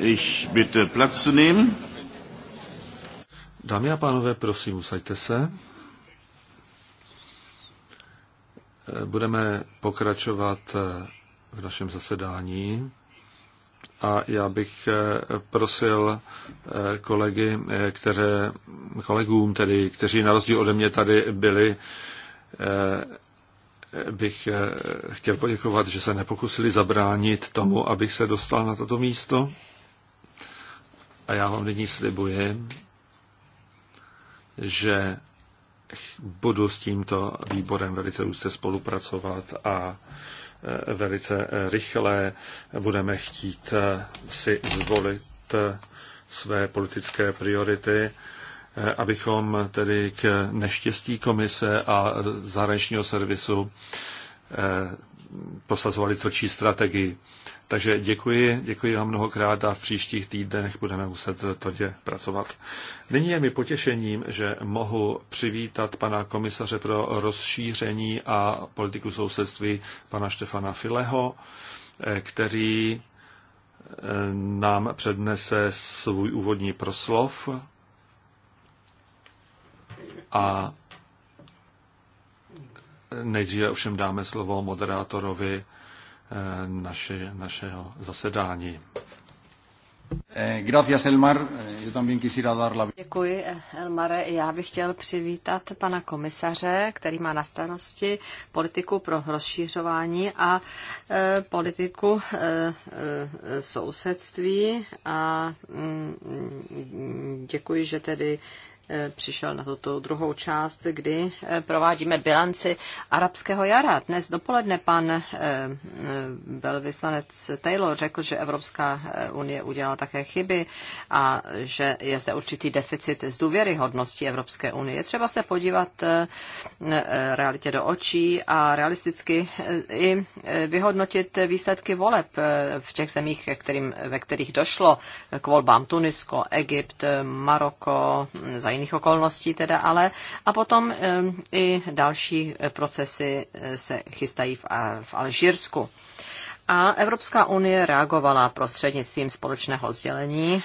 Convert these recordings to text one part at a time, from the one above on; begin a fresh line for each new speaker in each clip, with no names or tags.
Ich bitte Platz zu nehmen. Dámy a pánové, prosím, usaďte se. Eh, budeme pokračovat eh, v našem zasedání a já bych eh, prosil kolegy, které, kolegům, tedy, kteří na rozdíl ode mě tady byli, bych chtěl poděkovat, že se nepokusili zabránit tomu, abych se dostal na toto místo. A já vám nyní slibuji, že budu s tímto výborem velice úzce spolupracovat a e, velice e, rychle budeme chtít e, si zvolit své politické priority, abychom tedy k neštěstí komise a zahraničního servisu posazovali tvrdší strategii. Takže děkuji, děkuji vám mnohokrát a v příštích týdnech budeme muset tvrdě pracovat. Nyní je mi potěšením, že mohu přivítat pana komisaře pro rozšíření a politiku sousedství, pana Štefana Fileho, eh, který eh, nám přednese svůj úvodní proslov a nejdříve ovšem dáme slovo moderátorovi Eh, naše, našeho zasedání. Eh, gracias, Elmar. Eh, yo también quisiera dar la...
Děkuji, Elmare. Já bych chtěl přivítat pana komisaře, který má na starosti politiku pro rozšířování a e, politiku e, e, sousedství. A mm, mm, děkuji, že tedy přišel na tuto druhou část, kdy eh, provádíme bilanci arabského jara. Dnes dopoledne pan eh, eh, velvyslanec Taylor řekl, že Evropská unie udělala také chyby a že je zde určitý deficit z důvěryhodnosti Evropské unie. Třeba se podívat realitě do očí a realisticky i vyhodnotit výsledky voleb v těch zemích, kterým, ve kterých došlo k volbám Tunisko, Egypt, Maroko, zajímavé jiných okolností teda ale. A potom eh, i další eh, procesy eh, se chystají v, Alžírsku. A Evropská unie reagovala prostřednictvím společného sdělení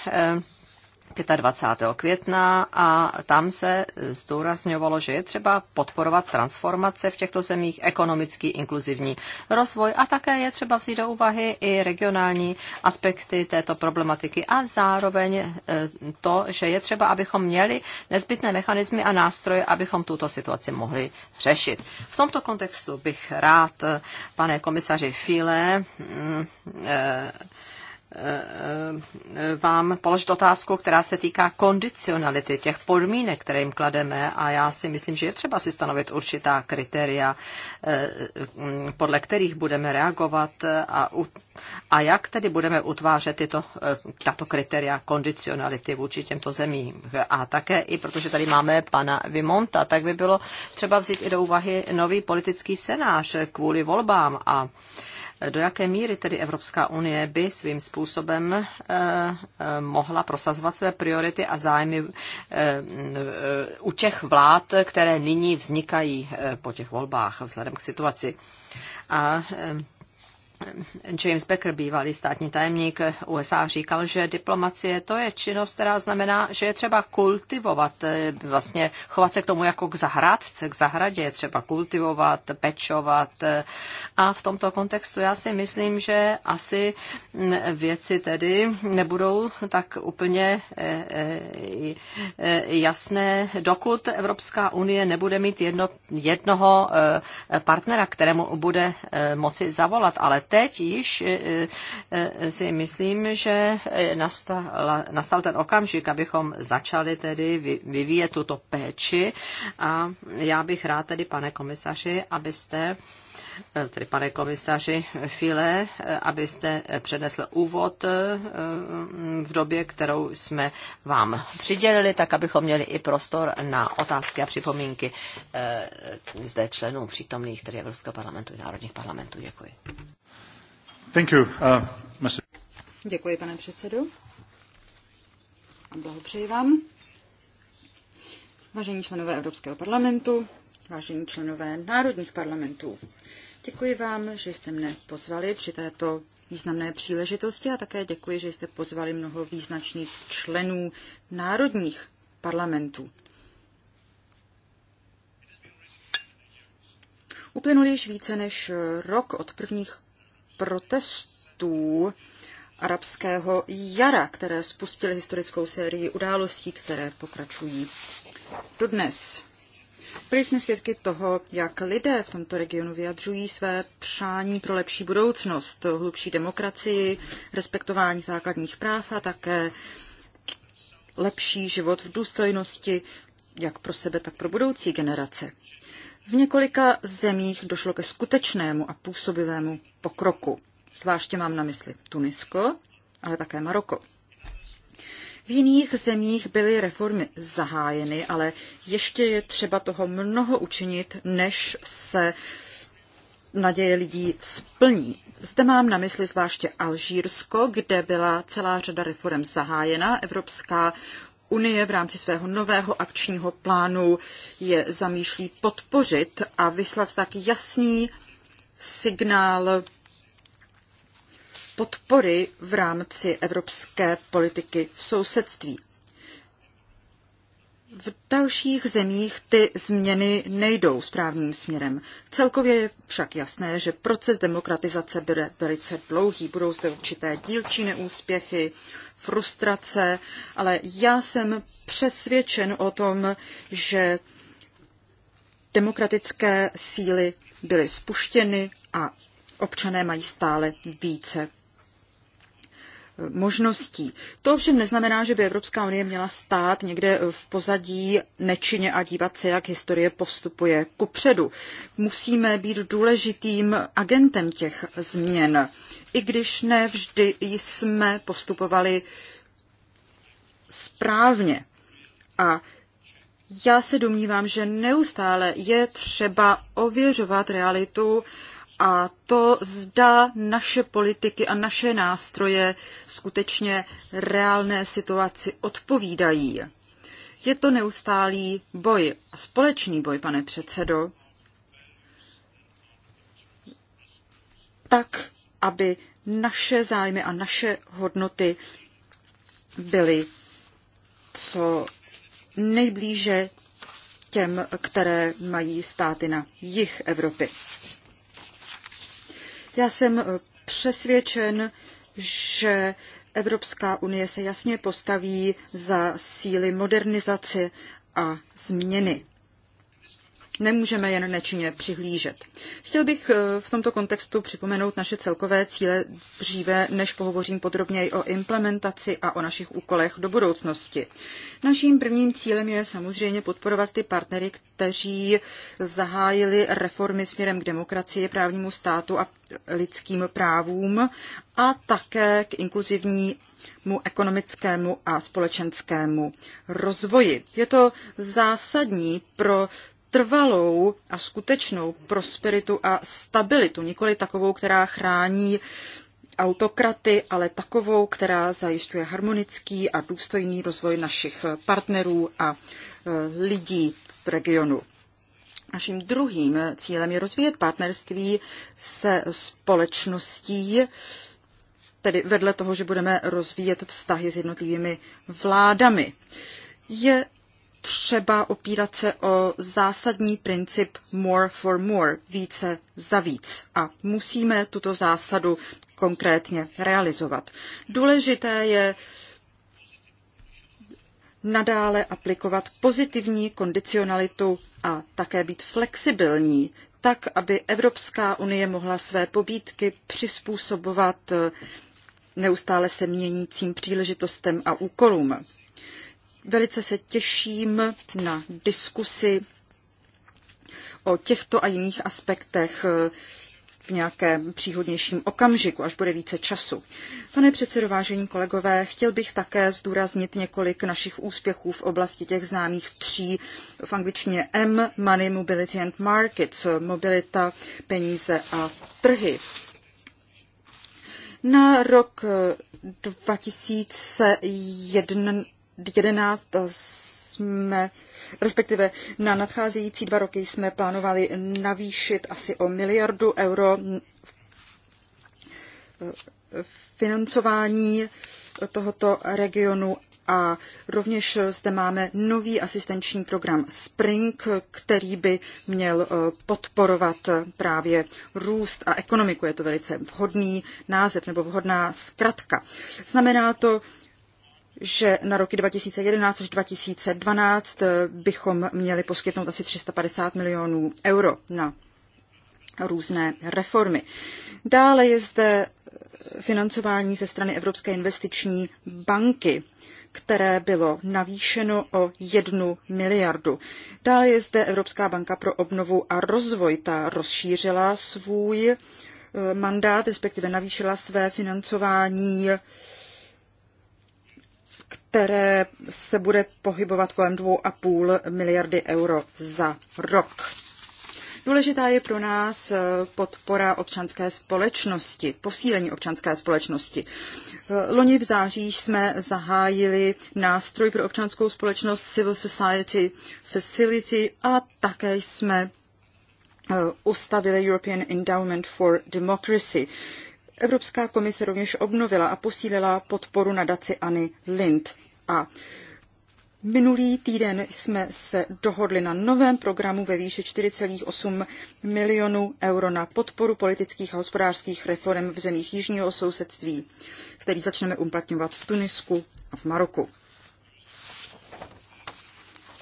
25. května a tam se zdůrazňovalo, že je třeba podporovat transformace v těchto zemích, ekonomický inkluzivní rozvoj a také je třeba vzít do úvahy i regionální aspekty této problematiky a zároveň eh, to, že je třeba, abychom měli nezbytné mechanismy a nástroje, abychom tuto situaci mohli řešit. V tomto kontextu bych rád, eh, pane komisaři File, mm, eh, vám položit otázku, která se týká kondicionality těch podmínek, které jim klademe a já si myslím, že je třeba si stanovit určitá kritéria, eh, podle kterých budeme reagovat a, a jak tedy budeme utvářet tyto, eh, tato kritéria kondicionality vůči těmto zemím. A také i protože tady máme pana Vimonta, tak by bylo třeba vzít i do úvahy nový politický scénář kvůli volbám a do jaké míry tedy Evropská unie by svým způsobem eh, eh, mohla prosazovat své priority a zájmy eh, u těch vlád, které nyní vznikají po těch volbách vzhledem k situaci? A James Becker, bývalý státní tajemník USA, říkal, že diplomacie to je činnost, která znamená, že je třeba kultivovat, eh, vlastně chovat se k tomu jako k zahradce, k zahradě, je třeba kultivovat, pečovat. Eh. A v tomto kontextu já si myslím, že asi mm, věci tedy nebudou tak úplně eh, jasné, dokud Evropská unie nebude mít jedno, jednoho partnera, kterému bude moci zavolat, ale teď již e, e, e, si myslím, že nastal, nastal ten okamžik, abychom začali tedy vyvíjet tuto péči a já bych rád tedy, pane komisaři, abyste tedy pane komisaři File, abyste přednesl úvod v době, kterou jsme vám přidělili, tak abychom měli i prostor na otázky a připomínky zde členů přítomných, tedy Evropského parlamentu i národních parlamentů. Děkuji. Uh,
děkuji, pane předsedu. A blahopřeji vám. Vážení členové Evropského parlamentu, vážení členové národních parlamentů, děkuji vám, že jste mne pozvali při této významné příležitosti a také děkuji, že jste pozvali mnoho význačných členů národních parlamentů. Uplynul již více než rok od prvních protestů arabského jara, které spustily historickou sérii událostí, které pokračují dodnes. Byli jsme svědky toho, jak lidé v tomto regionu vyjadřují své přání pro lepší budoucnost, hlubší demokracii, respektování základních práv a také lepší život v důstojnosti jak pro sebe, tak pro budoucí generace. V několika zemích došlo ke skutečnému a působivému pokroku. Zvláště mám na mysli Tunisko, ale také Maroko. V jiných zemích byly reformy zahájeny, ale ještě je třeba toho mnoho učinit, než se naděje lidí splní. Zde mám na mysli zvláště Alžírsko, kde byla celá řada reform zahájena. Evropská unie v rámci svého nového akčního plánu je zamýšlí podpořit a vyslat tak jasný signál podpory v rámci evropské politiky v sousedství. V dalších zemích ty změny nejdou správným směrem. Celkově je však jasné, že proces demokratizace bude velice dlouhý. Budou zde určité dílčí neúspěchy, frustrace, ale já jsem přesvědčen o tom, že demokratické síly byly spuštěny a občané mají stále více možností. To ovšem neznamená, že by Evropská unie měla stát někde v pozadí nečině a dívat se, jak historie postupuje kupředu. Musíme být důležitým agentem těch změn, i když ne vždy jsme postupovali správně. A já se domnívám, že neustále je třeba ověřovat realitu a to zda naše politiky a naše nástroje skutečně reálné situaci odpovídají. Je to neustálý boj a společný boj, pane předsedo, tak, aby naše zájmy a naše hodnoty byly co nejblíže těm, které mají státy na jih Evropy. Já jsem eh, přesvědčen, že Evropská unie se jasně postaví za síly modernizace a změny. Nemůžeme jen nečinně přihlížet. Chtěl bych eh, v tomto kontextu připomenout naše celkové cíle dříve, než pohovořím podrobněji o implementaci a o našich úkolech do budoucnosti. Naším prvním cílem je samozřejmě podporovat ty partnery, kteří zahájili reformy směrem k demokracii, právnímu státu a lidským právům a také k inkluzivnímu ekonomickému a společenskému rozvoji. Je to zásadní pro trvalou a skutečnou prosperitu a stabilitu, nikoli takovou, která chrání autokraty, ale takovou, která zajišťuje harmonický a důstojný rozvoj našich partnerů a e, lidí v regionu. Naším druhým cílem je rozvíjet partnerství se společností, tedy vedle toho, že budeme rozvíjet vztahy s jednotlivými vládami. Je třeba opírat se o zásadní princip more for more, více za víc. A musíme tuto zásadu konkrétně realizovat. Důležité je nadále aplikovat pozitivní kondicionalitu a také být flexibilní, tak, aby Evropská unie mohla své pobídky přizpůsobovat neustále se měnícím příležitostem a úkolům velice se těším na diskusi o těchto a jiných aspektech eh, v nějakém příhodnějším okamžiku, až bude více času. Pane předsedo, vážení kolegové, chtěl bych také zdůraznit několik našich úspěchů v oblasti těch známých tří v angličtině M, Money, Mobility and Markets, mobilita, peníze a trhy. Na rok 2001 eh, 2011 jsme, respektive na nadcházející dva roky jsme plánovali navýšit asi o miliardu euro financování tohoto regionu a rovněž zde máme nový asistenční program Spring, který by měl eh, podporovat právě růst a ekonomiku. Je to velice vhodný název nebo vhodná zkratka. Znamená to, že na roky 2011 až 2012 eh, bychom měli poskytnout asi 350 milionů euro na různé reformy. Dále je zde financování ze strany Evropské investiční banky, které bylo navýšeno o jednu miliardu. Dále je zde Evropská banka pro obnovu a rozvoj. Ta rozšířila svůj eh, mandát, respektive navýšila své financování které se bude pohybovat kolem 2,5 miliardy euro za rok. Důležitá je pro nás eh, podpora občanské společnosti, posílení občanské společnosti. Eh, loni v září jsme zahájili nástroj pro občanskou společnost Civil Society Facility a také jsme eh, ustavili European Endowment for Democracy. Evropská komise rovněž obnovila a posílila podporu nadaci Anny Lind. A Minulý týden jsme se dohodli na novém programu ve výši 4,8 milionů euro na podporu politických a hospodářských reform v zemích jižního sousedství, který začneme uplatňovat v Tunisku a v Maroku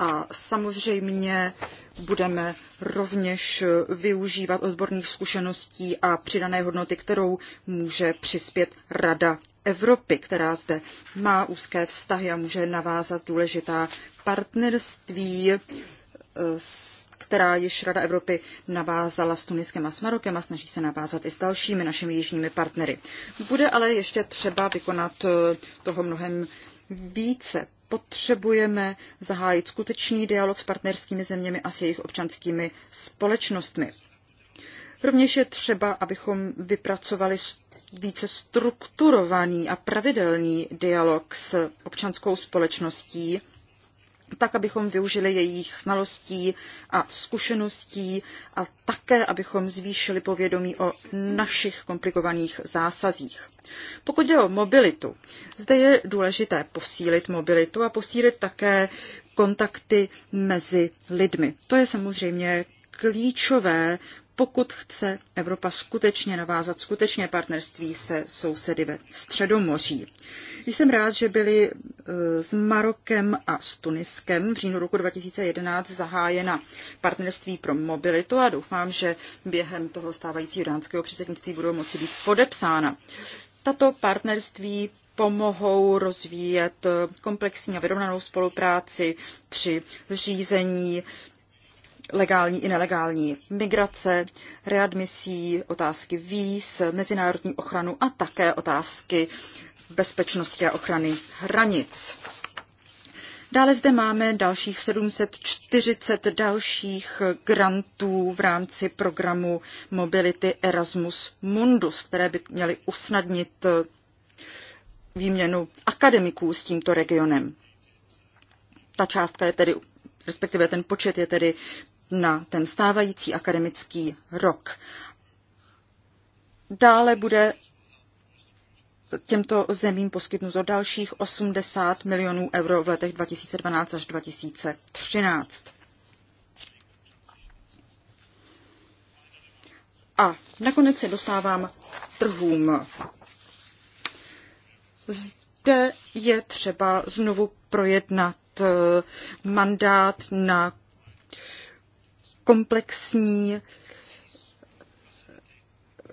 a samozřejmě budeme rovněž využívat odborných zkušeností a přidané hodnoty, kterou může přispět Rada Evropy, která zde má úzké vztahy a může navázat důležitá partnerství, eh, která již Rada Evropy navázala s Tuniskem a s Marokem a snaží se navázat i s dalšími našimi jižními partnery. Bude ale ještě třeba vykonat eh, toho mnohem více, potřebujeme zahájit skutečný dialog s partnerskými zeměmi a s jejich občanskými společnostmi. Rovněž je třeba, abychom vypracovali více strukturovaný a pravidelný dialog s občanskou společností, tak, abychom využili jejich znalostí a zkušeností a také, abychom zvýšili povědomí o našich komplikovaných zásazích. Pokud jde o mobilitu, zde je důležité posílit mobilitu a posílit také kontakty mezi lidmi. To je samozřejmě klíčové, pokud chce Evropa skutečně navázat skutečně partnerství se sousedy ve Středomoří. Jsem rád, že byly e, s Marokem a s Tuniskem v říjnu roku 2011 zahájena partnerství pro mobilitu a doufám, že během toho stávajícího dánského předsednictví budou moci být podepsána. Tato partnerství pomohou rozvíjet komplexní a vyrovnanou spolupráci při řízení legální i nelegální migrace, readmisí, otázky víz, mezinárodní ochranu a také otázky bezpečnosti a ochrany hranic. Dále zde máme dalších 740 dalších grantů v rámci programu Mobility Erasmus Mundus, které by měly usnadnit výměnu akademiků s tímto regionem. Ta částka je tedy, respektive ten počet je tedy na ten stávající akademický rok. Dále bude těmto zemím poskytnuto dalších 80 milionů euro v letech 2012 až 2013. A nakonec se dostávám k trhům. Zde je třeba znovu projednat eh, mandát na komplexní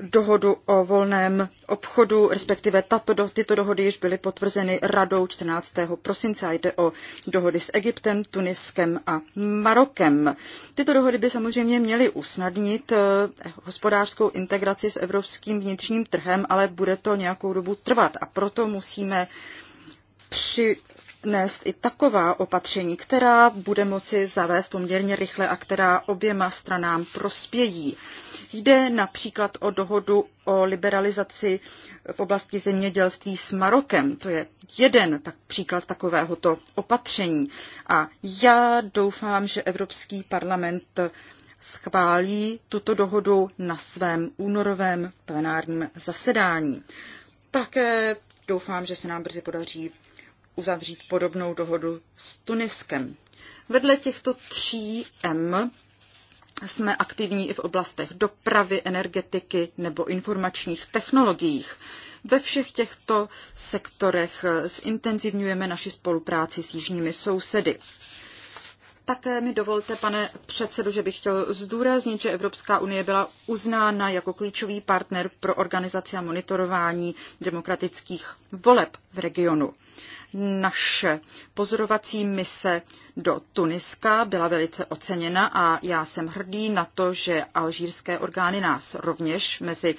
dohodu o volném obchodu, respektive tato, tyto dohody již byly potvrzeny radou 14. prosince a jde o dohody s Egyptem, Tuniskem a Marokem. Tyto dohody by samozřejmě měly usnadnit eh, hospodářskou integraci s evropským vnitřním trhem, ale bude to nějakou dobu trvat a proto musíme při nést i taková opatření, která bude moci zavést poměrně rychle a která oběma stranám prospějí. Jde například o dohodu o liberalizaci v oblasti zemědělství s Marokem. To je jeden tak příklad takovéhoto opatření. A já doufám, že Evropský parlament schválí tuto dohodu na svém únorovém plenárním zasedání. Také doufám, že se nám brzy podaří uzavřít podobnou dohodu s Tuniskem. Vedle těchto tří M jsme aktivní i v oblastech dopravy, energetiky nebo informačních technologiích. Ve všech těchto sektorech eh, zintenzivňujeme naši spolupráci s jižními sousedy. Také mi dovolte, pane předsedo, že bych chtěl zdůraznit, že Evropská unie byla uznána jako klíčový partner pro organizaci a monitorování demokratických voleb v regionu. Naše pozorovací mise do Tuniska byla velice oceněna a já jsem hrdý na to, že alžírské orgány nás rovněž mezi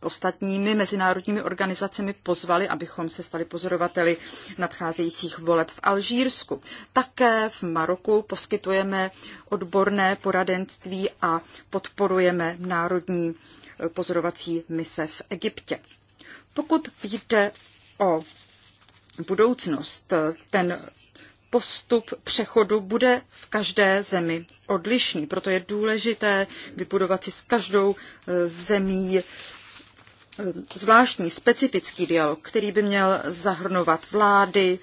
ostatními mezinárodními organizacemi pozvali, abychom se stali pozorovateli nadcházejících voleb v Alžírsku. Také v Maroku poskytujeme odborné poradenství a podporujeme národní eh, pozorovací mise v Egyptě. Pokud jde o budoucnost. Ten postup přechodu bude v každé zemi odlišný, proto je důležité vybudovat si s každou eh, zemí eh, zvláštní, specifický dialog, který by měl zahrnovat vlády,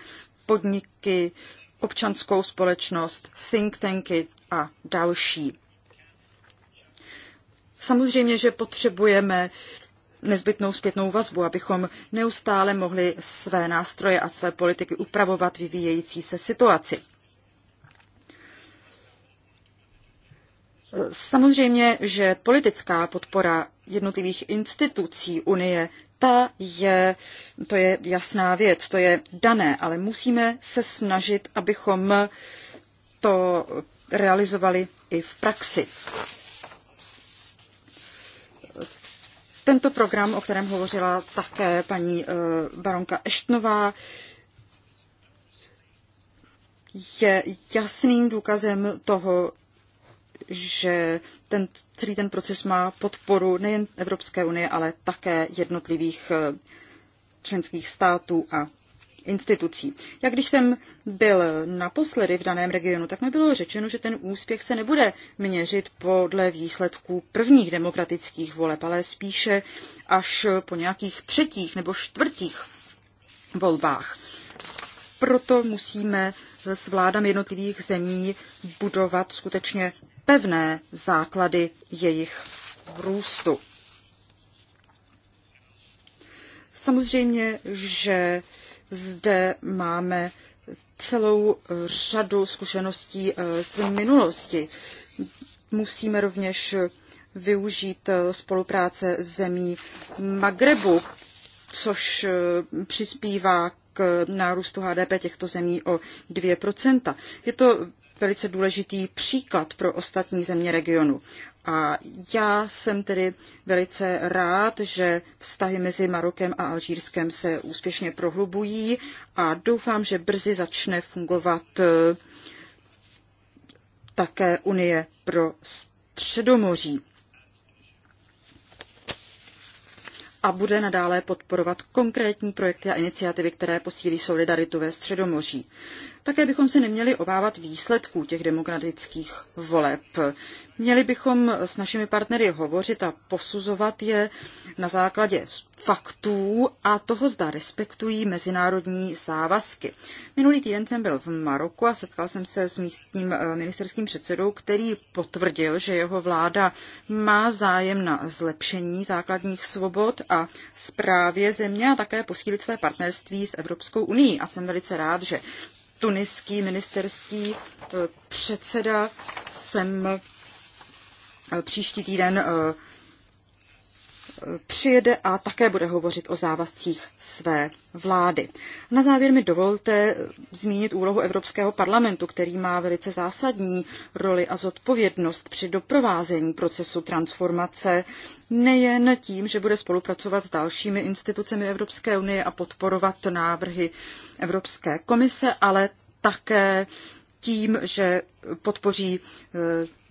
podniky, občanskou společnost, think tanky a další. Samozřejmě, že potřebujeme nezbytnou zpětnou vazbu, abychom neustále mohli své nástroje a své politiky upravovat vyvíjející se situaci. Samozřejmě, že politická podpora jednotlivých institucí Unie, ta je, to je jasná věc, to je dané, ale musíme se snažit, abychom to realizovali i v praxi. tento program, o kterém hovořila také paní eh, baronka Eštnová, je jasným důkazem toho, že ten, celý ten proces má podporu nejen Evropské unie, ale také jednotlivých eh, členských států a institucí. Já když jsem byl naposledy v daném regionu, tak mi bylo řečeno, že ten úspěch se nebude měřit podle výsledků prvních demokratických voleb, ale spíše až po nějakých třetích nebo čtvrtých volbách. Proto musíme s vládami jednotlivých zemí budovat skutečně pevné základy jejich růstu. Samozřejmě, že zde máme celou eh, řadu zkušeností eh, z minulosti. Musíme rovněž využít eh, spolupráce zemí Magrebu, což přispívá k nárůstu HDP těchto zemí o 2%. Je to velice důležitý příklad pro ostatní země regionu. A já jsem tedy velice rád, že vztahy mezi Marokem a Alžírskem se úspěšně prohlubují a doufám, že brzy začne fungovat eh, také Unie pro Středomoří a bude nadále podporovat konkrétní projekty a iniciativy, které posílí solidaritu ve Středomoří. Také bychom se neměli obávat výsledků těch demokratických voleb. Měli bychom s našimi partnery hovořit a posuzovat je na základě faktů a toho zda respektují mezinárodní závazky. Minulý týden jsem byl v Maroku a setkal jsem se s místním eh, ministerským předsedou, který potvrdil, že jeho vláda má zájem na zlepšení základních svobod a správě země a také posílit své partnerství s Evropskou unii. A jsem velice rád, že tuniský ministerský e, předseda. Jsem e, příští týden e, přijede a také bude hovořit o závazcích své vlády. Na závěr mi dovolte zmínit úlohu Evropského parlamentu, který má velice zásadní roli a zodpovědnost při doprovázení procesu transformace, nejen tím, že bude spolupracovat s dalšími institucemi Evropské unie a podporovat návrhy Evropské komise, ale také tím, že podpoří eh,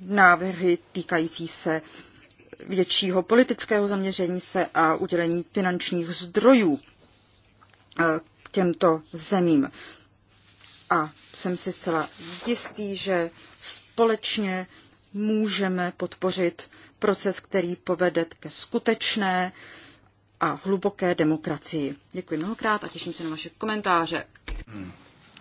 návrhy týkající se většího politického zaměření se a udělení finančních zdrojů eh, k těmto zemím. A jsem si zcela jistý, že společně můžeme podpořit proces, který povede ke skutečné a hluboké demokracii. Děkuji mnohokrát a těším se na vaše komentáře.
Hmm.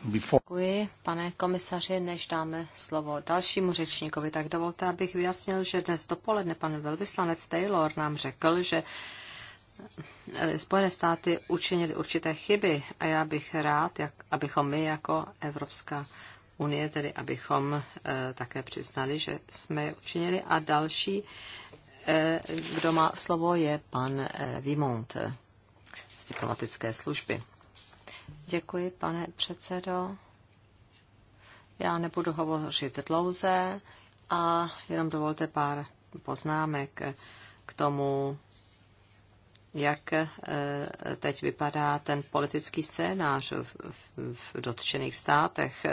Děkuji, pane komisaři, než dáme slovo dalšímu řečníkovi, tak dovolte, abych vyjasnil, že dnes dopoledne pan velvyslanec Taylor nám řekl, že eh, Spojené státy učinili určité chyby a já bych rád, jak, abychom my jako Evropská unie, tedy abychom e, také přiznali, že jsme je učinili. A další, e, kdo má slovo, je pan e, Vimont z diplomatické služby. Děkuji, pane předsedo. Já nebudu hovořit dlouze a jenom dovolte pár poznámek k tomu, jak eh, teď vypadá ten politický scénář v dotčených státech,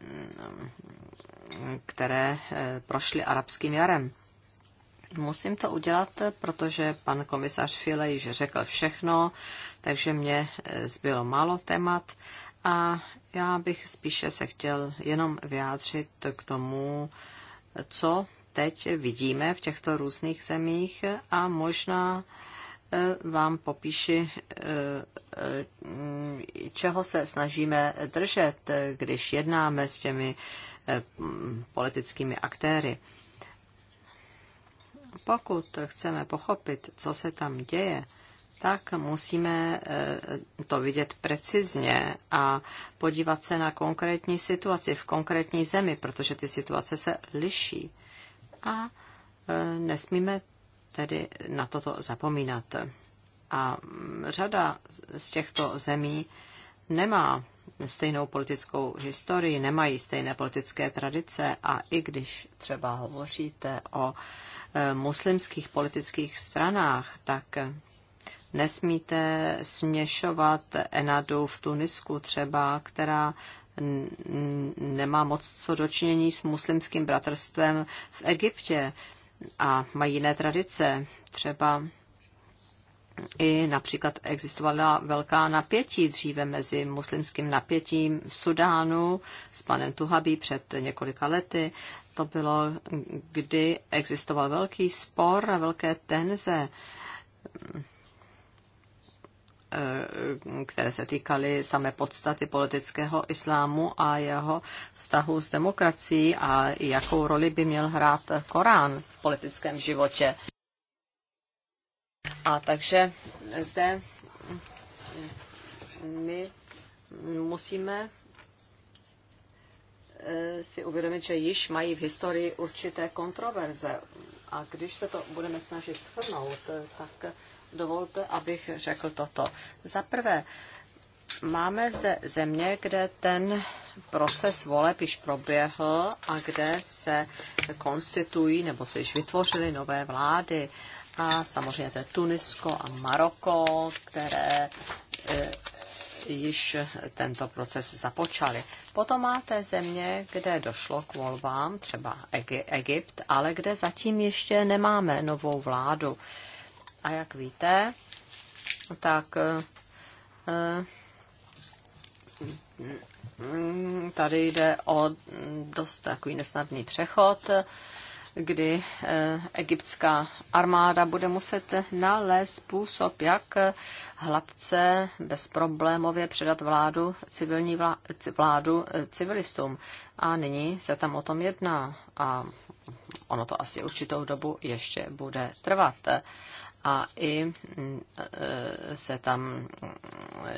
mm, které eh, prošly arabským jarem. Musím to udělat, protože pan komisař File již řekl všechno, takže mě eh, zbylo málo témat a já bych spíše se chtěl jenom vyjádřit k tomu, co teď vidíme v těchto různých zemích a možná eh, vám popíši, eh, čeho se snažíme držet, když jednáme s těmi politickými aktéry. Pokud chceme pochopit, co se tam děje, tak musíme eh, to vidět precizně a podívat se na konkrétní situaci v konkrétní zemi, protože ty situace se liší. A eh, nesmíme tedy na toto zapomínat. A mm, řada z těchto zemí nemá stejnou politickou historii, nemají stejné politické tradice a i když třeba hovoříte o e, muslimských politických stranách, tak nesmíte směšovat Enadu v Tunisku třeba, která nemá moc co dočinění s muslimským bratrstvem v Egyptě a mají jiné tradice. Třeba i například existovala velká napětí dříve mezi muslimským napětím v Sudánu s panem Tuhabí před několika lety. To bylo, kdy existoval velký spor a velké tenze, eh, které se týkaly samé podstaty politického islámu a jeho vztahu s demokracií a jakou roli by měl hrát Korán v politickém životě. A takže zde my musíme eh, si uvědomit, že již mají v historii určité kontroverze. A když se to budeme snažit shrnout, eh, tak dovolte, abych řekl toto. Za prvé, máme zde země, kde ten proces voleb již proběhl a kde se konstituují nebo se již vytvořily nové vlády a samozřejmě to je Tunisko a Maroko, které e, již tento proces započaly. Potom máte země, kde došlo k volbám, třeba Egypt, ale kde zatím ještě nemáme novou vládu. A jak víte, tak e, e, tady jde o dost takový nesnadný přechod kdy eh, egyptská armáda bude muset nalézt způsob, jak eh, hladce, bezproblémově předat vládu, civilní vládu, vládu eh, civilistům. A nyní se tam o tom jedná a ono to asi určitou dobu ještě bude trvat a i mm, e, se tam mm,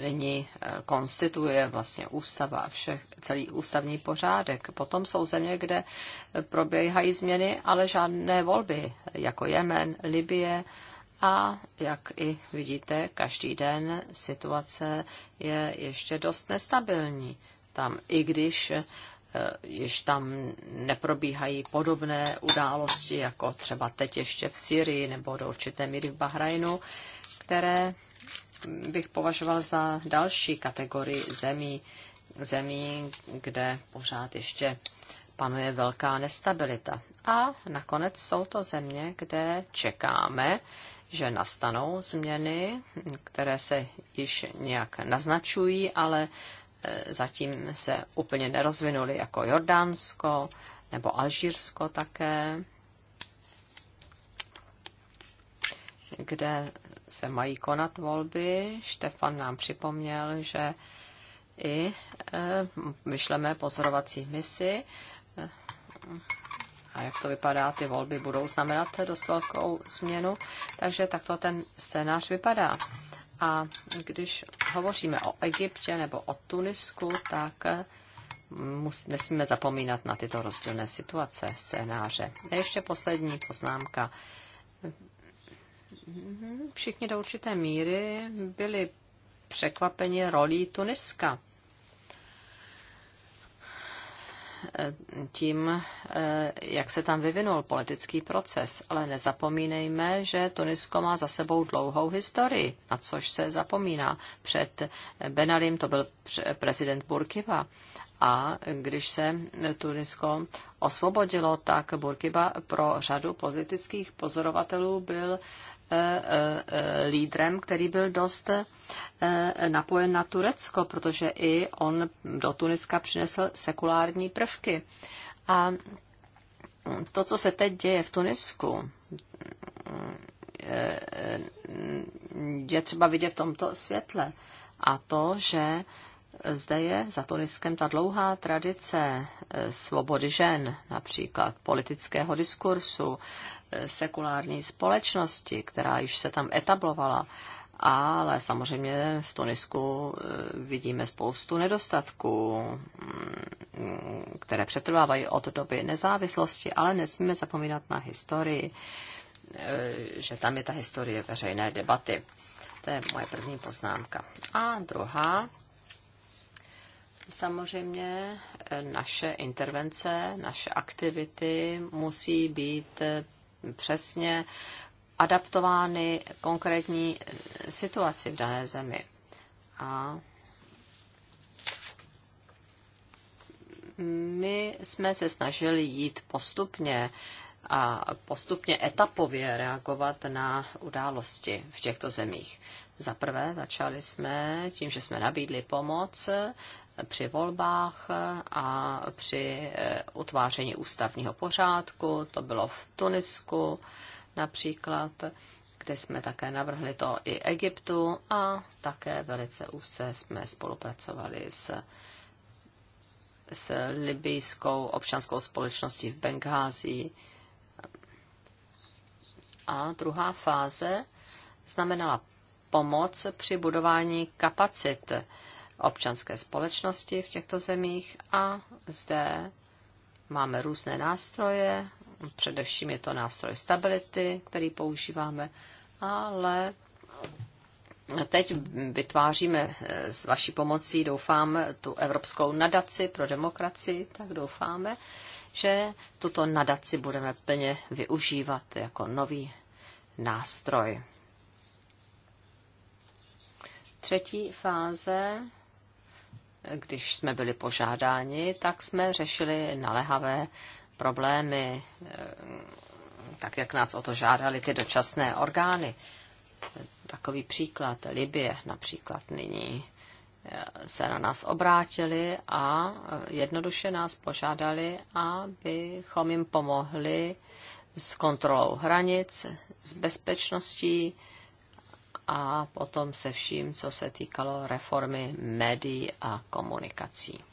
nyní e, konstituje vlastně ústava, všech, celý ústavní pořádek. Potom jsou země, kde probíhají změny, ale žádné volby, jako Jemen, Libie, a jak i vidíte, každý den situace je ještě dost nestabilní tam, i když Eh, již tam neprobíhají podobné události, jako třeba teď ještě v Syrii nebo do určité míry v Bahrajnu, které bych považoval za další kategorii zemí, zemí, kde pořád ještě panuje velká nestabilita. A nakonec jsou to země, kde čekáme, že nastanou změny, které se již nějak naznačují, ale Eh, zatím se úplně nerozvinuly, jako Jordánsko nebo Alžírsko také, kde se mají konat volby. Štefan nám připomněl, že i eh, vyšleme pozorovací misi eh, a jak to vypadá, ty volby budou znamenat dost velkou změnu, takže takto ten scénář vypadá. A když hovoříme o Egyptě nebo o Tunisku, tak mm, mus, nesmíme zapomínat na tyto rozdílné situace, scénáře. A ještě poslední poznámka. Všichni do určité míry byli překvapeni rolí Tuniska tím, eh, jak se tam vyvinul politický proces. Ale nezapomínejme, že Tunisko má za sebou dlouhou historii, na což se zapomíná. Před Benalim to byl prezident Burkiva. A když se Tunisko osvobodilo, tak Burkiba pro řadu politických pozorovatelů byl Eh, eh, lídrem, který byl dost eh, napojen na Turecko, protože i on do Tuniska přinesl sekulární prvky. A to, co se teď děje v Tunisku, je třeba vidět v tomto světle. A to, že zde je za Tuniskem ta dlouhá tradice svobody žen, například politického diskursu, sekulární společnosti, která již se tam etablovala, ale samozřejmě v Tunisku eh, vidíme spoustu nedostatků, mm, které přetrvávají od doby nezávislosti, ale nesmíme zapomínat na historii, eh, že tam je ta historie veřejné debaty. To je moje první poznámka. A druhá, samozřejmě eh, naše intervence, naše aktivity musí být přesně adaptovány konkrétní situaci v dané zemi. A my jsme se snažili jít postupně a postupně etapově reagovat na události v těchto zemích. Za prvé začali jsme tím, že jsme nabídli pomoc při volbách a při eh, utváření ústavního pořádku. To bylo v Tunisku například, kde jsme také navrhli to i Egyptu a také velice úzce jsme spolupracovali s s libijskou občanskou společností v Benghází. A druhá fáze znamenala pomoc při budování kapacit občanské společnosti v těchto zemích a zde máme různé nástroje, především je to nástroj stability, který používáme, ale teď vytváříme eh, s vaší pomocí, doufám, tu Evropskou nadaci pro demokracii, tak doufáme, že tuto nadaci budeme plně využívat jako nový nástroj. Třetí fáze když jsme byli požádáni, tak jsme řešili nalehavé problémy, eh, tak jak nás o to žádali ty dočasné orgány. Takový příklad, Libie například nyní eh, se na nás obrátili a jednoduše nás požádali, abychom jim pomohli s kontrolou hranic, s bezpečností, a potom se vším, co se týkalo reformy médií a komunikací.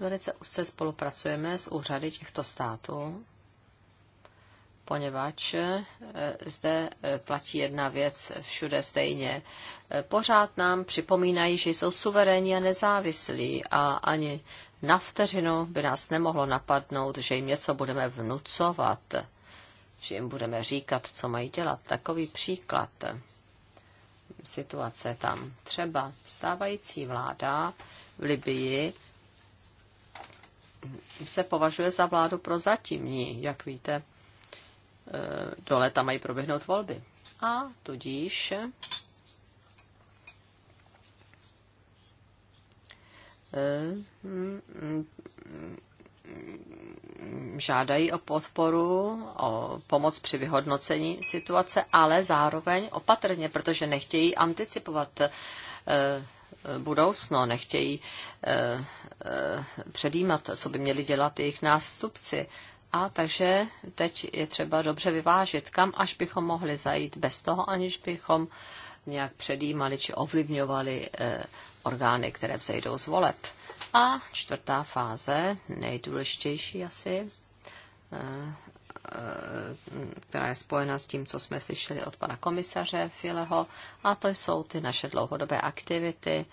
Velice úzce spolupracujeme s úřady těchto států, poněvadž e, zde e, platí jedna věc všude stejně. E, pořád nám připomínají, že jsou suverénní a nezávislí a ani na vteřinu by nás nemohlo napadnout, že jim něco budeme vnucovat že jim budeme říkat, co mají dělat. Takový příklad situace tam. Třeba stávající vláda v Libii se považuje za vládu pro zatímní, jak víte, e, do léta mají proběhnout volby. A tudíž e, žádají o podporu, o pomoc při vyhodnocení situace, ale zároveň opatrně, protože nechtějí anticipovat eh, budoucno, nechtějí eh, eh, předjímat, co by měli dělat jejich nástupci. A takže teď je třeba dobře vyvážit, kam až bychom mohli zajít bez toho, aniž bychom nějak předjímali či ovlivňovali orgány, které vzejdou z voleb. A čtvrtá fáze, nejdůležitější asi, eh, která je spojena s tím, co jsme slyšeli od pana komisaře Fileho, a to jsou ty naše dlouhodobé aktivity.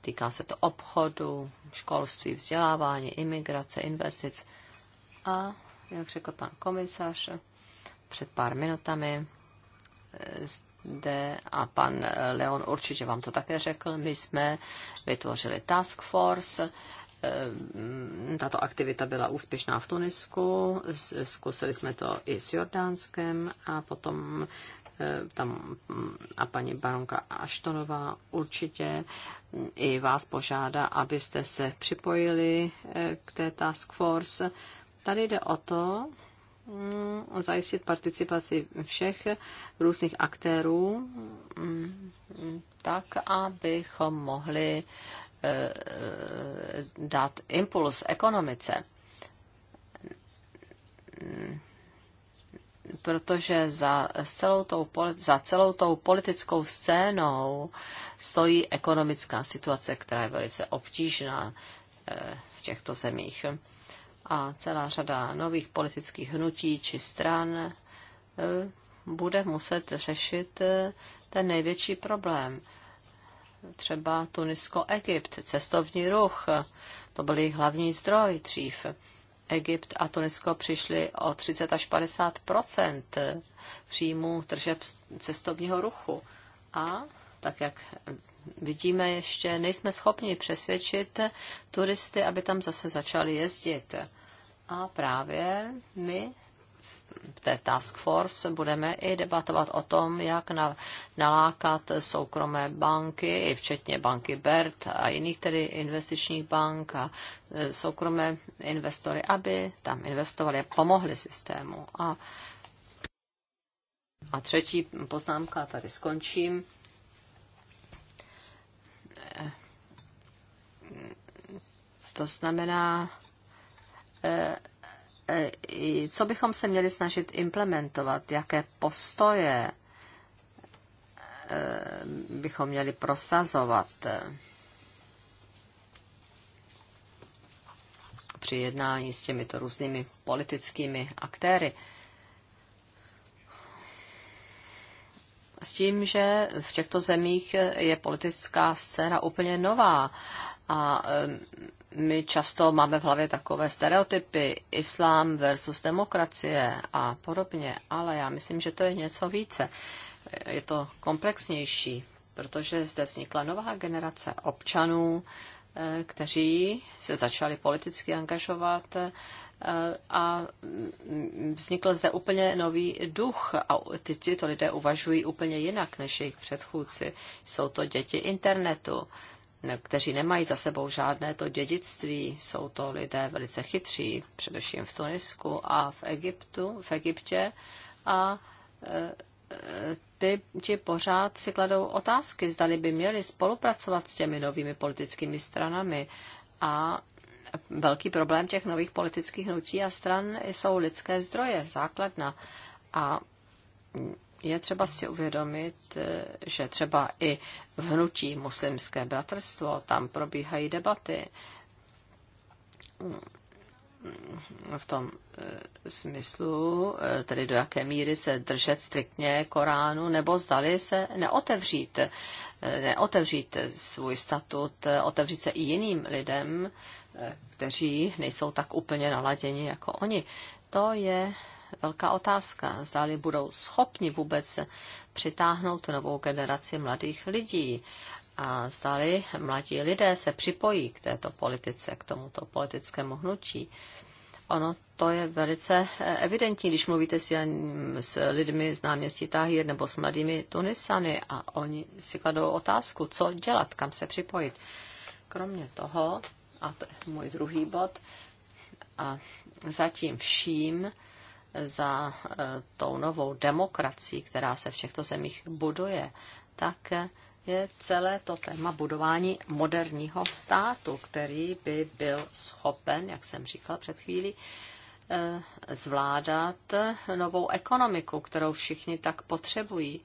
Týká se to obchodu, školství, vzdělávání, imigrace, investic. A, jak řekl pan komisař před pár minutami, eh, D a pan eh, Leon určitě vám to také řekl, my jsme vytvořili task force, eh, tato aktivita byla úspěšná v Tunisku, zkusili jsme to i s Jordánskem a potom eh, tam mm, a paní baronka Aštonová určitě mm, i vás požádá, abyste se připojili k té task force. Tady jde o to, Mm, zajistit participaci všech různých aktérů, mm, tak abychom mohli e, e, dát impuls ekonomice. Protože za celou, tou, za celou tou politickou scénou stojí ekonomická situace, která je velice obtížná e, v těchto zemích a celá řada nových politických hnutí či stran eh, bude muset řešit eh, ten největší problém. Třeba Tunisko-Egypt, cestovní ruch, to byl jejich hlavní zdroj dřív. Egypt a Tunisko přišly o 30 až 50 eh, příjmů tržeb cestovního ruchu. A tak jak vidíme ještě, nejsme schopni přesvědčit turisty, aby tam zase začali jezdit. A právě my v té task force budeme i debatovat o tom, jak na, nalákat soukromé banky, i včetně banky BERT a jiných tedy investičních bank a e, soukromé investory, aby tam investovali a pomohli systému. A, a třetí poznámka, tady skončím. E, to znamená, Eh, eh, co bychom se měli snažit implementovat, jaké postoje eh, bychom měli prosazovat při jednání s těmito různými politickými aktéry. S tím, že v těchto zemích je politická scéna úplně nová a my často máme v hlavě takové stereotypy, islám versus demokracie a podobně, ale já myslím, že to je něco více. Je to komplexnější, protože zde vznikla nová generace občanů, eh, kteří se začali politicky angažovat eh, a mm, vznikl zde úplně nový duch a tyto lidé uvažují úplně jinak než jejich předchůdci. Jsou to děti internetu, kteří nemají za sebou žádné to dědictví. Jsou to lidé velice chytří, především v Tunisku a v Egyptu, v Egyptě. A e, e, ty, ti pořád si kladou otázky, zdali by měli spolupracovat s těmi novými politickými stranami. A velký problém těch nových politických hnutí a stran jsou lidské zdroje, základna. A je třeba si uvědomit, že třeba i v hnutí muslimské bratrstvo tam probíhají debaty v tom eh, smyslu, eh, tedy do jaké míry se držet striktně Koránu, nebo zdali se neotevřít, eh, neotevřít svůj statut, otevřít se i jiným lidem, kteří nejsou tak úplně naladěni jako oni. To je velká otázka. Zdáli budou schopni vůbec přitáhnout novou generaci mladých lidí a zdali mladí lidé se připojí k této politice, k tomuto politickému hnutí. Ono to je velice eh, evidentní, když mluvíte s, s lidmi z náměstí Tahir nebo s mladými Tunisany a oni si kladou otázku, co dělat, kam se připojit. Kromě toho, a to je můj druhý bod, a zatím vším za eh, tou novou demokracií, která se v těchto zemích buduje, tak eh, je celé to téma budování moderního státu, který by byl schopen, jak jsem říkal před chvílí, eh, zvládat novou ekonomiku, kterou všichni tak potřebují.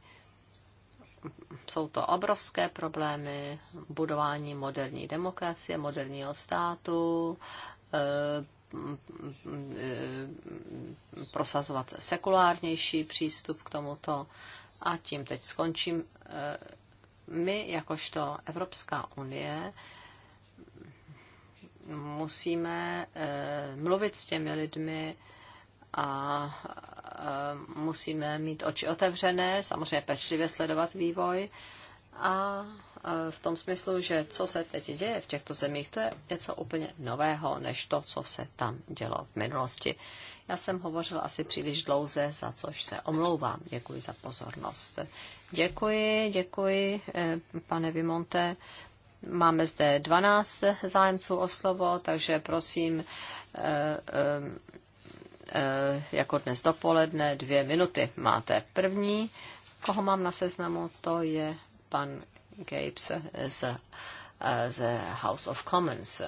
Jsou to obrovské problémy budování moderní demokracie, moderního státu, prosazovat sekulárnější přístup k tomuto. A tím teď skončím. My, jakožto Evropská unie, musíme eh, mluvit s těmi lidmi a eh, musíme mít oči otevřené, samozřejmě pečlivě sledovat vývoj a v tom smyslu, že co se teď děje v těchto zemích, to je něco úplně nového, než to, co se tam dělo v minulosti. Já jsem hovořil asi příliš dlouze, za což se omlouvám. Děkuji za pozornost. Děkuji, děkuji, eh, pane Vimonte. Máme zde 12 zájemců o slovo, takže prosím, eh, eh, jako dnes dopoledne, dvě minuty máte. První, koho mám na seznamu, to je pan Gapes as eh, a eh, House of Commons.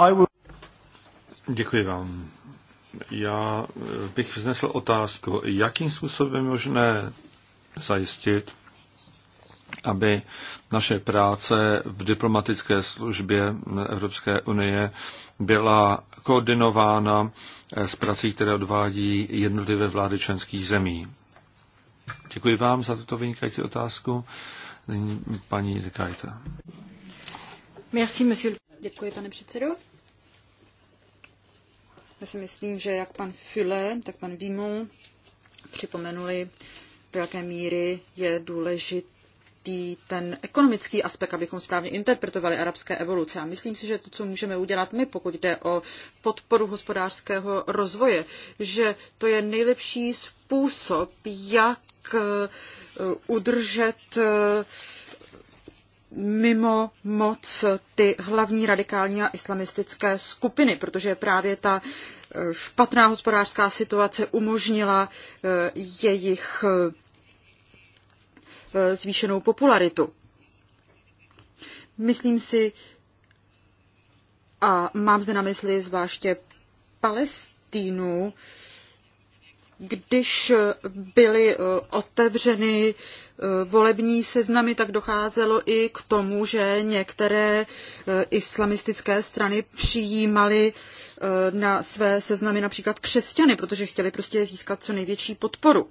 Will... Děkuji vám. Já eh, bych vznesl otázku, jakým způsobem je možné zajistit, aby naše práce v diplomatické službě Evropské unie byla koordinována s prací, které odvádí jednotlivé vlády členských zemí. Děkuji vám za tuto vynikající otázku. Nyní paní Dekajta.
Merci, monsieur. Děkuji, pane předsedo. Já si myslím, že jak pan Füle, tak pan Vimon připomenuli, do jaké míry je důležitý ten ekonomický aspekt, abychom správně interpretovali arabské evoluce. A myslím si, že to, co můžeme udělat my, pokud jde o podporu hospodářského rozvoje, že to je nejlepší způsob, jak jak udržet eh, mimo moc ty hlavní radikální a islamistické skupiny, protože právě ta eh, špatná hospodářská situace umožnila eh, jejich zvýšenou popularitu. Myslím si, a mám zde na mysli zvláště Palestínu, když byly eh, otevřeny eh, volební seznamy, tak docházelo i k tomu, že některé eh, islamistické strany přijímaly na své seznamy například křesťany, protože chtěli prostě získat co největší podporu.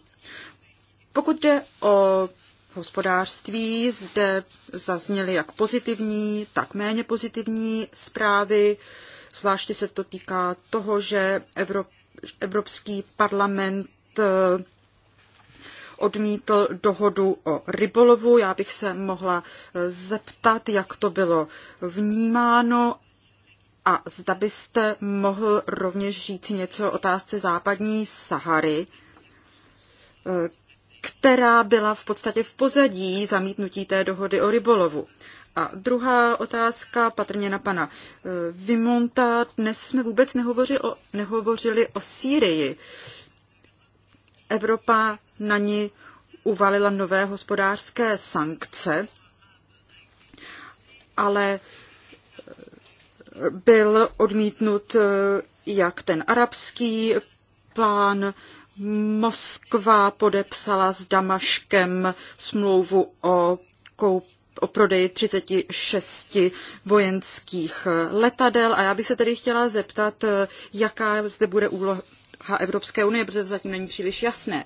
Pokud jde o hospodářství, zde zazněly jak pozitivní, tak méně pozitivní zprávy. Zvláště se to týká toho, že Evropa Evropský parlament eh, odmítl dohodu o rybolovu. Já bych se mohla eh, zeptat, jak to bylo vnímáno a zda byste mohl rovněž říct něco o otázce západní Sahary, eh, která byla v podstatě v pozadí zamítnutí té dohody o rybolovu. A druhá otázka, patrně na pana eh, Vimonta. Dnes jsme vůbec nehovořili o, nehovořili o Sýrii. Evropa na ní uvalila nové hospodářské sankce, ale eh, byl odmítnut eh, jak ten arabský plán, Moskva podepsala s Damaškem smlouvu o koup o prodeji 36 vojenských eh, letadel. A já bych se tedy chtěla zeptat, eh, jaká zde bude úloha Evropské unie, protože to zatím není příliš jasné.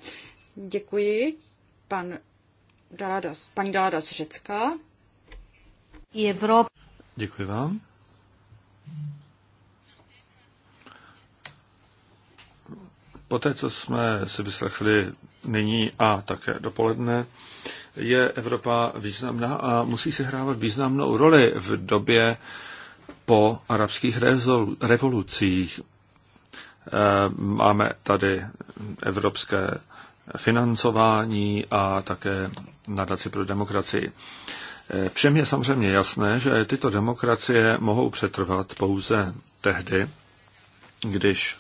Děkuji. Pan Daladas, paní Dalada z Řecka.
Děkuji vám. Poté, co jsme si vyslechli nyní a také dopoledne, je Evropa významná a musí se hrávat významnou roli v době po arabských revolucích. E, máme tady evropské financování a také nadaci pro demokracii. E, všem je samozřejmě jasné, že tyto demokracie mohou přetrvat pouze tehdy, když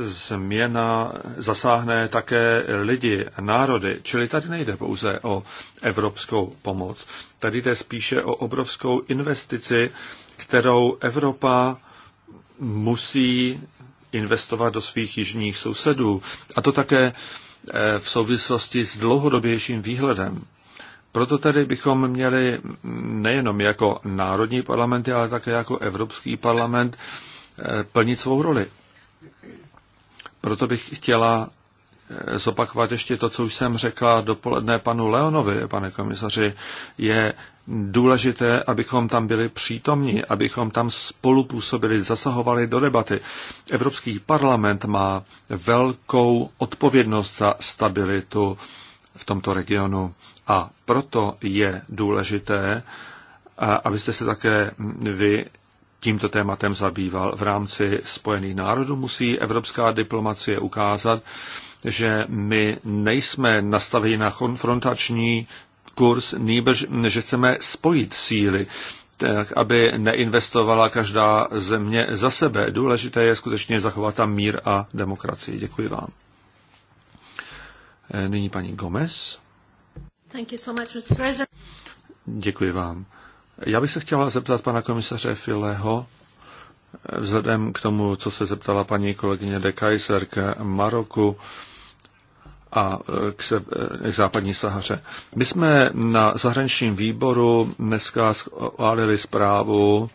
změna zasáhne také lidi, národy. Čili tady nejde pouze o evropskou pomoc. Tady jde spíše o obrovskou investici, kterou Evropa musí investovat do svých jižních sousedů. A to také eh, v souvislosti s dlouhodobějším výhledem. Proto tedy bychom měli nejenom jako národní parlamenty, ale také jako Evropský parlament eh, plnit svou roli. Proto bych chtěla eh, zopakovat ještě to, co už jsem řekla dopoledne panu Leonovi, pane komisaři, je důležité, abychom tam byli přítomní, abychom tam spolupůsobili, zasahovali do debaty. Evropský parlament má velkou odpovědnost za stabilitu v tomto regionu a proto je důležité, abyste se také vy tímto tématem zabýval v rámci Spojených národů, musí evropská diplomacie ukázat, že my nejsme nastaveni na konfrontační kurz, nýbrž, že chceme spojit síly, tak aby neinvestovala každá země za sebe. Důležité je skutečně zachovat tam mír a demokracii. Děkuji vám. E, nyní paní Gomez. Děkuji vám. Já bych se chtěla zeptat pana komisaře Fileho, eh, vzhledem k tomu, co se zeptala paní kolegyně de Kaiser k Maroku a eh, k, se, eh, k západní Sahaře. My jsme na zahraničním výboru dneska schválili zprávu,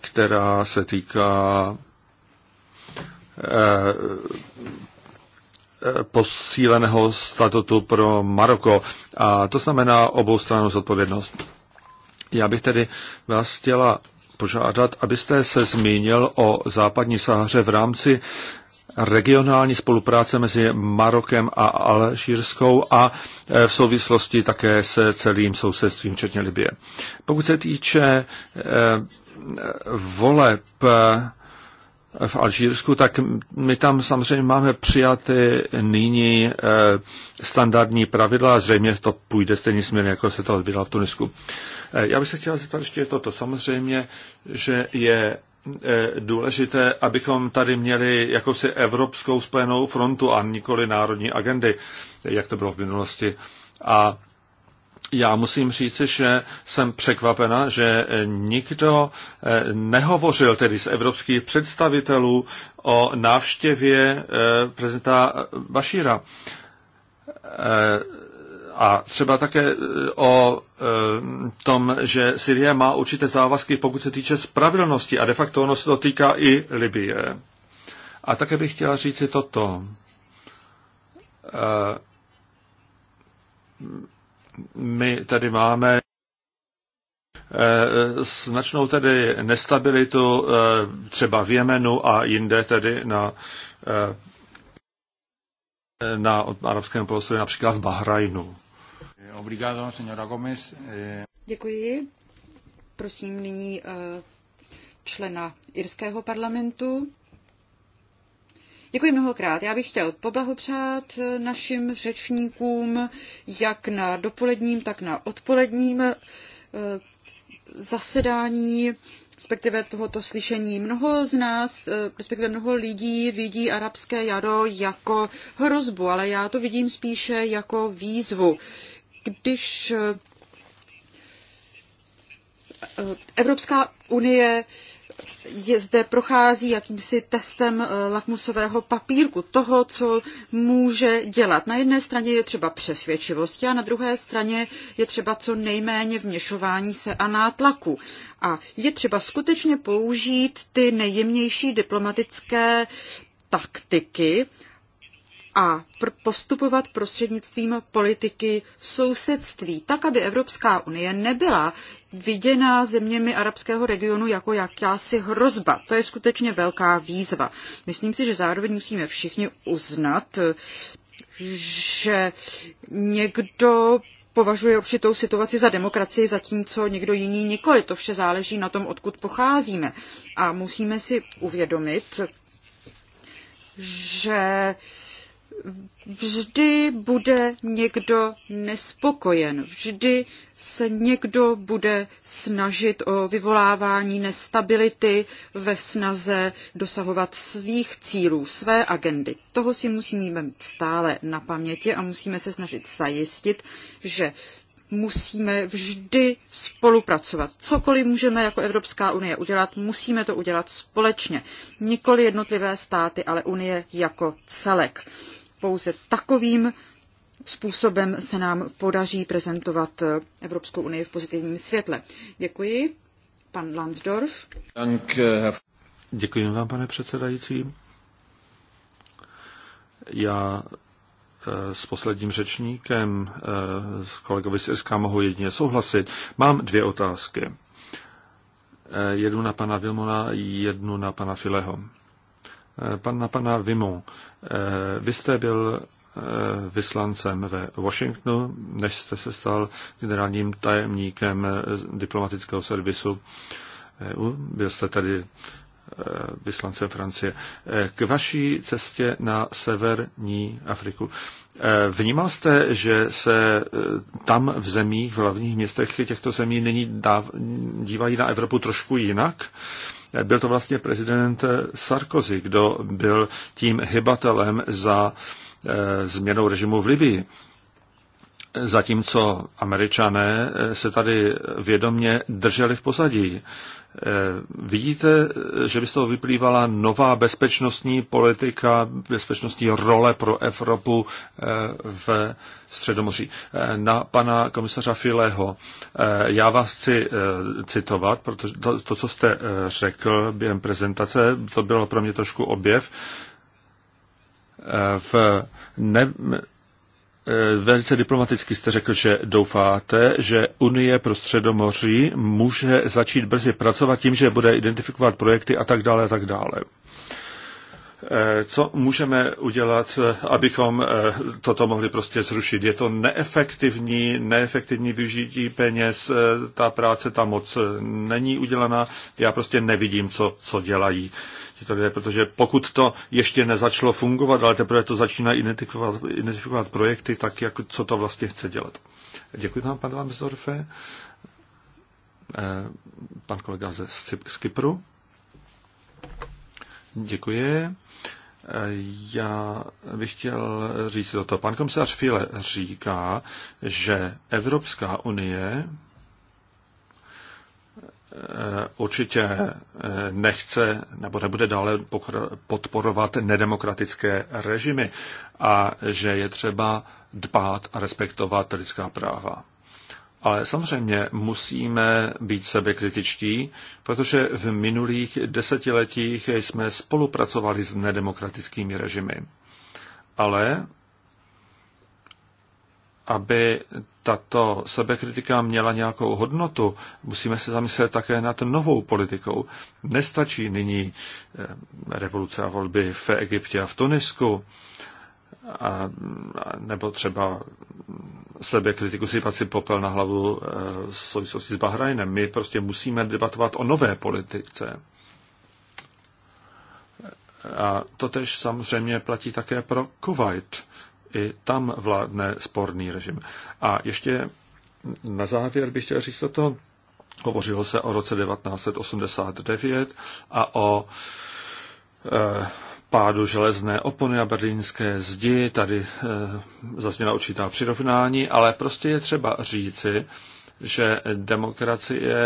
která se týká posíleného statutu pro Maroko. A to znamená obou stranu zodpovědnost. Já bych tedy vás chtěla požádat, abyste se zmínil o západní Sahaře v rámci regionální spolupráce mezi Marokem a Alžírskou a e, v souvislosti také se celým sousedstvím, včetně Libie. Pokud se týče e, voleb e, v Alžírsku, tak my tam samozřejmě máme přijaty nyní standardní pravidla a zřejmě to půjde stejný směr jako se to odvídalo v Tunisku. Eh, já bych se chtěl zeptat ještě toto. Samozřejmě, že je eh, důležité, abychom tady měli jakousi evropskou spojenou frontu a nikoli národní agendy, jak to bylo v minulosti. A já musím říct, že jsem překvapena, že eh, nikdo nehovořil tedy z evropských představitelů o návštěvě prezidenta Bašíra a třeba také e, o e, tom, že Syrie má určité závazky, pokud se týče spravedlnosti a de facto ono se to týká i Libie. A také bych chtěla říct si toto. E, my tady máme značnou tedy nestabilitu třeba v Jemenu a jinde tedy na, na arabském prostoru, například v Bahrajnu. Obrigado,
Děkuji. Prosím nyní eh, člena irského parlamentu. Děkuji mnohokrát. Já bych chtěl poblahopřát eh, našim řečníkům jak na dopoledním, tak na odpoledním eh, zasedání, respektive tohoto slyšení. Mnoho z nás, respektive mnoho lidí vidí arabské jaro jako hrozbu, ale já to vidím spíše jako výzvu když eh, Evropská unie je zde prochází jakýmsi testem eh, lakmusového papírku toho, co může dělat. Na jedné straně je třeba přesvědčivosti a na druhé straně je třeba co nejméně vměšování se a nátlaku. A je třeba skutečně použít ty nejjemnější diplomatické taktiky, a pr- postupovat prostřednictvím politiky sousedství, tak, aby Evropská unie nebyla viděna zeměmi arabského regionu jako jakási hrozba. To je skutečně velká výzva. Myslím si, že zároveň musíme všichni uznat, že někdo považuje určitou situaci za demokracii, zatímco někdo jiný nikoli. To vše záleží na tom, odkud pocházíme. A musíme si uvědomit, že vždy bude někdo nespokojen, vždy se někdo bude snažit o vyvolávání nestability ve snaze dosahovat svých cílů, své agendy. Toho si musíme mít stále na paměti a musíme se snažit zajistit, že musíme vždy spolupracovat. Cokoliv můžeme jako Evropská unie udělat, musíme to udělat společně. Nikoli jednotlivé státy, ale unie jako celek pouze takovým způsobem se nám podaří prezentovat Evropskou unii v pozitivním světle. Děkuji. Pan Lansdorf.
Eh, Děkuji vám, pane předsedající. Já eh, s posledním řečníkem, eh, s kolegovi z mohu jedině souhlasit. Mám dvě otázky. Jednu na pana Vilmona, jednu na pana Fileho. Eh, pan, na pana Vimu. Eh, vy jste byl eh, vyslancem ve Washingtonu, než jste se stal generálním tajemníkem diplomatického servisu EU. Byl jste tady vyslancem Francie. K vaší cestě na severní Afriku. Vnímal jste, že se tam v zemích, v hlavních městech těchto zemí nyní dívají na Evropu trošku jinak? Byl to vlastně prezident Sarkozy, kdo byl tím hybatelem za eh, změnou režimu v Libii. Zatímco američané eh, se tady vědomně drželi v pozadí. Eh, vidíte, že by z toho vyplývala nová bezpečnostní politika, bezpečnostní role pro Evropu eh, v Středomoří. Eh, na pana komisaře Fileho, já vás chci citovat, protože to, to, co jste řekl během prezentace, to bylo pro mě trošku objev. V ne, Eh, velice diplomaticky jste řekl, že doufáte, že Unie pro středomoří může začít brzy pracovat tím, že bude identifikovat projekty a tak dále a tak dále. Eh, co můžeme udělat, eh, abychom toto mohli prostě zrušit? Je to neefektivní, neefektivní využití peněz, ta práce tam moc není udělaná, já prostě nevidím, co, co dělají tito lidé, protože pokud to ještě nezačalo fungovat, ale teprve to začíná identifikovat, identifikovat projekty, tak jak, co to vlastně chce dělat. Děkuji vám, pane Lambsdorfe. Eh, pan kolega ze, z Kypru. Děkuji. Eh, já bych chtěl říct toto. Pan komisař File říká, že Evropská unie Eh, určitě eh, nechce nebo nebude dále podporovat nedemokratické režimy a že je třeba dbát a respektovat lidská práva. Ale samozřejmě musíme být sebekritičtí, protože v minulých desetiletích jsme spolupracovali s nedemokratickými režimy. Ale aby tato sebekritika měla nějakou hodnotu, musíme se zamyslet také nad novou politikou. Nestačí nyní eh, revoluce a volby v Egyptě a v Tunisku, a, nebo třeba sebekritiku sypat si popel na hlavu eh, v souvislosti s Bahrajnem. My prostě musíme debatovat o nové politice. A to tež samozřejmě platí také pro Kuwait i tam vládne sporný režim. A ještě na závěr bych chtěl říct toto. Hovořilo se o roce 1989 a o e, pádu železné opony a berlínské zdi. Tady e, zazněla určitá přirovnání, ale prostě je třeba říci, že demokracie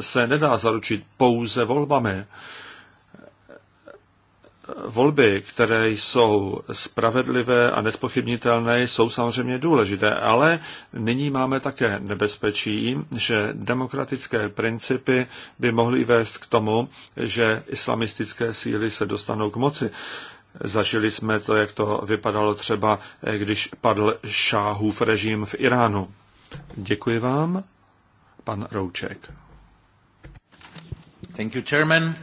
se nedá zaručit pouze volbami. E, volby, které jsou spravedlivé a nespochybnitelné, jsou samozřejmě důležité, ale nyní máme také nebezpečí, že demokratické principy by mohly vést k tomu, že islamistické síly se dostanou k moci. Zažili jsme to, jak to vypadalo třeba, když padl šáhův režim v Iránu. Děkuji vám, pan Rouček. Thank you, chairman.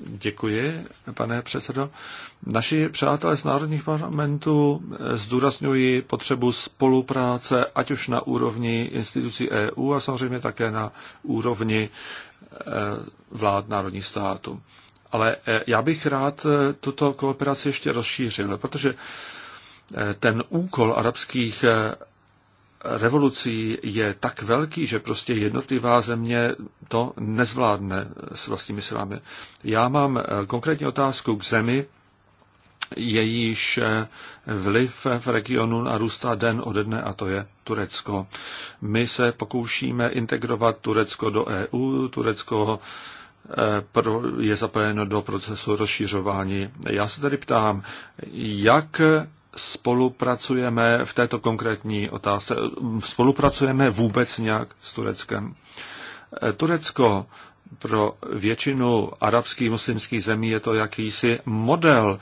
Děkuji, pane předsedo. Naši přátelé z národních parlamentů eh, zdůrazňují potřebu spolupráce, ať už na úrovni institucí EU a samozřejmě také na úrovni eh, vlád národních států. Ale eh, já bych rád tuto kooperaci ještě rozšířil, protože ten úkol arabských revolucí je tak velký, že prostě jednotlivá země to nezvládne s vlastními silami. Já mám eh, konkrétní otázku k zemi, jejíž eh, vliv v regionu narůstá den ode dne, a to je Turecko. My se pokoušíme integrovat Turecko do EU, Turecko eh, je zapojeno do procesu rozšířování. Já se tedy ptám, jak spolupracujeme v této konkrétní otázce? Spolupracujeme vůbec nějak s Tureckem? Turecko pro většinu arabských muslimských zemí je to jakýsi model.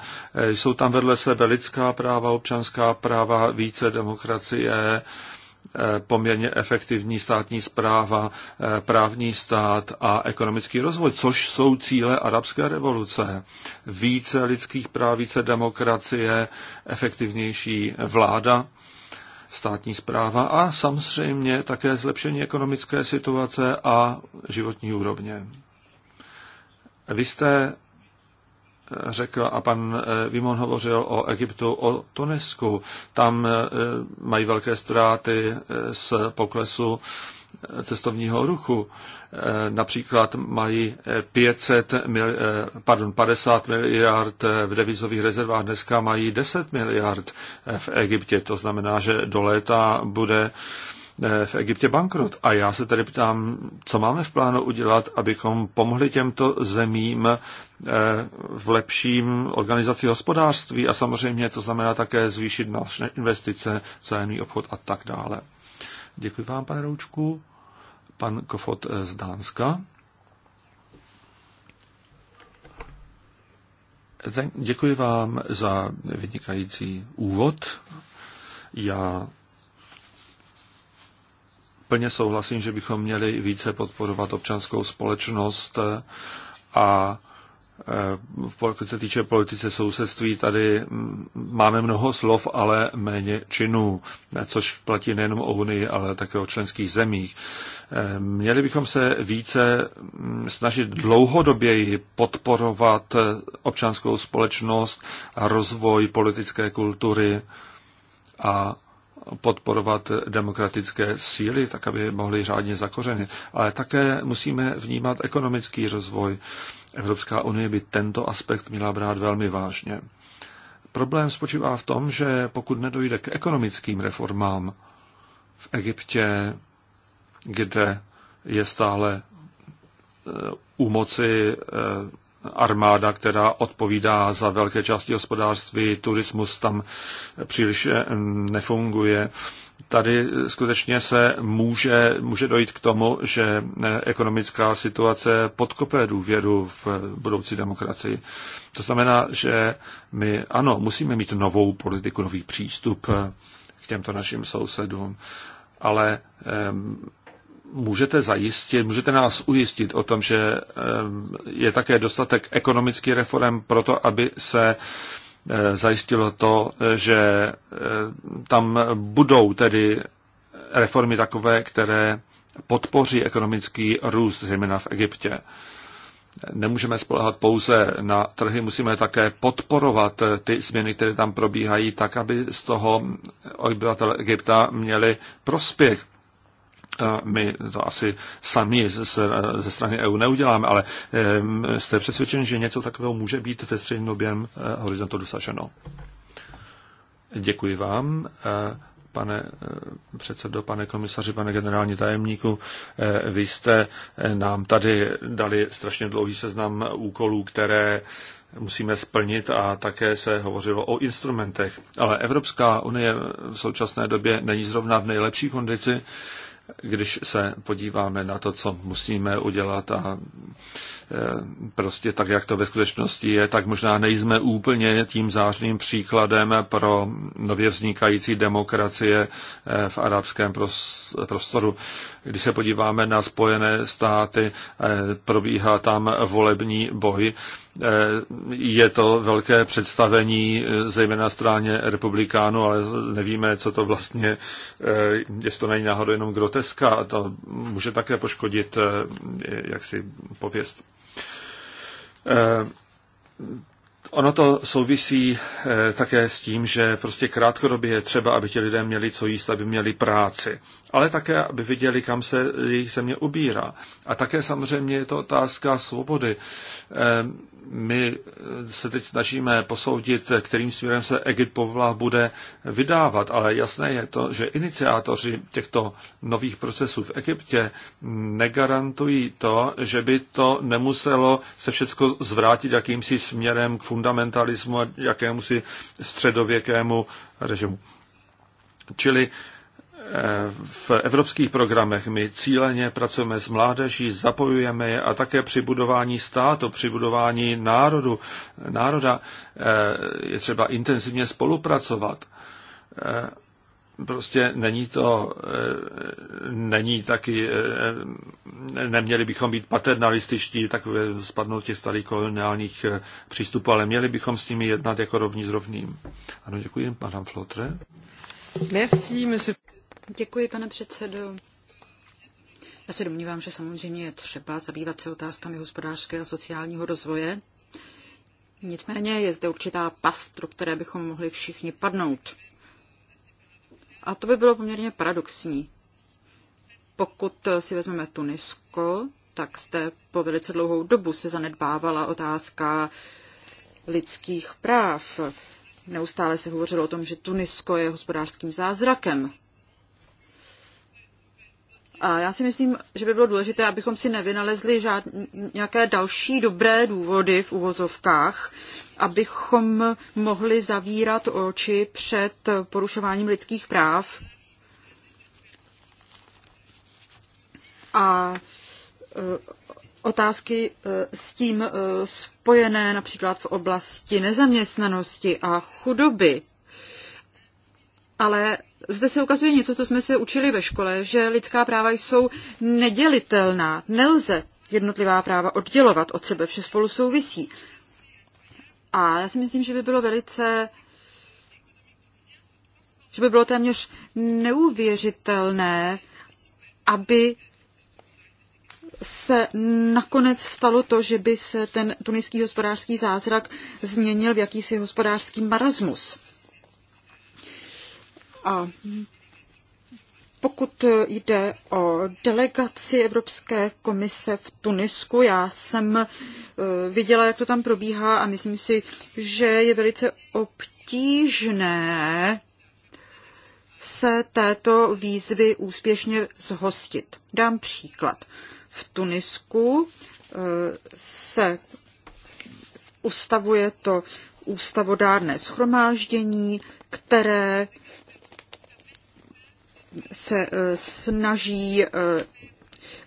Jsou tam vedle sebe lidská práva, občanská práva, více demokracie, Eh, poměrně efektivní státní zpráva, eh, právní stát a ekonomický rozvoj, což jsou cíle arabské revoluce. Více lidských práv, více demokracie, efektivnější vláda, státní zpráva a samozřejmě také zlepšení ekonomické situace a životní úrovně. Vy jste řekl a pan eh, Vimon hovořil o Egyptu, o Tunisku. Tam eh, mají velké ztráty eh, z poklesu cestovního ruchu. Například mají 500 mil, pardon, 50 miliard v devizových rezervách, dneska mají 10 miliard v Egyptě. To znamená, že do léta bude Eh, v Egyptě bankrot. A já se tady ptám, co máme v plánu udělat, abychom pomohli těmto zemím eh, v lepším organizaci hospodářství a samozřejmě to znamená také zvýšit naše investice, zájemný obchod a tak dále. Děkuji vám, pane Roučku. Pan Kofot eh, z Dánska. Děkuji vám za vynikající úvod. Já plně souhlasím, že bychom měli více podporovat občanskou společnost a eh, v se týče politice sousedství, tady hm, máme mnoho slov, ale méně činů, což platí nejenom o Unii, ale také o členských zemích. Eh, měli bychom se více hm, snažit dlouhodoběji podporovat eh, občanskou společnost a rozvoj politické kultury a podporovat demokratické síly, tak aby mohly řádně zakořenit. Ale také musíme vnímat ekonomický rozvoj. Evropská unie by tento aspekt měla brát velmi vážně. Problém spočívá v tom, že pokud nedojde k ekonomickým reformám v Egyptě, kde je stále eh, u moci eh, armáda, která odpovídá za velké části hospodářství, turismus tam příliš eh, nefunguje. Tady skutečně se může, může dojít k tomu, že eh, ekonomická situace podkopé důvěru v budoucí demokracii. To znamená, že my ano, musíme mít novou politiku, nový přístup eh, k těmto našim sousedům, ale můžete zajistit, můžete nás ujistit o tom, že je také dostatek ekonomických reform pro to, aby se eh, zajistilo to, že eh, tam budou tedy reformy takové, které podpoří ekonomický růst, zejména v Egyptě. Nemůžeme spolehat pouze na trhy, musíme také podporovat eh, ty změny, které tam probíhají, tak, aby z toho obyvatel Egypta měli prospěch my to asi sami ze strany EU neuděláme, ale jste přesvědčen, že něco takového může být ve střednědobém eh, horizontu dosaženo. Děkuji vám, eh, pane eh, předsedo, pane komisaři, pane generální tajemníku. Vy jste nám tady dali strašně dlouhý seznam úkolů, které musíme splnit a také se hovořilo o instrumentech. Ale Evropská unie v současné době není zrovna v nejlepší kondici když se podíváme na to, co musíme udělat a e, prostě tak, jak to ve skutečnosti je, tak možná nejsme úplně tím zářným příkladem pro nově vznikající demokracie e, v arabském prostoru. Když se podíváme na Spojené státy, eh, probíhá tam volební boj. Eh, je to velké představení, eh, zejména na straně republikánů, ale nevíme, co to vlastně, jestli to není náhodou jenom groteska, a to může také poškodit jak si pověst Ono to souvisí eh, také s tím, že prostě krátkodobě je třeba, aby ti lidé měli co jíst, aby měli práci, ale také, aby viděli, kam se jejich země ubírá. A také samozřejmě je to otázka svobody. Ehm, my eh, se teď snažíme posoudit, kterým směrem se Egypt povla bude vydávat, ale jasné je to, že iniciátoři těchto nových procesů v Egyptě negarantují to, že by to nemuselo se všechno zvrátit jakýmsi směrem k fundamentalismu a jakémusi středověkému režimu. Čili eh, v evropských programech my cíleně pracujeme s mládeží, zapojujeme je a také při budování státu, při budování národu, národa eh, je třeba intenzivně spolupracovat. Eh, prostě není to, eh, není taky, neměli bychom být paternalističtí, tak spadnou těch starých koloniálních přístupů, ale měli bychom s nimi jednat jako rovní s rovným. Ano, děkuji, pan Flotre.
Merci, monsieur. Děkuji, pane předsedo. Já se domnívám, že samozřejmě je třeba zabývat se otázkami hospodářského a sociálního rozvoje. Nicméně je zde určitá past, do které bychom mohli všichni padnout. A to by bylo poměrně paradoxní. Pokud si vezmeme Tunisko, tak zde po velice dlouhou dobu se zanedbávala otázka lidských práv. Neustále se hovořilo o tom, že Tunisko je hospodářským zázrakem. A já si myslím, že by bylo důležité, abychom si nevynalezli žádný, nějaké další dobré důvody v uvozovkách, abychom mohli zavírat oči před porušováním lidských práv. A e, otázky e, s tím e, spojené například v oblasti nezaměstnanosti a chudoby. Ale zde se ukazuje něco, co jsme se učili ve škole, že lidská práva jsou nedělitelná. Nelze jednotlivá práva oddělovat od sebe, vše spolu souvisí. A já si myslím, že by bylo velice že by bylo téměř neuvěřitelné, aby se nakonec stalo to, že by se ten tuniský hospodářský zázrak změnil v jakýsi hospodářský marasmus. A pokud jde o delegaci Evropské komise v Tunisku, já jsem eh, viděla, jak to tam probíhá a myslím si, že je velice obtížné se této výzvy úspěšně zhostit. Dám příklad. V Tunisku eh, se ustavuje to ústavodárné schromáždění, které se eh, snaží eh,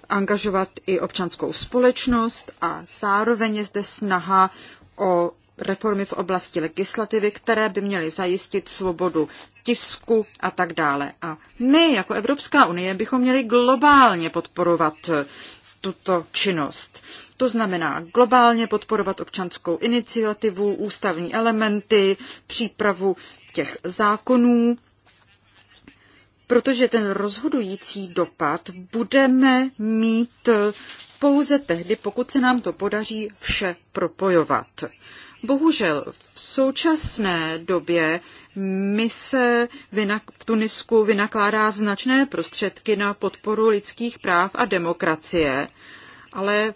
angažovat i občanskou společnost a zároveň je zde snaha o reformy v oblasti legislativy, které by měly zajistit svobodu tisku a tak dále. A my jako Evropská unie bychom měli globálně podporovat eh, tuto činnost. To znamená globálně podporovat občanskou iniciativu, ústavní elementy, přípravu těch zákonů protože ten rozhodující dopad budeme mít pouze tehdy, pokud se nám to podaří vše propojovat. Bohužel v současné době se v Tunisku vynakládá značné prostředky na podporu lidských práv a demokracie, ale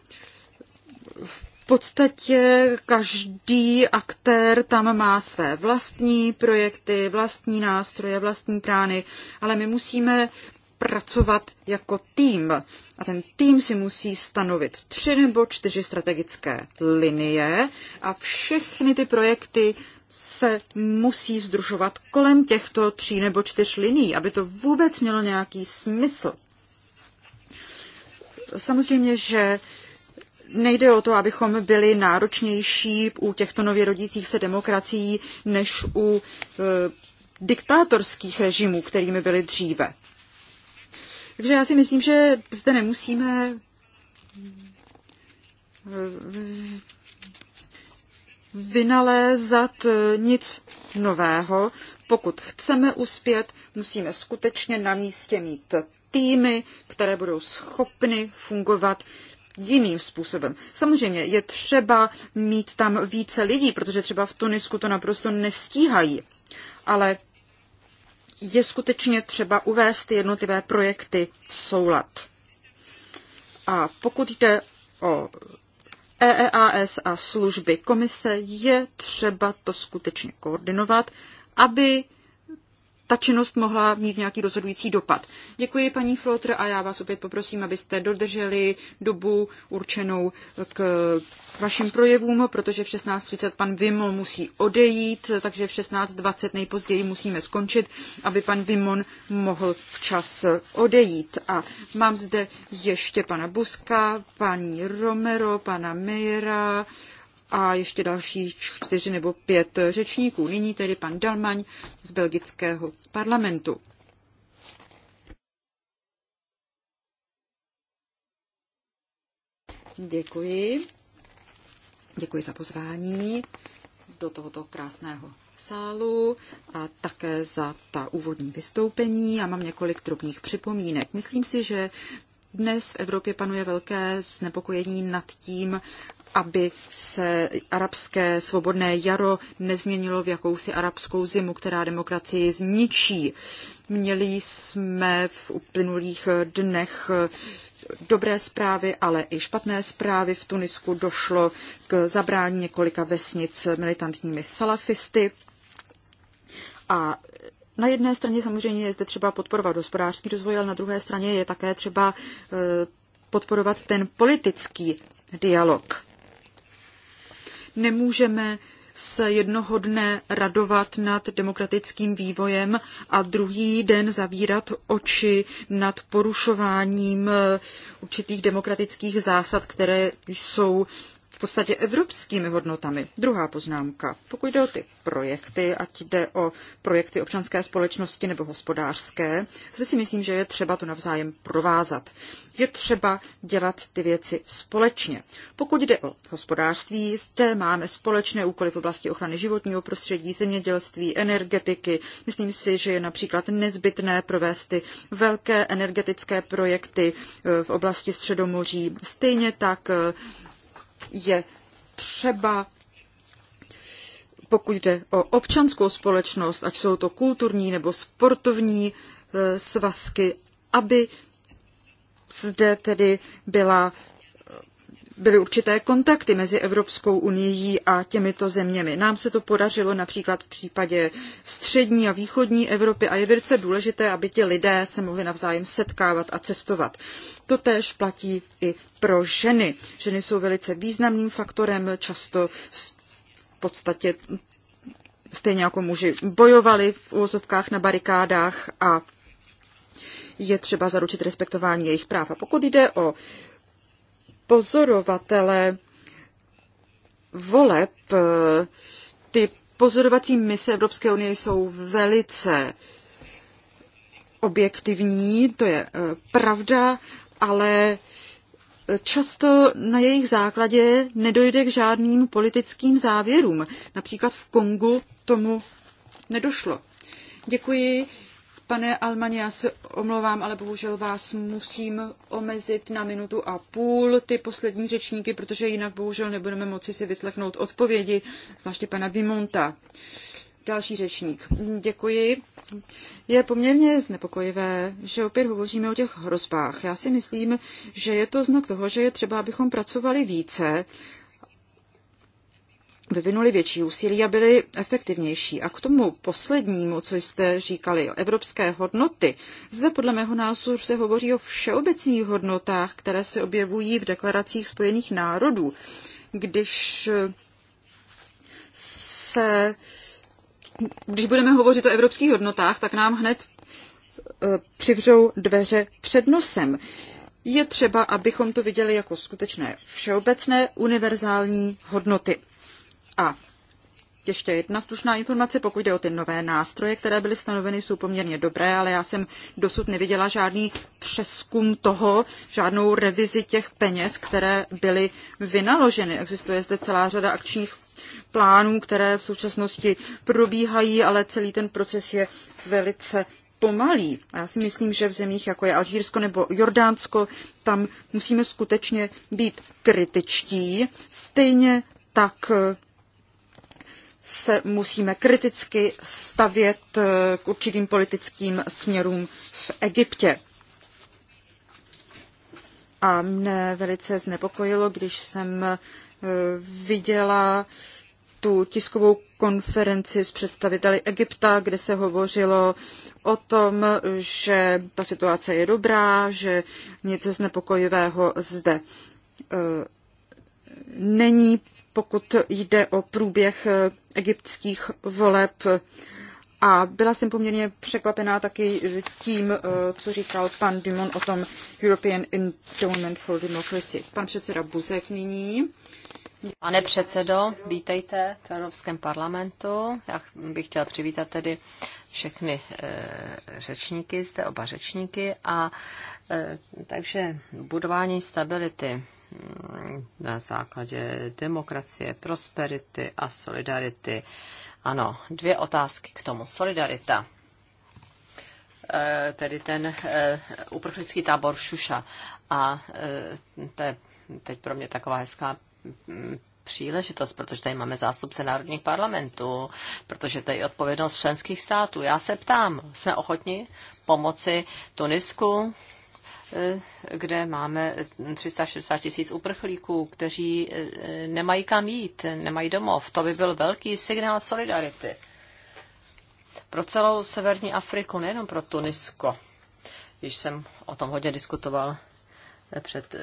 v podstatě každý aktér tam má své vlastní projekty, vlastní nástroje, vlastní prány, ale my musíme pracovat jako tým. A ten tým si musí stanovit tři nebo čtyři strategické linie a všechny ty projekty se musí združovat kolem těchto tří nebo čtyř linií, aby to vůbec mělo nějaký smysl. Samozřejmě, že nejde o to, abychom byli náročnější u těchto nově rodících se demokracií než u e, diktátorských režimů, kterými byly dříve. Takže já si myslím, že zde nemusíme e, vynalézat e, nic nového. Pokud chceme uspět, musíme skutečně na místě mít týmy, které budou schopny fungovat jiným způsobem. Samozřejmě je třeba mít tam více lidí, protože třeba v Tunisku to naprosto nestíhají. Ale je skutečně třeba uvést jednotlivé projekty v soulad. A pokud jde o EEAS a služby komise, je třeba to skutečně koordinovat, aby ta činnost mohla mít nějaký rozhodující dopad. Děkuji paní Flotr a já vás opět poprosím, abyste dodrželi dobu určenou k vašim projevům, protože v 16.30 pan Vimon musí odejít, takže v 16.20 nejpozději musíme skončit, aby pan Vimon mohl včas odejít. A mám zde ještě pana Buska, paní Romero, pana Mejera, a ještě další čtyři nebo pět řečníků. Nyní tedy pan Dalmaň z belgického parlamentu. Děkuji. Děkuji za pozvání do tohoto krásného sálu a také za ta úvodní vystoupení. Já mám několik drobných připomínek. Myslím si, že dnes v Evropě panuje velké znepokojení nad tím, aby se arabské svobodné jaro nezměnilo v jakousi arabskou zimu, která demokracii zničí. Měli jsme v uplynulých dnech dobré zprávy, ale i špatné zprávy. V Tunisku došlo k zabrání několika vesnic militantními salafisty. A na jedné straně samozřejmě je zde třeba podporovat hospodářský rozvoj, ale na druhé straně je také třeba eh, podporovat ten politický dialog nemůžeme se jednoho dne radovat nad demokratickým vývojem a druhý den zavírat oči nad porušováním eh, určitých demokratických zásad, které jsou v podstatě evropskými hodnotami. Druhá poznámka. Pokud jde o ty projekty, ať jde o projekty občanské společnosti nebo hospodářské, zde si myslím, že je třeba to navzájem provázat. Je třeba dělat ty věci společně. Pokud jde o hospodářství, zde máme společné úkoly v oblasti ochrany životního prostředí, zemědělství, energetiky. Myslím si, že je například nezbytné provést ty velké energetické projekty eh, v oblasti Středomoří. Stejně tak eh, je třeba pokud jde o občanskou společnost, ať jsou to kulturní nebo sportovní eh, svazky, aby zde tedy byla byly určité kontakty mezi Evropskou unii a těmito zeměmi. Nám se to podařilo například v případě střední a východní Evropy a je velice důležité, aby ti lidé se mohli navzájem setkávat a cestovat. To též platí i pro ženy. Ženy jsou velice významným faktorem, často v podstatě stejně jako muži bojovali v úvozovkách na barikádách a je třeba zaručit respektování jejich práv. A pokud jde o pozorovatele voleb, eh, ty pozorovací mise Evropské unie jsou velice objektivní, to je eh, pravda, ale často na jejich základě nedojde k žádným politickým závěrům. Například v Kongu tomu nedošlo. Děkuji. Pane Almani, já se omlouvám, ale bohužel vás musím omezit na minutu a půl ty poslední řečníky, protože jinak bohužel nebudeme moci si vyslechnout odpovědi, zvláště pana Vimonta. Další řečník. Děkuji. Je poměrně znepokojivé, že opět hovoříme o těch hrozbách. Já si myslím, že je to znak toho, že je třeba, abychom pracovali více vyvinuli větší úsilí a byli efektivnější. A k tomu poslednímu, co jste říkali, o evropské hodnoty, zde podle mého názoru se hovoří o všeobecných hodnotách, které se objevují v deklaracích Spojených národů. Když se když budeme hovořit o evropských hodnotách, tak nám hned eh, přivřou dveře před nosem. Je třeba, abychom to viděli jako skutečné všeobecné univerzální hodnoty. A ještě jedna stručná informace, pokud jde o ty nové nástroje, které byly stanoveny, jsou poměrně dobré, ale já jsem dosud neviděla žádný přeskum toho, žádnou revizi těch peněz, které byly vynaloženy. Existuje zde celá řada akčních plánů, které v současnosti probíhají, ale celý ten proces je velice pomalý. A já si myslím, že v zemích, jako je Alžírsko nebo Jordánsko, tam musíme skutečně být kritičtí, stejně tak se musíme kriticky stavět eh, k určitým politickým směrům v Egyptě. A mne velice znepokojilo, když jsem eh, viděla tu tiskovou konferenci s představiteli Egypta, kde se hovořilo o tom, že ta situace je dobrá, že nic znepokojivého zde eh, není pokud jde o průběh eh, egyptských voleb. A byla jsem poměrně překvapená taky eh, tím, eh, co říkal pan Dumont
o tom European Endowment for Democracy. Pan předseda Buzek nyní. Pane předsedo, vítejte v Evropském parlamentu. Já bych chtěla přivítat tedy všechny e, řečníky, zde oba řečníky. A e, takže budování stability na základě demokracie, prosperity a solidarity. Ano, dvě otázky k tomu. Solidarita e, tedy ten e, uprchlický tábor v Šuša. A e, to je teď pro mě taková hezká příležitost, protože tady máme zástupce národních parlamentů, protože tady je odpovědnost členských států. Já se ptám, jsme ochotni pomoci Tunisku, Eh, kde máme 360 tisíc uprchlíků, kteří eh, nemají kam jít, nemají domov. To by byl velký signál solidarity pro celou severní Afriku, nejenom pro Tunisko. Když jsem o tom hodně diskutoval eh, před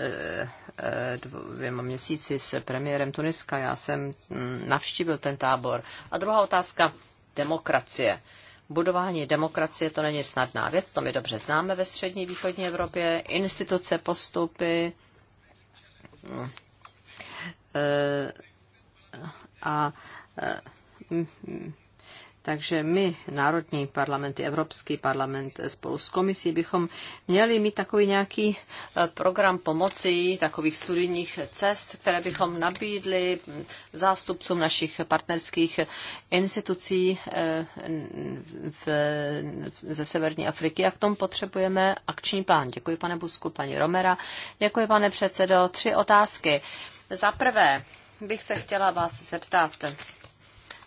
dvěma měsíci s premiérem Tuniska, já jsem hm, navštívil ten tábor. A druhá otázka, demokracie budování demokracie to není snadná věc, to my dobře známe ve střední východní Evropě, instituce, postupy eh, eh, a eh, takže my, národní parlamenty, Evropský parlament spolu s komisí, bychom měli mít takový nějaký e, program pomoci, takových studijních cest, které bychom nabídli zástupcům našich partnerských institucí e, v, ze Severní Afriky. A k tomu potřebujeme akční plán. Děkuji, pane Busku, paní Romera. Děkuji, pane předsedo. Tři otázky. Za prvé bych se chtěla vás zeptat,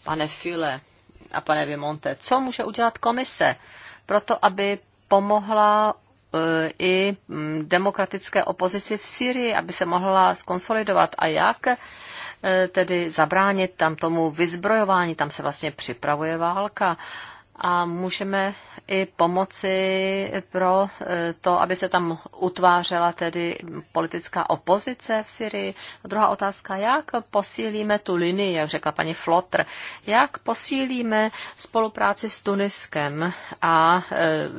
pane File, a pane Vimonte, co může udělat komise proto, aby pomohla e, i mm, demokratické opozici v Syrii, aby se mohla skonsolidovat a jak e, tedy zabránit tam tomu vyzbrojování, tam se vlastně připravuje válka a můžeme i pomoci pro e, to, aby se tam utvářela tedy politická opozice v Syrii? A druhá otázka, jak posílíme tu linii, jak řekla paní Flotr, jak posílíme spolupráci s Tuniskem a e,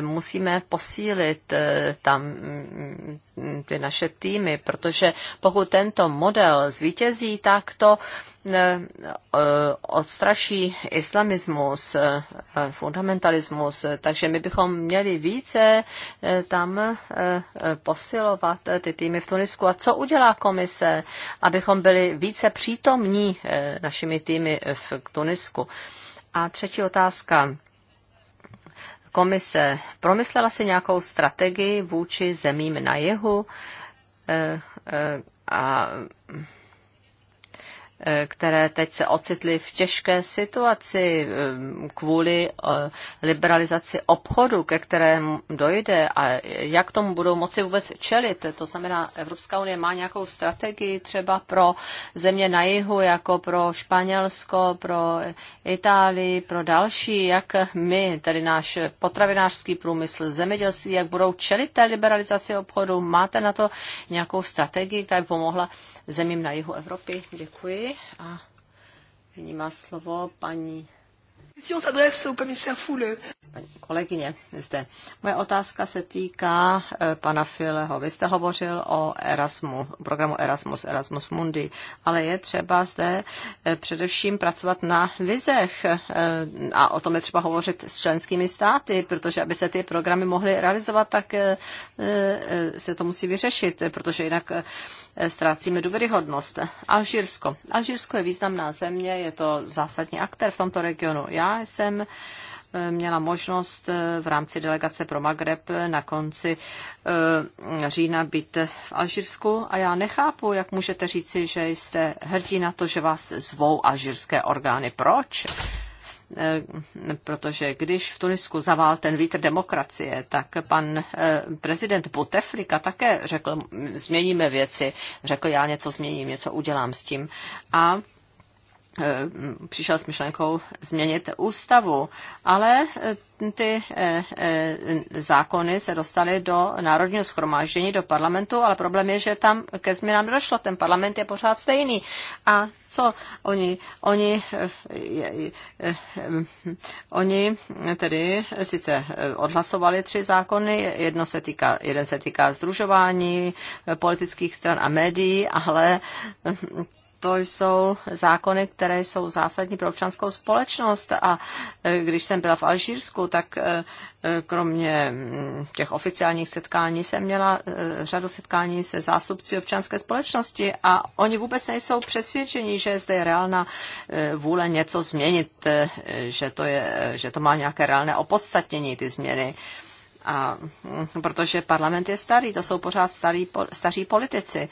musíme posílit eh, tam mm, ty naše týmy, protože pokud tento model zvítězí, tak to eh, eh, odstraší islamismus, fundamentalismus, takže my bychom měli více tam posilovat ty týmy v Tunisku. A co udělá komise, abychom byli více přítomní našimi týmy v Tunisku? A třetí otázka komise promyslela si nějakou strategii vůči zemím na jihu eh, eh, a Eh, které teď se ocitly v těžké situaci eh, kvůli eh, liberalizaci obchodu, ke kterému dojde a jak tomu budou moci vůbec čelit. To znamená, Evropská unie má nějakou strategii třeba pro země na jihu, jako pro Španělsko, pro Itálii, pro další, jak my, tedy náš potravinářský průmysl, zemědělství, jak budou čelit té liberalizaci obchodu. Máte na to nějakou strategii, která by pomohla zemím na jihu Evropy. Děkuji a nyní má slovo paní Paní kolegyně, zde. Moje otázka se týká e, pana Fileho. Vy jste hovořil o Erasmu, programu Erasmus, Erasmus Mundi, ale je třeba zde e, především pracovat na vizech e, a o tom je třeba hovořit s členskými státy, protože aby se ty programy mohly realizovat, tak se to musí vyřešit, protože jinak Eh, ztrácíme důvěryhodnost. Alžírsko. Alžírsko je významná země, je to zásadní aktér v tomto regionu. Já jsem eh, měla možnost eh, v rámci delegace pro Magreb na konci října být v Alžírsku a já nechápu, jak můžete říci, že jste hrdí na to, že vás zvou alžírské orgány. Proč? Eh, protože když v Tunisku zavál ten vítr demokracie, tak pan eh, prezident Bouteflika také řekl, změníme věci, řekl já něco změním, něco udělám s tím. A Eh, přišel s myšlenkou změnit ústavu, ale eh, ty eh, zákony se dostaly do Národního schromáždění, do parlamentu, ale problém je, že tam ke změnám došlo. Ten parlament je pořád stejný. A co oni, oni, oni tedy sice odhlasovali tři zákony, jedno se týká, jeden se týká združování politických stran a médií, ale to jsou zákony, které jsou zásadní pro občanskou společnost. A e, když jsem byla v Alžírsku, tak e, e, kromě mm, těch oficiálních setkání jsem měla řadu setkání se zásupci občanské společnosti a oni vůbec nejsou přesvědčeni, že zde je reálná vůle něco změnit, že to, je, že to má nějaké reálné opodstatnění, ty změny. A protože parlament je starý, to jsou pořád starý, staří politici.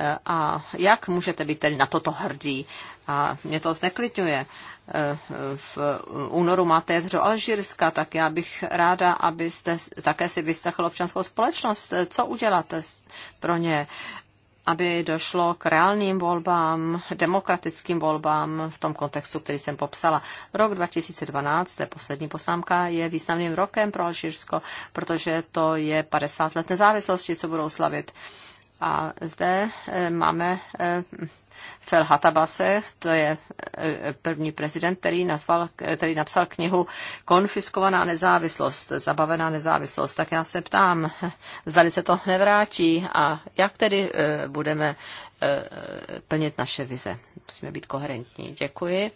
E, a jak můžete být tedy na toto hrdí? A mě to zneklidňuje. E, v únoru máte jedro Alžírska, tak já bych ráda, abyste také si vystachl občanskou společnost. E, co uděláte pro ně? aby došlo k reálným volbám, demokratickým volbám v tom kontextu, který jsem popsala. Rok 2012, to je poslední poznámka, je významným rokem pro Alžírsko, protože to je 50 let nezávislosti, co budou slavit. A zde eh, máme eh, Fel Hatabase, to je eh, první prezident, který, nazval, který napsal knihu Konfiskovaná nezávislost, zabavená nezávislost. Tak já se ptám, zdali se to nevrátí a jak tedy eh, budeme eh, plnit naše vize. Musíme být koherentní. Děkuji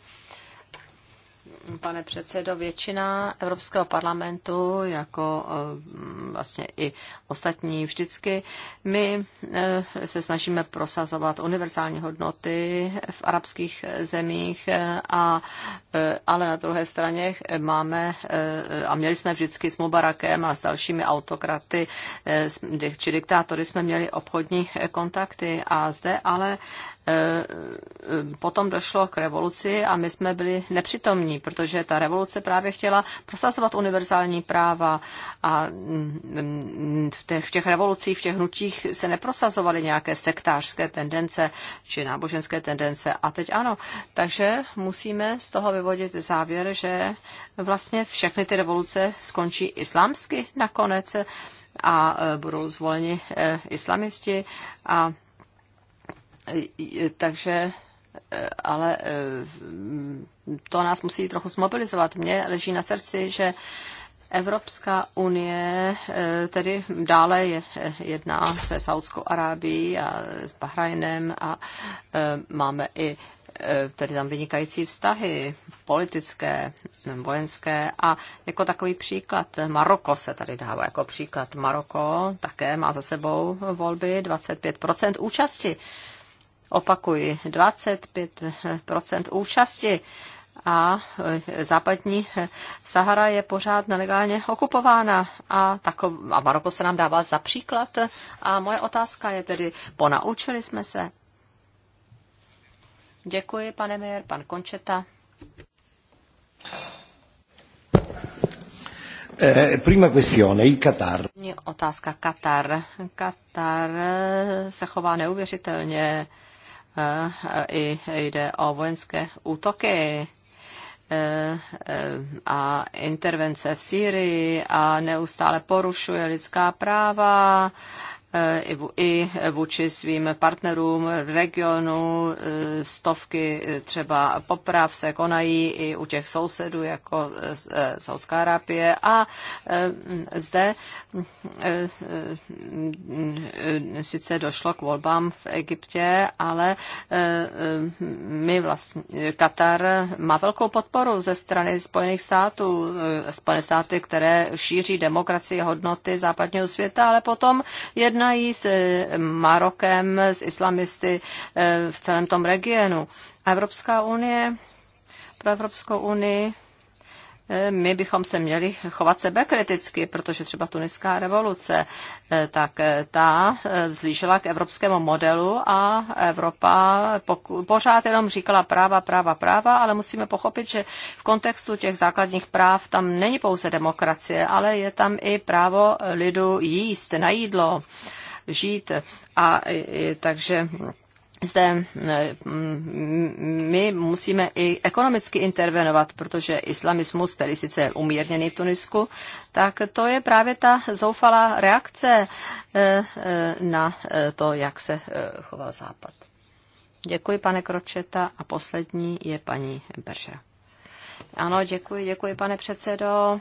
pane předsedo. Většina Evropského parlamentu, jako eh, vlastně i ostatní vždycky, my eh, se snažíme prosazovat univerzální hodnoty v arabských zemích, eh, a, ale na druhé straně máme a měli jsme vždycky s Mubarakem a s dalšími autokraty či diktátory jsme měli obchodní kontakty a zde ale Eh, potom došlo k revoluci a my jsme byli nepřitomní, protože ta revoluce právě chtěla prosazovat univerzální práva a mm, v těch, v těch revolucích, v těch hnutích se neprosazovaly nějaké sektářské tendence či náboženské tendence a teď ano. Takže musíme z toho vyvodit závěr, že vlastně všechny ty revoluce skončí islámsky nakonec a eh, budou zvoleni eh, islamisti a takže ale to nás musí trochu smobilizovat. Mně leží na srdci, že Evropská unie tedy dále je, jedná se Saudskou Arábií a s Bahrajnem a máme i tedy tam vynikající vztahy politické, vojenské a jako takový příklad Maroko se tady dává jako příklad. Maroko také má za sebou volby 25% účasti opakuji, 25% účasti a e, západní e, Sahara je pořád nelegálně okupována a, takov, a Maroko se nám dává za příklad. A moje otázka je tedy, ponaučili jsme se? Děkuji, pane Mejer, pan Končeta.
Eh, prima questione, il Qatar.
Otázka Katar. Katar eh, se chová neuvěřitelně i jde o vojenské útoky e, e, a intervence v Sýrii a neustále porušuje lidská práva Eh, i vůči svým partnerům regionu. Eh, stovky eh, třeba poprav se konají i u těch sousedů, jako Saudská Arábie. A zde sice došlo k volbám v Egyptě, ale my vlastně, Katar má velkou podporu ze strany Spojených států, Spojené státy, které šíří demokracii hodnoty západního světa, ale potom jedna jednají s eh, Marokem, s islamisty eh, v celém tom regionu. A Evropská unie, pro Evropskou unii Eh, my bychom se měli chovat kriticky, protože třeba tuniská revoluce, eh, tak eh, ta vzlížela k evropskému modelu a Evropa pořád jenom říkala práva, práva, práva, ale musíme pochopit, že v kontextu těch základních práv tam není pouze demokracie, ale je tam i právo lidu jíst na jídlo, žít. A takže hm, zde eh, my musíme i ekonomicky intervenovat, protože islamismus, který sice je umírněný v Tunisku, tak to je právě ta zoufalá reakce eh, eh, na to, jak se choval Západ. Děkuji, pane Kročeta. A poslední je paní Berža. Ano, děkuji, děkuji, pane předsedo.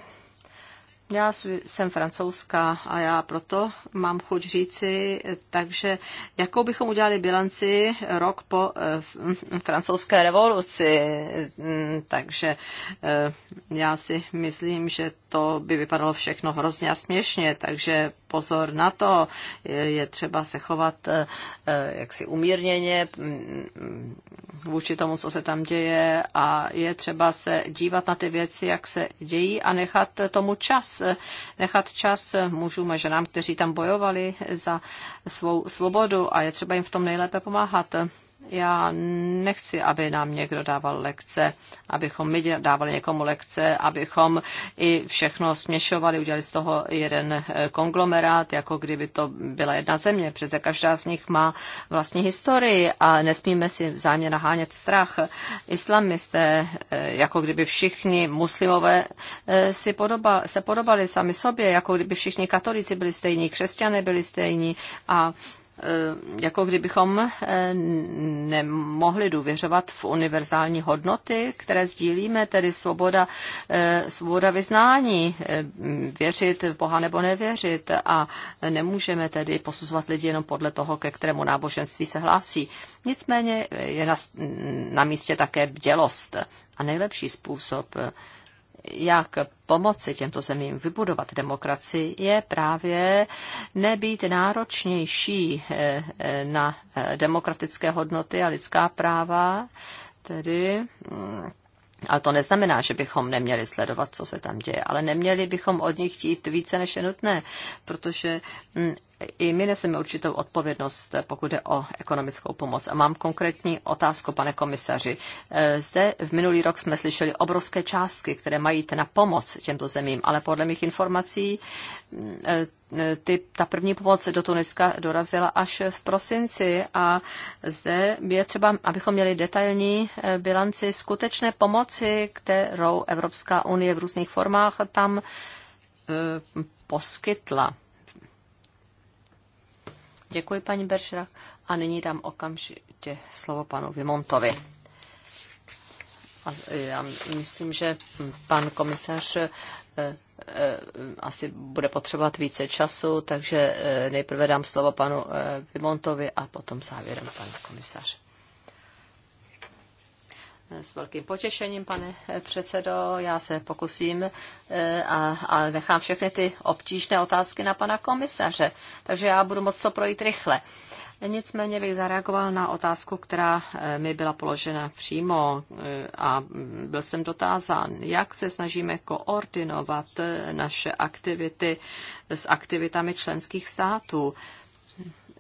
Já jsem francouzská a já proto mám chuť říci, takže jakou bychom udělali bilanci rok po eh, francouzské revoluci. Mm, takže eh, já si myslím, že to by vypadalo všechno hrozně a směšně, takže pozor na to, je třeba se chovat eh, eh, jaksi umírněně mm, mm, vůči tomu, co se tam děje a je třeba se dívat na ty věci, jak se dějí a nechat tomu čas, eh, nechat čas mužům a ženám, kteří tam bojovali za svou svobodu a je třeba jim v tom nejlépe pomáhat. Já nechci, aby nám někdo dával lekce, abychom my dávali někomu lekce, abychom i všechno směšovali, udělali z toho jeden eh, konglomerát, jako kdyby to byla jedna země. Přece každá z nich má vlastní historii a nesmíme si vzájemně nahánět strach. Islamisté, eh, jako kdyby všichni muslimové eh, si podoba, se podobali sami sobě, jako kdyby všichni katolíci byli stejní, křesťané byli stejní a Eh, jako kdybychom eh, nemohli důvěřovat v univerzální hodnoty, které sdílíme, tedy svoboda, eh, svoboda vyznání, věřit v Boha nebo nevěřit a nemůžeme tedy posuzovat lidi jenom podle toho, ke kterému náboženství se hlásí. Nicméně je na, na místě také bdělost a nejlepší způsob, jak pomoci těmto zemím vybudovat demokracii, je právě nebýt náročnější eh, eh, na eh, demokratické hodnoty a lidská práva, tedy mm, ale to neznamená, že bychom neměli sledovat, co se tam děje, ale neměli bychom od nich chtít více než je nutné, protože mm, i my neseme určitou odpovědnost, eh, pokud jde o ekonomickou pomoc. A mám konkrétní otázku, pane komisaři. Eh, zde v minulý rok jsme slyšeli obrovské částky, které mají jít na pomoc těmto zemím, ale podle mých informací mm, eh, ty, ta první pomoc do Tuniska dorazila až v prosinci a zde je třeba, abychom měli detailní bilanci skutečné pomoci, kterou Evropská unie v různých formách tam poskytla Děkuji, paní Beršra. A nyní dám okamžitě slovo panu Vimontovi. A já myslím, že pan komisař eh, eh, asi bude potřebovat více času, takže eh, nejprve dám slovo panu Vimontovi a potom závěrem pan komisaře. S velkým potěšením, pane předsedo, já se pokusím eh, a, a nechám všechny ty obtížné otázky na pana komisaře, takže já budu moc to projít rychle. Nicméně bych zareagoval na otázku, která eh, mi byla položena přímo eh, a byl jsem dotázán, jak se snažíme koordinovat naše aktivity s aktivitami členských států.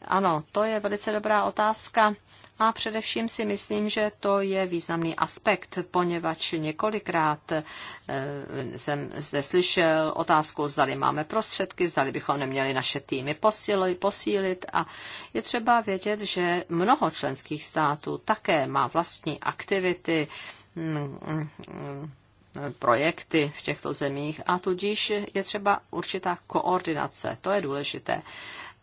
Ano, to je velice dobrá otázka a především si myslím, že to je významný aspekt, poněvadž několikrát eh, jsem zde slyšel otázku, zdali máme prostředky, zdali bychom neměli naše týmy posílit a je třeba vědět, že mnoho členských států také má vlastní aktivity, mm, projekty v těchto zemích a tudíž je třeba určitá koordinace. To je důležité.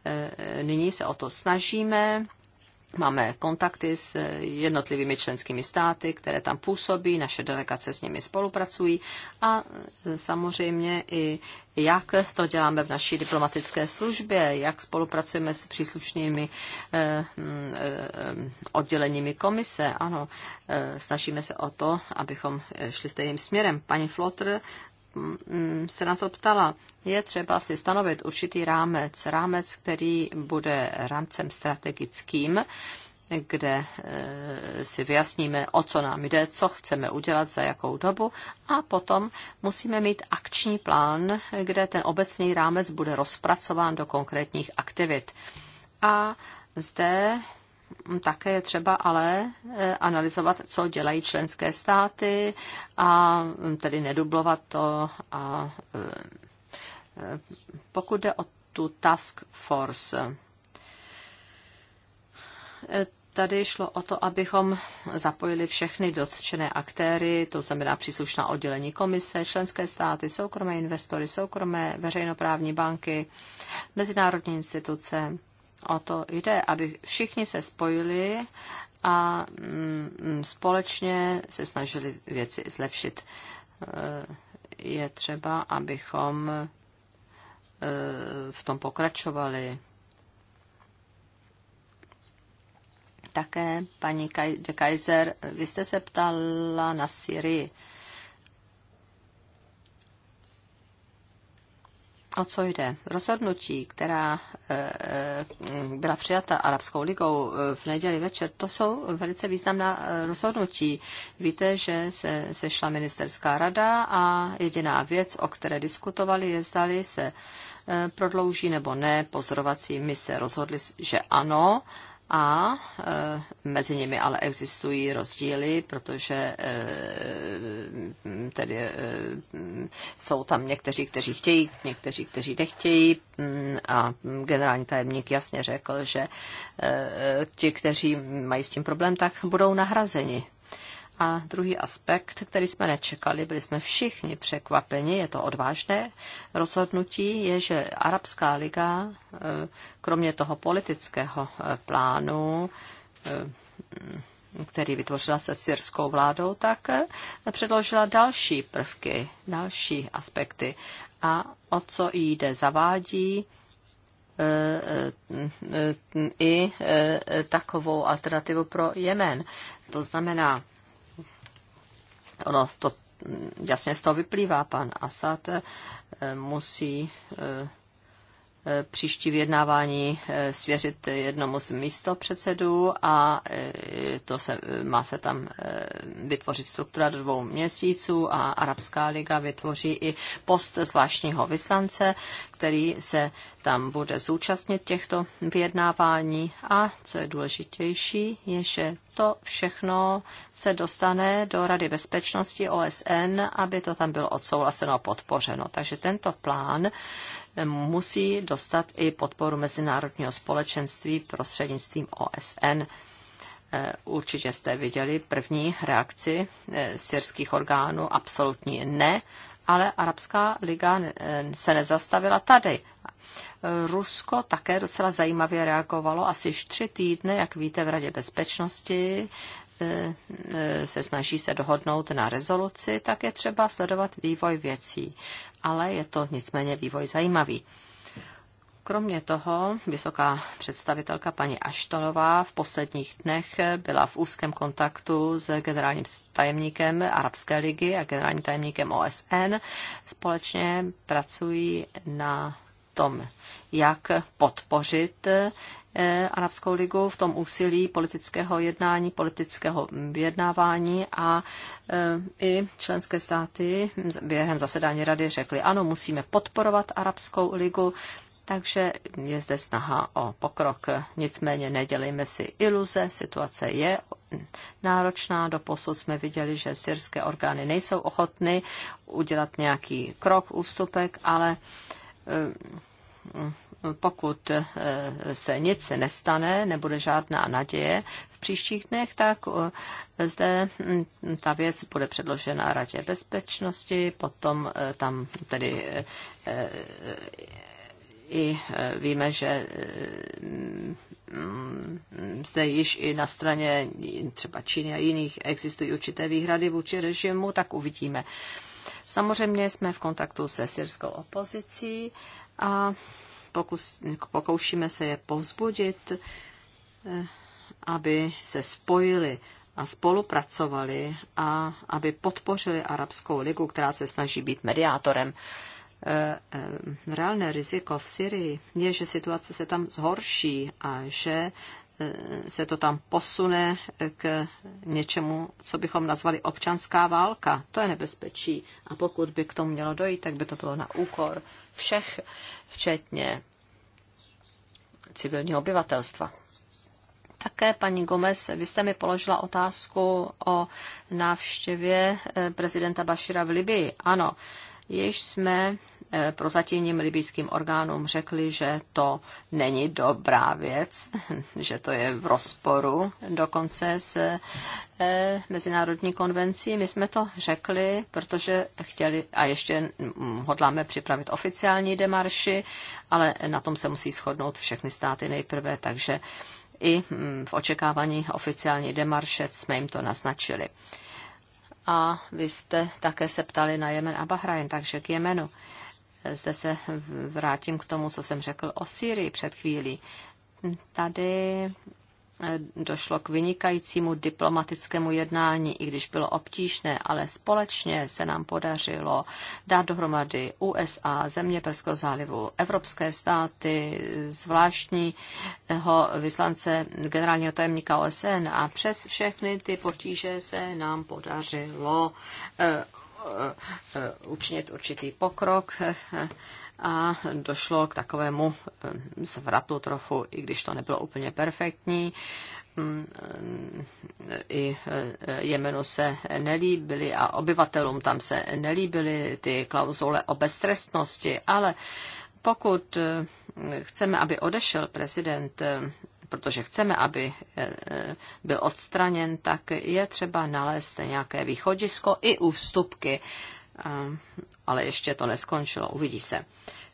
Eh, nyní se o to snažíme. Máme kontakty s eh, jednotlivými členskými státy, které tam působí, naše delegace s nimi spolupracují a eh, samozřejmě i jak to děláme v naší diplomatické službě, jak spolupracujeme s příslušnými mm, odděleními komise. Ano, snažíme se o to, abychom šli stejným směrem. Paní Flotr Mm, se na to ptala. Je třeba si stanovit určitý rámec, rámec, který bude rámcem strategickým, kde e, si vyjasníme, o co nám jde, co chceme udělat, za jakou dobu a potom musíme mít akční plán, kde ten obecný rámec bude rozpracován do konkrétních aktivit. A zde také je třeba ale eh, analyzovat, co dělají členské státy a mm, tedy nedublovat to. A eh, pokud jde o tu task force, eh, tady šlo o to, abychom zapojili všechny dotčené aktéry, to znamená příslušná oddělení komise, členské státy, soukromé investory, soukromé veřejnoprávní banky, mezinárodní instituce, o to jde, aby všichni se spojili a mm, společně se snažili věci zlepšit. E, je třeba, abychom e, v tom pokračovali. Také, paní de Kaiser, vy jste se ptala na Syrii. o co jde. Rozhodnutí, která eh, eh, byla přijata Arabskou ligou eh, v neděli večer, to jsou velice významná rozhodnutí. Víte, že se sešla ministerská rada a jediná věc, o které diskutovali, je zdali se prodlouží nebo ne pozorovací mise. Rozhodli, že ano a e, mezi nimi ale existují rozdíly, protože e, tedy e, jsou tam někteří, kteří chtějí, někteří, kteří nechtějí a generální tajemník jasně řekl, že ti, kteří mají s tím problém, tak budou nahrazeni a druhý aspekt, který jsme nečekali, byli jsme všichni překvapeni, je to odvážné rozhodnutí, je, že Arabská liga, e, kromě toho politického e, plánu, e, který vytvořila se syrskou vládou, tak předložila další prvky, další aspekty. A o co jí jde, zavádí i takovou alternativu pro Jemen. To znamená, Ono to mm, jasně z toho vyplývá, pan Assad eh, musí eh, Eh, příští vyjednávání eh, svěřit jednomu z místopředsedů a eh, to se, má se tam vytvořit struktura do dvou měsíců a Arabská liga vytvoří i post zvláštního vyslance, který se tam bude zúčastnit těchto vyjednávání a co je důležitější, je, že to všechno se dostane do Rady bezpečnosti OSN, aby to tam bylo odsouhlaseno a podpořeno. Takže tento plán musí dostat i podporu mezinárodního společenství prostřednictvím OSN. Eh, určitě jste viděli první reakci eh, syrských orgánů, absolutní ne, ale Arabská liga eh, se nezastavila tady. Rusko také docela zajímavě reagovalo asi tři týdny, jak víte, v Radě bezpečnosti Eh, se snaží se dohodnout na rezoluci, tak je třeba sledovat vývoj věcí. Ale je to nicméně vývoj zajímavý. Kromě toho vysoká představitelka paní Aštonová v posledních dnech byla v úzkém kontaktu s generálním tajemníkem Arabské ligy a generálním tajemníkem OSN. Společně pracují na tom, jak podpořit Eh, Arabskou ligu v tom úsilí politického jednání, politického vyjednávání a eh, i členské státy během zasedání rady řekly, ano, musíme podporovat Arabskou ligu, takže je zde snaha o pokrok. Nicméně nedělejme si iluze, situace je náročná. Doposud jsme viděli, že syrské orgány nejsou ochotny udělat nějaký krok, ústupek, ale eh, pokud eh, se nic nestane, nebude žádná naděje v příštích dnech, tak eh, zde hm, ta věc bude předložena Radě bezpečnosti, potom eh, tam tedy i víme, že hm, zde již i na straně třeba Číny a jiných existují určité výhrady vůči režimu, tak uvidíme. Samozřejmě jsme v kontaktu se syrskou opozicí a pokus, pokoušíme se je povzbudit, eh, aby se spojili a spolupracovali a aby podpořili Arabskou ligu, která se snaží být mediátorem. Eh, eh, reálné riziko v Syrii je, že situace se tam zhorší a že se to tam posune k něčemu, co bychom nazvali občanská válka. To je nebezpečí. A pokud by k tomu mělo dojít, tak by to bylo na úkor všech, včetně civilního obyvatelstva. Také, paní Gomez, vy jste mi položila otázku o návštěvě eh, prezidenta Bašira v Libii. Ano, již jsme Eh, prozatímním libijským orgánům řekli, že to není dobrá věc, že to je v rozporu dokonce s eh, Mezinárodní konvencí. My jsme to řekli, protože chtěli a ještě hodláme připravit oficiální demarši, ale na tom se musí shodnout všechny státy nejprve, takže i hm, v očekávání oficiální demarše jsme jim to naznačili. A vy jste také se ptali na Jemen a Bahrajn, takže k Jemenu. Zde se vrátím k tomu, co jsem řekl o Syrii před chvílí. Tady eh, došlo k vynikajícímu diplomatickému jednání, i když bylo obtížné, ale společně se nám podařilo dát dohromady USA, země Perského zálivu, evropské státy, zvláštního vyslance generálního tajemníka OSN a přes všechny ty potíže se nám podařilo eh, Eh, učinit určitý pokrok eh, a došlo k takovému eh, zvratu trochu, i když to nebylo úplně perfektní. Mm, I Jemenu se nelíbily a obyvatelům tam se nelíbily ty klauzule o beztrestnosti, ale pokud chceme, aby odešel prezident protože chceme, aby eh, eh, byl odstraněn, tak je třeba nalézt nějaké východisko i ústupky. Eh, ale ještě to neskončilo, uvidí se.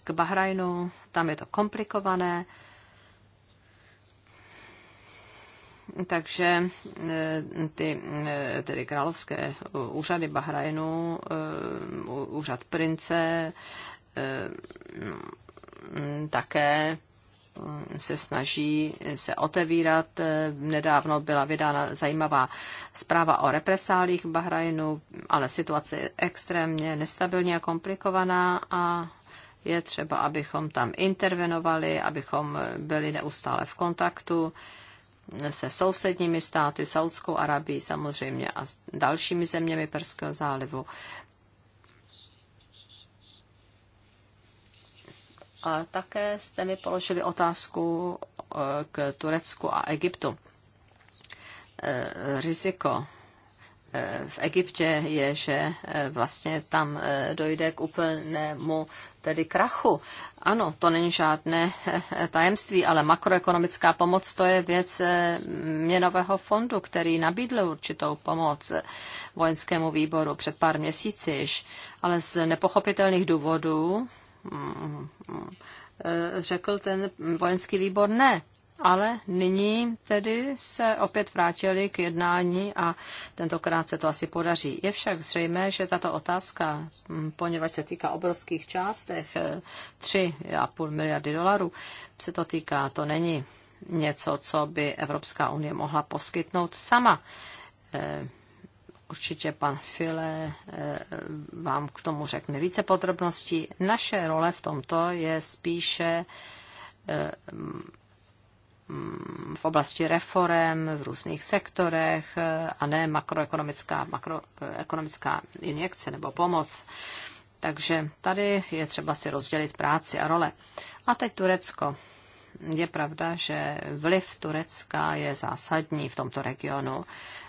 K Bahrajnu, tam je to komplikované, takže ty tedy královské úřady Bahrajnu, úřad prince, no, mm, také se snaží se otevírat. Nedávno byla vydána zajímavá zpráva o represálích v Bahrajnu, ale situace je extrémně nestabilní a komplikovaná a je třeba, abychom tam intervenovali, abychom byli neustále v kontaktu se sousedními státy, Saudskou Arabií samozřejmě a s dalšími zeměmi Perského zálivu. A také jste mi položili otázku eh, k Turecku a Egyptu. Eh, riziko eh, v Egyptě je, že vlastně tam dojde k úplnému tedy krachu. Ano, to není žádné tajemství, ale makroekonomická pomoc to je věc měnového fondu, který nabídl určitou pomoc vojenskému výboru před pár měsíci již, ale z nepochopitelných důvodů Eh, řekl ten vojenský výbor ne. Ale nyní tedy se opět vrátili k jednání a tentokrát se to asi podaří. Je však zřejmé, že tato otázka, hm, poněvadž se týká obrovských částech, 3,5 eh, miliardy dolarů, se to týká, to není něco, co by Evropská unie mohla poskytnout sama eh, určitě pan File eh, vám k tomu řekne více podrobností. Naše role v tomto je spíše eh, mm, v oblasti reform v různých sektorech eh, a ne makroekonomická, makroekonomická injekce nebo pomoc. Takže tady je třeba si rozdělit práci a role. A teď Turecko. Je pravda, že vliv Turecka je zásadní v tomto regionu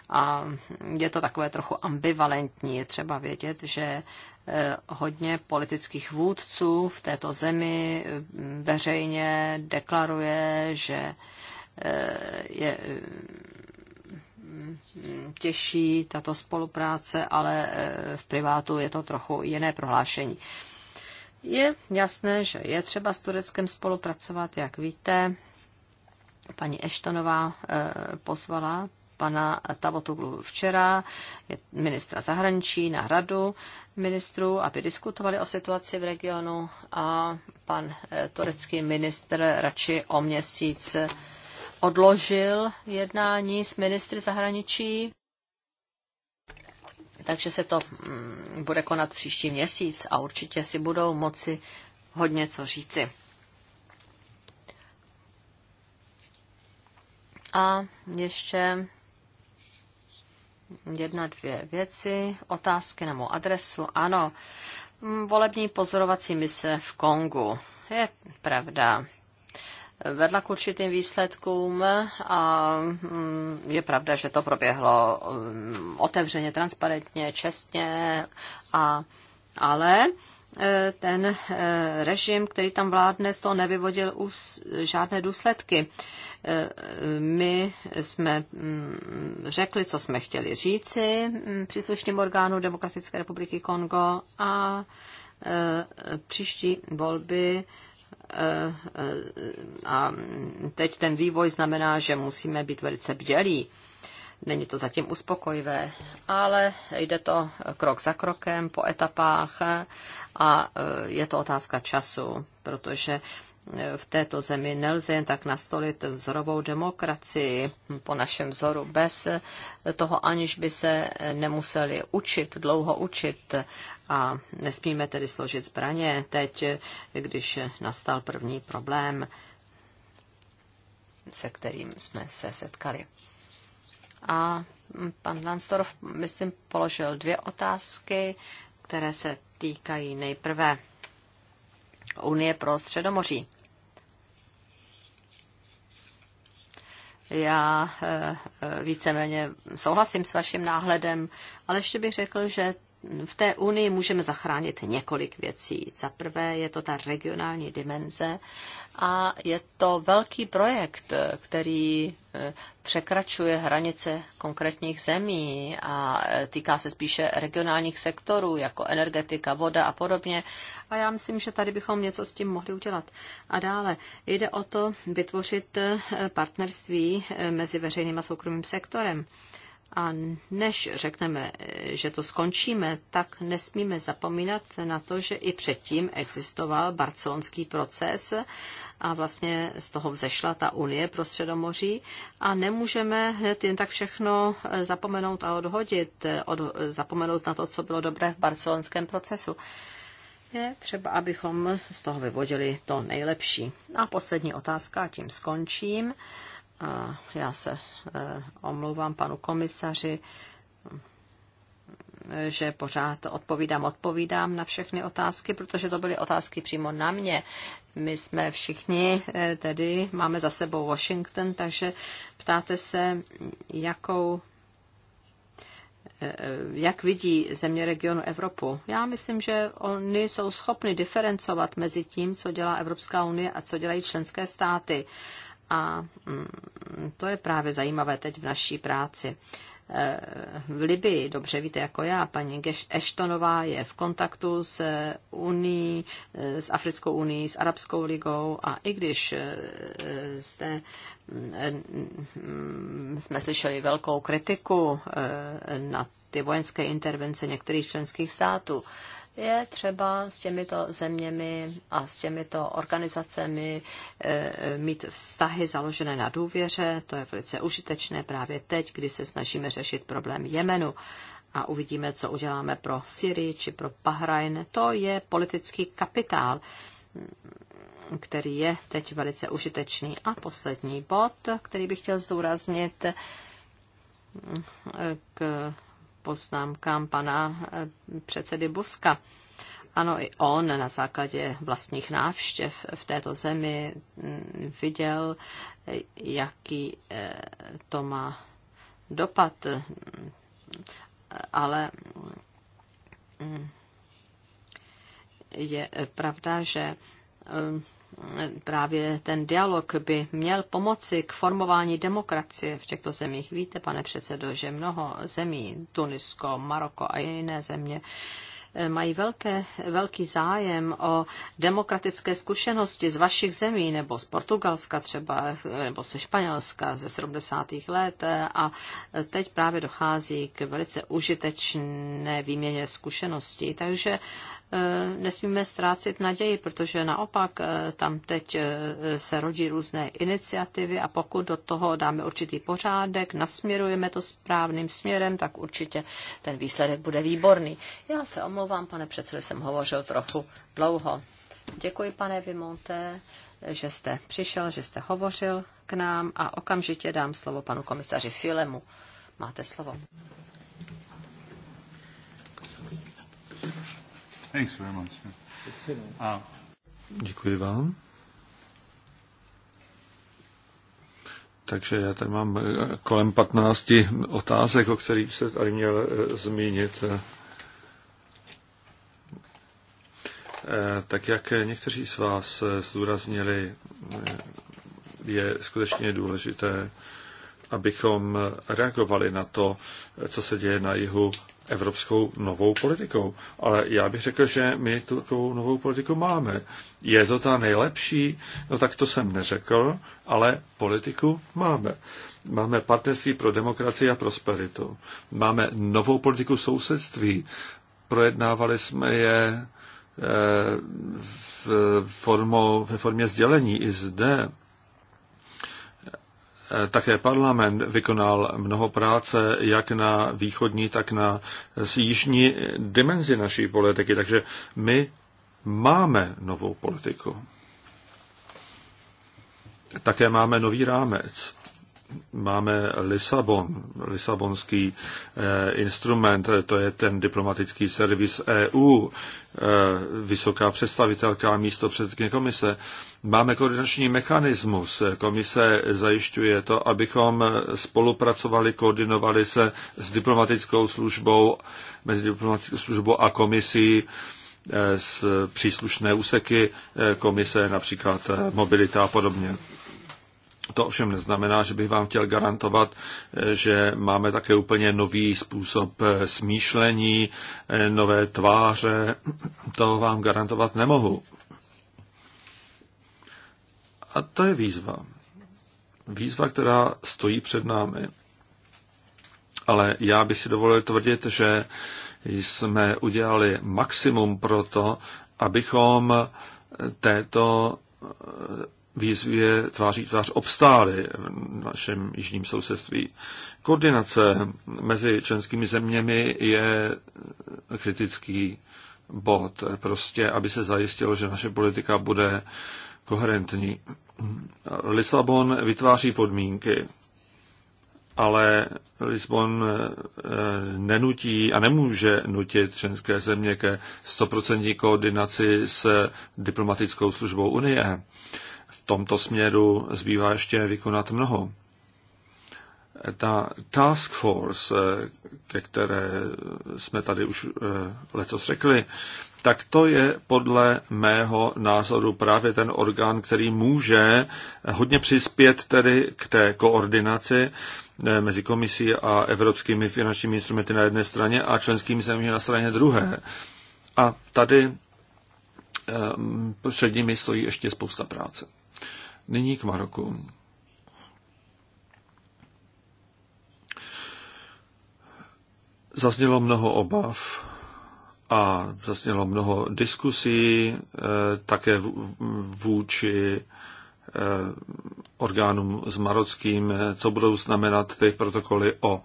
a je to takové trochu ambivalentní. Je třeba vědět, že eh, hodně politických vůdců v této zemi eh, veřejně deklaruje, že eh, je mm, těžší tato spolupráce, ale v privátu je to trochu jiné prohlášení. Je jasné, že je třeba s Tureckem spolupracovat, jak víte. Paní Eštonová pozvala pana Tavotoglu včera, ministra zahraničí, na radu ministrů, aby diskutovali o situaci v regionu a pan eh, turecký ministr radši o měsíc odložil jednání s ministry zahraničí takže se to mm, bude konat příští měsíc a určitě si budou moci hodně co říci. A ještě jedna, dvě věci. Otázky na mou adresu. Ano, volební pozorovací mise v Kongu. Je pravda. Vedla k určitým výsledkům a mm, je pravda, že to proběhlo mm, otevřeně, transparentně, čestně, a, ale e, ten e, režim, který tam vládne, z toho nevyvodil už žádné důsledky my jsme mm, řekli, co jsme chtěli říci mm, příslušným orgánu Demokratické republiky Kongo a e, příští volby e, e, a teď ten vývoj znamená, že musíme být velice bdělí. Není to zatím uspokojivé, ale jde to krok za krokem, po etapách a je to otázka času, protože v této zemi nelze jen tak nastolit vzorovou demokracii po našem vzoru bez toho, aniž by se nemuseli učit, dlouho učit a nesmíme tedy složit zbraně teď, když nastal první problém, se kterým jsme se setkali. A pan Lansdorf, myslím, položil dvě otázky, které se týkají nejprve Unie pro Středomoří. Já eh, eh, víceméně souhlasím s vaším náhledem, ale ještě bych řekl, že v té unii můžeme zachránit několik věcí. Za prvé je to ta regionální dimenze a je to velký projekt, který eh, překračuje hranice konkrétních zemí a eh, týká se spíše regionálních sektorů, jako energetika, voda a podobně. A já myslím, že tady bychom něco s tím mohli udělat. A dále jde o to vytvořit eh, partnerství mezi veřejným a soukromým sektorem. A než řekneme, že to skončíme, tak nesmíme zapomínat na to, že i předtím existoval barcelonský proces a vlastně z toho vzešla ta unie pro Středomoří a nemůžeme hned jen tak všechno eh, zapomenout a odhodit, eh, od, eh, zapomenout na to, co bylo dobré v barcelonském procesu. Je třeba, abychom z toho vyvodili to nejlepší. A poslední otázka, a tím skončím. Uh, já se eh, omlouvám panu komisaři, že pořád odpovídám, odpovídám na všechny otázky, protože to byly otázky přímo na mě. My jsme všichni eh, tedy, máme za sebou Washington, takže ptáte se, jakou eh, jak vidí země regionu Evropu. Já myslím, že oni jsou schopni diferencovat mezi tím, co dělá Evropská unie a co dělají členské státy. A mm, to je právě zajímavé teď v naší práci. Eh, v Libii, dobře víte jako já, paní Eštonová je v kontaktu s eh, Unii, eh, s Africkou unii, s Arabskou ligou a i když jste mm, jsme slyšeli velkou kritiku na ty vojenské intervence některých členských států, je třeba s těmito zeměmi a s těmito organizacemi eh, eh, mít vztahy založené na důvěře. To je velice užitečné právě teď, kdy se snažíme řešit problém Jemenu a uvidíme, co uděláme pro Syrii či pro Bahrajn. To je politický kapitál, který je teď velice užitečný. A poslední bod, který bych chtěl zdůraznit, eh, k poznámkám pana eh, předsedy Buska. Ano, i on na základě vlastních návštěv v této zemi mm, viděl, eh, jaký eh, to má dopad, ale mm, je pravda, že právě ten dialog by měl pomoci k formování demokracie v těchto zemích. Víte, pane předsedo, že mnoho zemí, Tunisko, Maroko a jiné země, eh, mají velké, velký zájem o demokratické zkušenosti z vašich zemí, nebo z Portugalska třeba, eh, nebo ze Španělska ze 70. let. Eh, a teď právě dochází k velice užitečné výměně zkušeností. Takže Eh, nesmíme ztrácet naději, protože naopak eh, tam teď eh, se rodí různé iniciativy a pokud do toho dáme určitý pořádek, nasměrujeme to správným směrem, tak určitě ten výsledek bude výborný. Já se omlouvám, pane předsedo, jsem hovořil trochu dlouho. Děkuji, pane Vimonte, že jste přišel, že jste hovořil k nám a okamžitě dám slovo panu komisaři Filemu. Máte slovo.
Děkuji vám. Takže já tady mám eh, kolem 15 otázek, o kterých se tady měl eh, zmínit. Eh, tak jak někteří z vás zdůraznili, je skutečně důležité, abychom reagovali na to, co se děje na jihu evropskou novou politikou. Ale já bych řekl, že my tu takovou novou politiku máme. Je to ta nejlepší? No tak to jsem neřekl, ale politiku máme. Máme partnerství pro demokracii a prosperitu. Máme novou politiku sousedství. Projednávali jsme je eh, v ve formě sdělení i zde. Eh, také parlament vykonal mnoho práce jak na východní, tak na eh, jižní dimenzi naší politiky, takže my máme novou politiku. Také máme nový rámec máme Lisabon, Lisabonský eh, instrument, to je ten diplomatický servis EU, eh, vysoká představitelka místo předsedkyně komise. Máme koordinační mechanismus. Komise zajišťuje to, abychom spolupracovali, koordinovali se s diplomatickou službou, mezi diplomatickou službou a komisí eh, s příslušné úseky eh, komise, například eh, mobilita a podobně. To ovšem neznamená, že bych vám chtěl garantovat, že máme také úplně nový způsob eh, smýšlení, eh, nové tváře. To vám garantovat nemohu. A to je výzva. Výzva, která stojí před námi. Ale já bych si dovolil tvrdit, že jsme udělali maximum pro to, abychom eh, této výzvě tváří tvář obstály v našem jižním sousedství. Koordinace mezi členskými zeměmi je kritický bod, prostě aby se zajistilo, že naše politika bude koherentní. Lisabon vytváří podmínky, ale Lisbon eh, nenutí a nemůže nutit členské země ke 100% koordinaci s diplomatickou službou Unie tomto směru zbývá ještě vykonat mnoho. Ta task force, ke které jsme tady už eh, letos řekli, tak to je podle mého názoru právě ten orgán, který může hodně přispět tedy k té koordinaci eh, mezi komisí a evropskými finančními instrumenty na jedné straně a členskými zeměmi na straně druhé. A tady eh, před nimi stojí ještě spousta práce. Nyní k Maroku. Zaznělo mnoho obav a zaznělo mnoho diskusí eh, také vůči eh, orgánům s marockým, eh, co budou znamenat ty protokoly o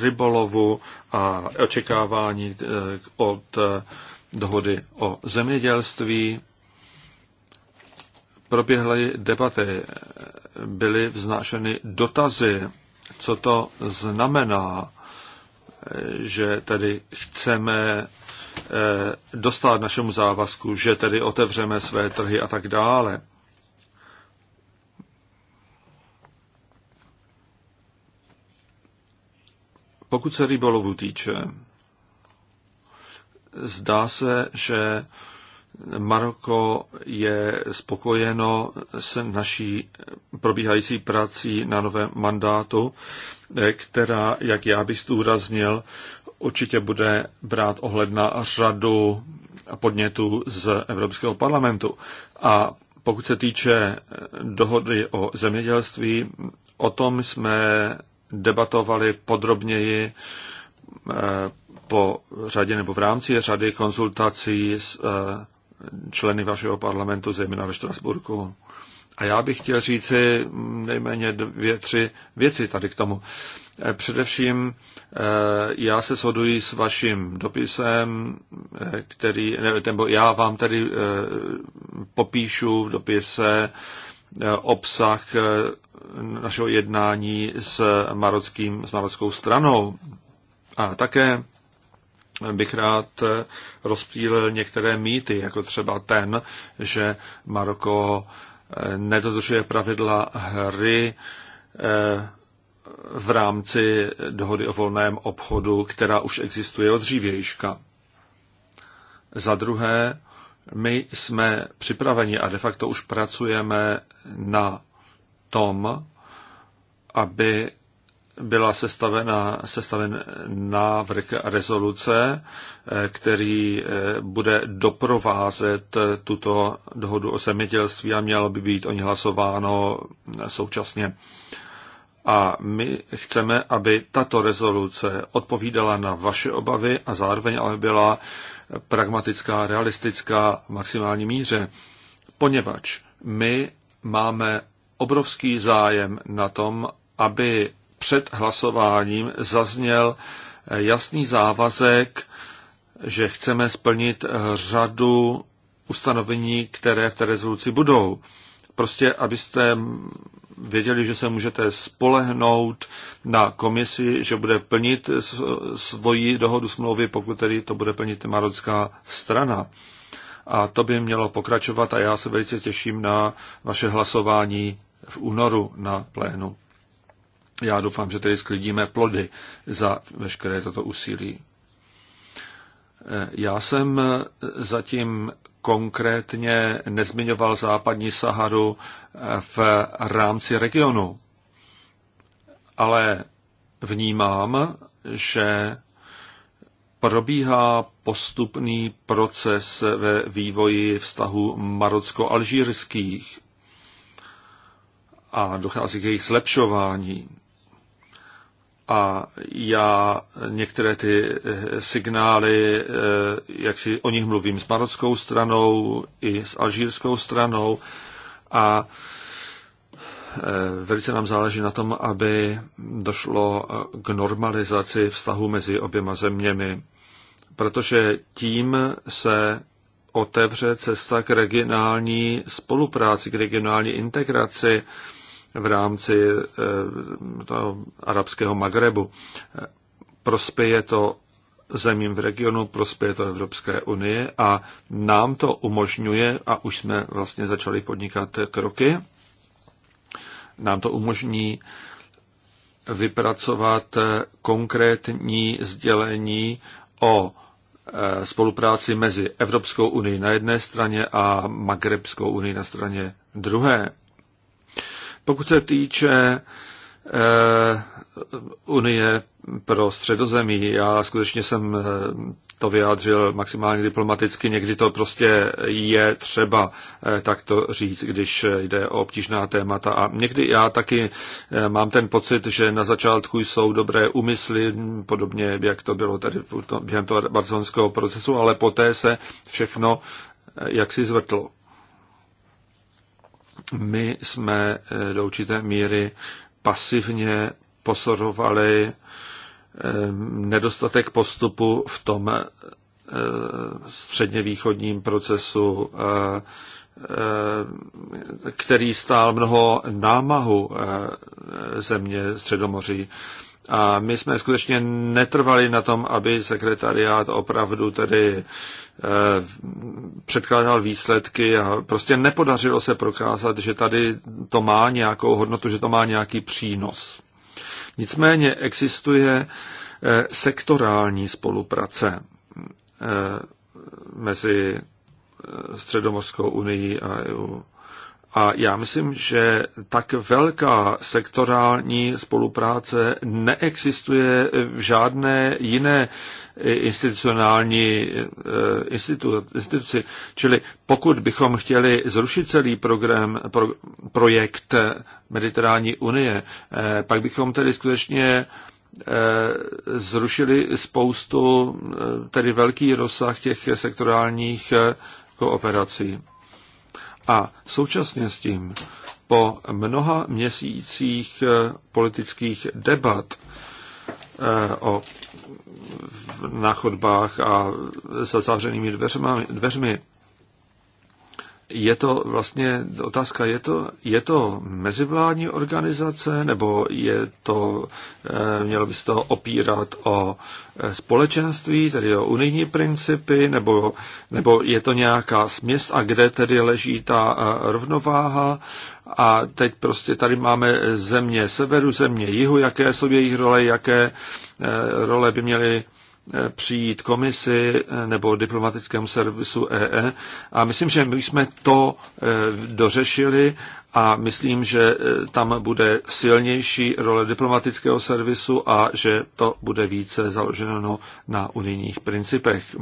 rybolovu a očekávání od dohody o zemědělství proběhly debaty, byly vznášeny dotazy, co to znamená, že tedy chceme eh, dostat našemu závazku, že tedy otevřeme své trhy a tak dále. Pokud se rybolovu týče, zdá se, že Maroko je spokojeno s naší probíhající prací na novém mandátu, eh, která, jak já bych zdůraznil, určitě bude brát ohled na řadu podnětů z Evropského parlamentu. A pokud se týče eh, dohody o zemědělství, o tom jsme debatovali podrobněji eh, po řadě nebo v rámci řady konzultací s členy vašeho parlamentu, zejména ve Štrasburku. A já bych chtěl říci nejméně dvě, tři věci tady k tomu. Eh, především eh, já se shoduji s vaším dopisem, eh, který, nebo já vám tady popíšu v dopise obsah našeho jednání s, marockým, s marockou stranou. A také bych rád eh, rozptýlil některé mýty, jako třeba ten, že Maroko eh, nedodržuje pravidla hry eh, v rámci dohody o volném obchodu, která už existuje od dřívějška. Za druhé, my jsme připraveni a de facto už pracujeme na tom, aby byla sestavena, sestaven návrh rezoluce, eh, který eh, bude doprovázet eh, tuto dohodu o zemědělství a mělo by být o ní hlasováno současně. A my chceme, aby tato rezoluce odpovídala na vaše obavy a zároveň aby byla pragmatická, realistická v maximální míře, poněvadž my máme obrovský zájem na tom, aby před hlasováním zazněl jasný závazek, že chceme splnit řadu ustanovení, které v té rezoluci budou. Prostě, abyste věděli, že se můžete spolehnout na komisi, že bude plnit svoji dohodu smlouvy, pokud tedy to bude plnit marocká strana. A to by mělo pokračovat a já se velice těším na vaše hlasování v únoru na plénu. Já doufám, že tedy sklidíme plody za veškeré toto úsilí. E, já jsem zatím konkrétně nezmiňoval západní Saharu e, v rámci regionu, ale vnímám, že probíhá postupný proces ve vývoji vztahu marocko-alžírských a dochází k jejich zlepšování a já některé ty eh, signály, eh, jak si o nich mluvím s marockou stranou i s alžírskou stranou a eh, velice nám záleží na tom, aby došlo k normalizaci vztahu mezi oběma zeměmi, protože tím se otevře cesta k regionální spolupráci, k regionální integraci, v rámci eh, toho arabského Magrebu. Prospěje to zemím v regionu, prospěje to Evropské unie a nám to umožňuje, a už jsme vlastně začali podnikat kroky, nám to umožní vypracovat konkrétní sdělení o eh, spolupráci mezi Evropskou unii na jedné straně a Magrebskou unii na straně druhé. Pokud se týče eh, Unie pro středozemí, já skutečně jsem eh, to vyjádřil maximálně diplomaticky, někdy to prostě je třeba eh, takto říct, když jde o obtížná témata. A někdy já taky mám ten pocit, že na začátku jsou dobré úmysly, podobně jak to bylo tady během toho barzonského procesu, ale poté se všechno jaksi zvrtlo. My jsme eh, do určité míry pasivně pozorovali eh, nedostatek postupu v tom eh, středně východním procesu, který stál mnoho námahu země Středomoří. A my jsme skutečně netrvali na tom, aby sekretariát opravdu tedy eh, předkládal výsledky a prostě nepodařilo se prokázat, že tady to má nějakou hodnotu, že to má nějaký přínos. Nicméně existuje eh, sektorální spolupráce eh, mezi Středomorskou unii a EU. A já myslím, že tak velká sektorální spolupráce neexistuje v žádné jiné institucionální eh, institu, instituci. Čili pokud bychom chtěli zrušit celý program, pro, projekt Mediterální unie, eh, pak bychom tedy skutečně eh, zrušili spoustu, tedy velký rozsah těch sektorálních kooperací. A současně s tím po mnoha měsících eh, politických debat eh, o, na chodbách a za zavřenými dveřmi, dveřmi je to vlastně otázka, je to, je to mezivládní organizace, nebo je to, eh, mělo by se to opírat o eh, společenství, tedy o unijní principy, nebo, nebo je to nějaká směs a kde tedy leží ta eh, rovnováha. A teď prostě tady máme země severu, země jihu, jaké jsou jejich role, jaké role by měly přijít komisi nebo diplomatickému servisu EE. E. A myslím, že my jsme to e, dořešili a myslím, že e, tam bude silnější role diplomatického servisu a že to bude více založeno no, na unijních principech.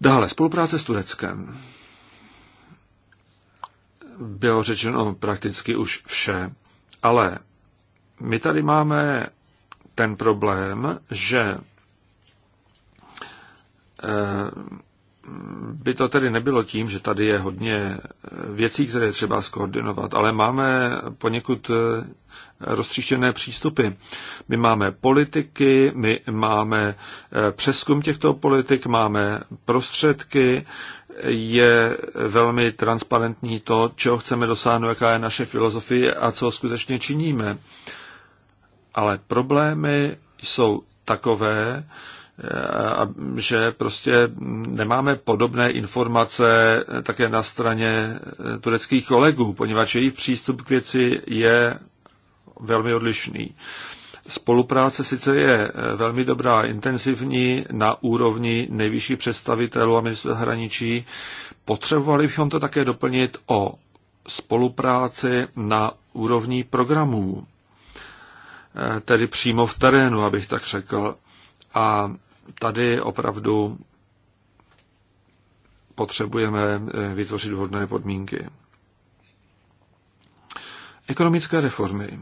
Dále, spolupráce s Tureckem. Bylo řečeno prakticky už vše, ale my tady máme ten problém, že eh, by to tedy nebylo tím, že tady je hodně eh, věcí, které je třeba skoordinovat, ale máme poněkud eh, roztříštěné přístupy. My máme politiky, my máme přeskum těchto politik, máme prostředky, je velmi transparentní to, čeho chceme dosáhnout, jaká je naše filozofie a co skutečně činíme ale problémy jsou takové, eh, že prostě nemáme podobné informace také na straně eh, tureckých kolegů, poněvadž jejich přístup k věci je velmi odlišný. Spolupráce sice je eh, velmi dobrá, intenzivní na úrovni nejvyšších představitelů a ministra zahraničí. Potřebovali bychom to také doplnit o spolupráci na úrovni programů Eh, tedy přímo v terénu, abych tak řekl. A tady opravdu potřebujeme eh, vytvořit vhodné podmínky. Ekonomické reformy.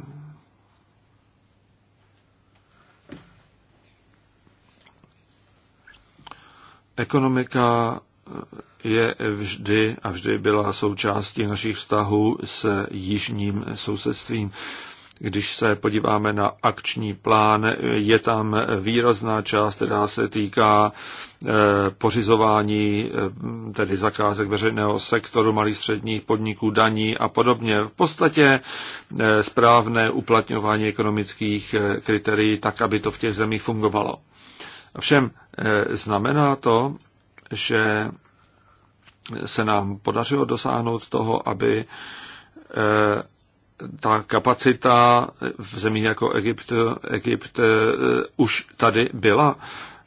Ekonomika eh, je vždy a vždy byla součástí našich vztahů s jižním sousedstvím. Když se podíváme na akční plán, je tam výrazná část, která se týká e, pořizování e, tedy zakázek veřejného sektoru, malých středních podniků, daní a podobně. V podstatě e, správné uplatňování ekonomických kritérií tak, aby to v těch zemích fungovalo. Všem znamená to, že se nám podařilo dosáhnout toho, aby ta kapacita v zemích jako Egypt, Egypt eh, už tady byla,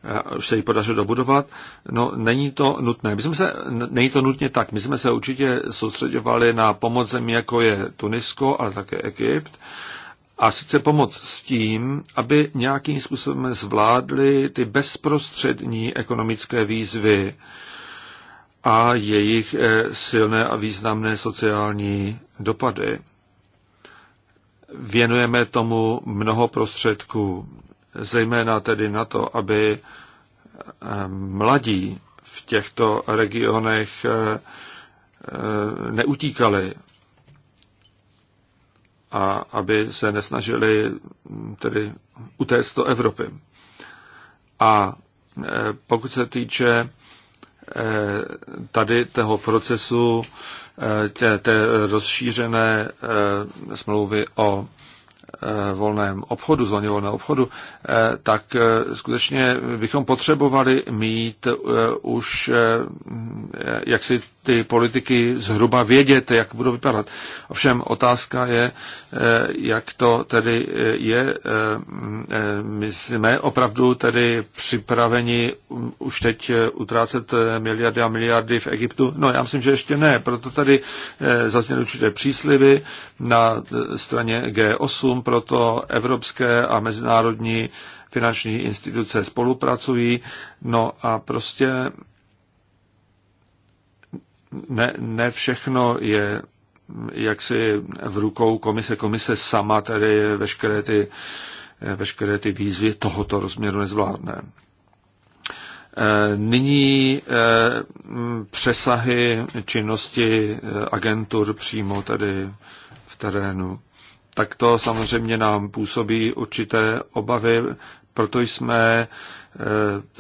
eh, už se ji podařilo dobudovat. No, není to nutné. My jsme se, není to nutně tak. My jsme se určitě soustředovali na pomoc zemí, jako je Tunisko, ale také Egypt. A sice pomoc s tím, aby nějakým způsobem zvládli ty bezprostřední ekonomické výzvy a jejich eh, silné a významné sociální dopady věnujeme tomu mnoho prostředků, zejména tedy na to, aby eh, mladí v těchto regionech eh, eh, neutíkali a aby se nesnažili hm, tedy utéct do Evropy. A pokud se týče tady toho procesu té, té rozšířené eh, smlouvy o eh, volném obchodu, zóně volného obchodu, eh, tak skutečně bychom potřebovali mít už jaksi ty politiky zhruba vědět, jak budou vypadat. Ovšem otázka je, eh, jak to tedy eh, je. Eh, my jsme opravdu tedy připraveni už teď utrácet miliardy a miliardy v Egyptu? No já myslím, že ještě ne. Proto tady zazněly určité příslivy na straně G8, proto evropské a mezinárodní finanční instituce spolupracují. No a prostě ne, ne všechno je jaksi v rukou komise. Komise sama tedy veškeré ty, veškeré ty výzvy tohoto rozměru nezvládne. E, nyní e, přesahy činnosti e, agentur přímo tedy v terénu. Tak to samozřejmě nám působí určité obavy, proto jsme e,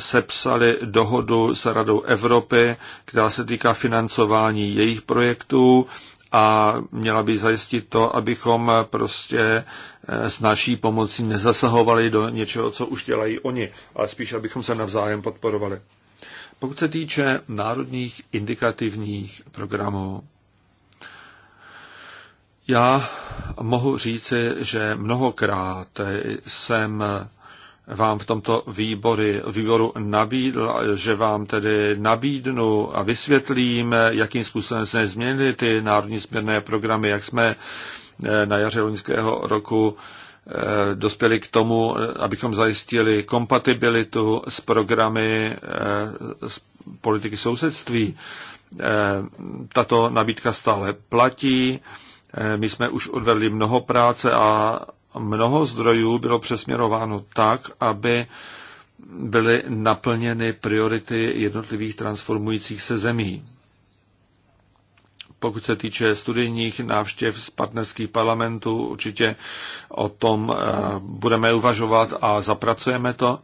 sepsali dohodu s Radou Evropy, která se týká financování jejich projektů a měla by zajistit to, abychom prostě e, s naší pomocí nezasahovali do něčeho, co už dělají oni, ale spíš, abychom se navzájem podporovali. Pokud se týče národních indikativních programů, já mohu říci, že mnohokrát jsem vám v tomto výbory, výboru nabídl, že vám tedy nabídnu a vysvětlím, jakým způsobem jsme změnili ty národní směrné programy, jak jsme eh, na jaře loňského roku eh, dospěli k tomu, eh, abychom zajistili kompatibilitu s programy s politiky sousedství. Tato nabídka stále platí. My jsme už odvedli mnoho práce a mnoho zdrojů bylo přesměrováno tak, aby byly naplněny priority jednotlivých transformujících se zemí. Pokud se týče studijních návštěv z partnerských parlamentů, určitě o tom eh, budeme uvažovat a zapracujeme to.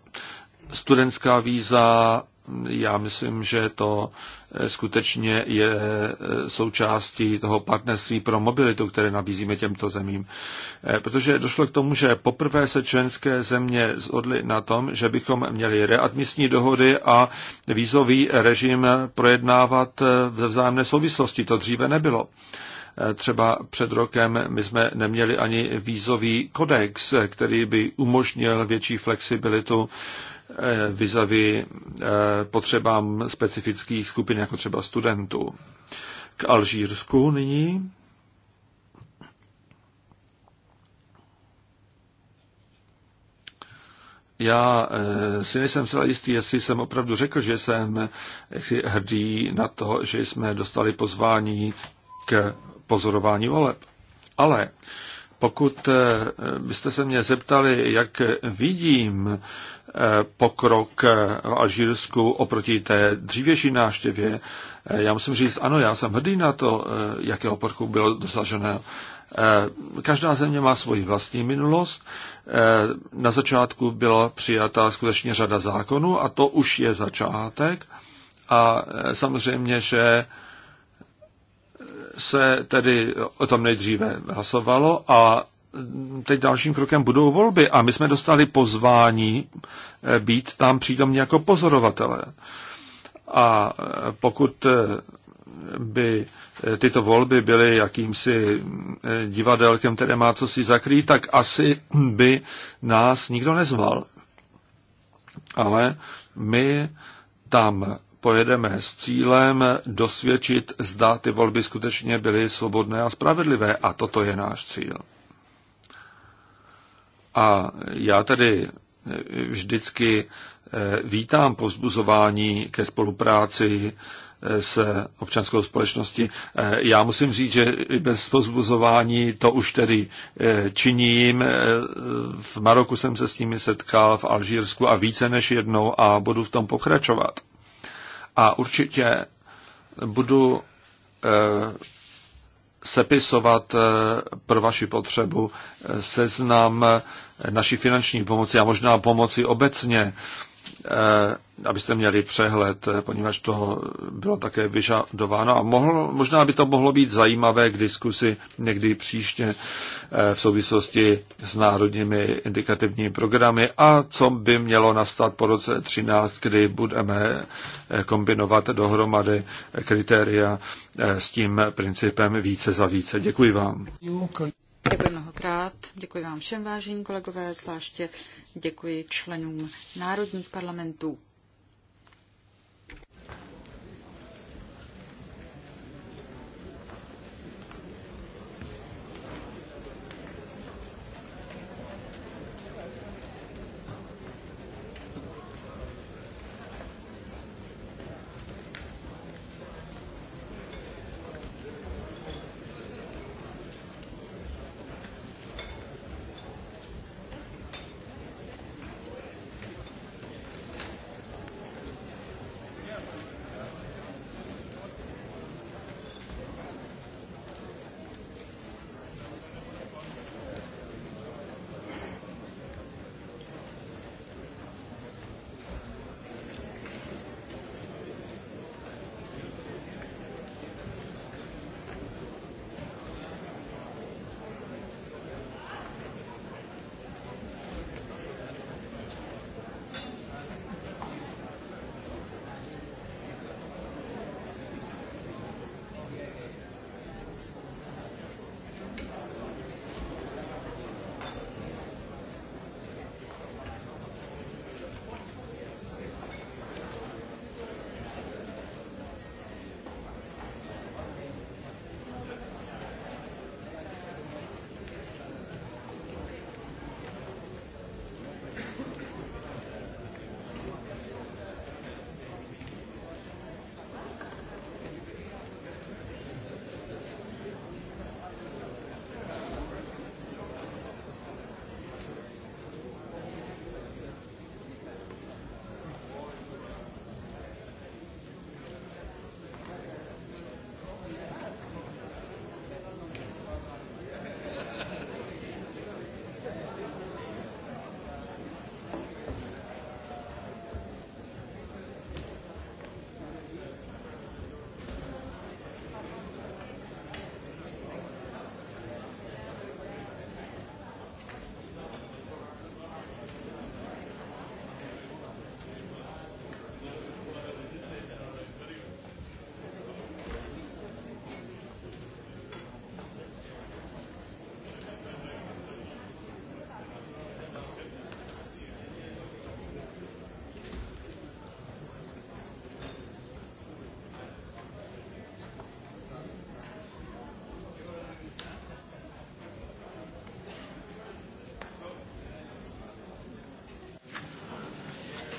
Studentská víza já myslím, že to eh, skutečně je eh, součástí toho partnerství pro mobilitu, které nabízíme těmto zemím. Eh, protože došlo k tomu, že poprvé se členské země zhodly na tom, že bychom měli readmisní dohody a vízový režim projednávat ve vzájemné souvislosti. To dříve nebylo. Třeba před rokem my jsme neměli ani vízový kodex, který by umožnil větší flexibilitu Eh, vizavy eh, potřebám specifických skupin, jako třeba studentů. K Alžírsku nyní. Já eh, si nejsem celá jistý, jestli jsem opravdu řekl, že jsem jaksi hrdý na to, že jsme dostali pozvání k pozorování voleb. Ale pokud byste se mě zeptali, jak vidím Eh, pokrok eh, v Alžírsku oproti té dřívější návštěvě. Eh, já musím říct, ano, já jsem hrdý na to, jakého pokroku bylo dosaženo. Každá země má svoji vlastní minulost. Na začátku byla přijata skutečně řada zákonů a to už je začátek. A samozřejmě, že se tedy o tom nejdříve hlasovalo a teď dalším krokem budou volby a my jsme dostali pozvání eh, být tam přítomní jako pozorovatelé. A eh, pokud eh, by tyto volby byly jakýmsi divadelkem, které má co si zakrýt, tak asi by nás nikdo nezval. Ale my tam pojedeme s cílem dosvědčit, zda ty volby skutečně byly svobodné a spravedlivé. A toto je náš cíl. A já tedy eh, vždycky eh, vítám pozbuzování ke spolupráci eh, s občanskou společností. Já musím říct, že bez pozbuzování to už tedy činím. V Maroku jsem se s nimi setkal, v Alžírsku a více než jednou a budu v tom pokračovat. A určitě budu sepisovat pro vaši potřebu seznam naší finanční pomoci a možná pomoci obecně, eh, abyste měli přehled, eh, poněvadž to bylo také vyžadováno a mohl, možná by to mohlo být zajímavé k diskusi někdy příště eh, v souvislosti s národními indikativními programy a co by mělo nastat po roce 13, kdy budeme kombinovat dohromady kritéria s tím principem více za více. Děkuji vám.
Děkuji mnohokrát, děkuji vám všem vážení kolegové, zvláště děkuji členům národních parlamentů.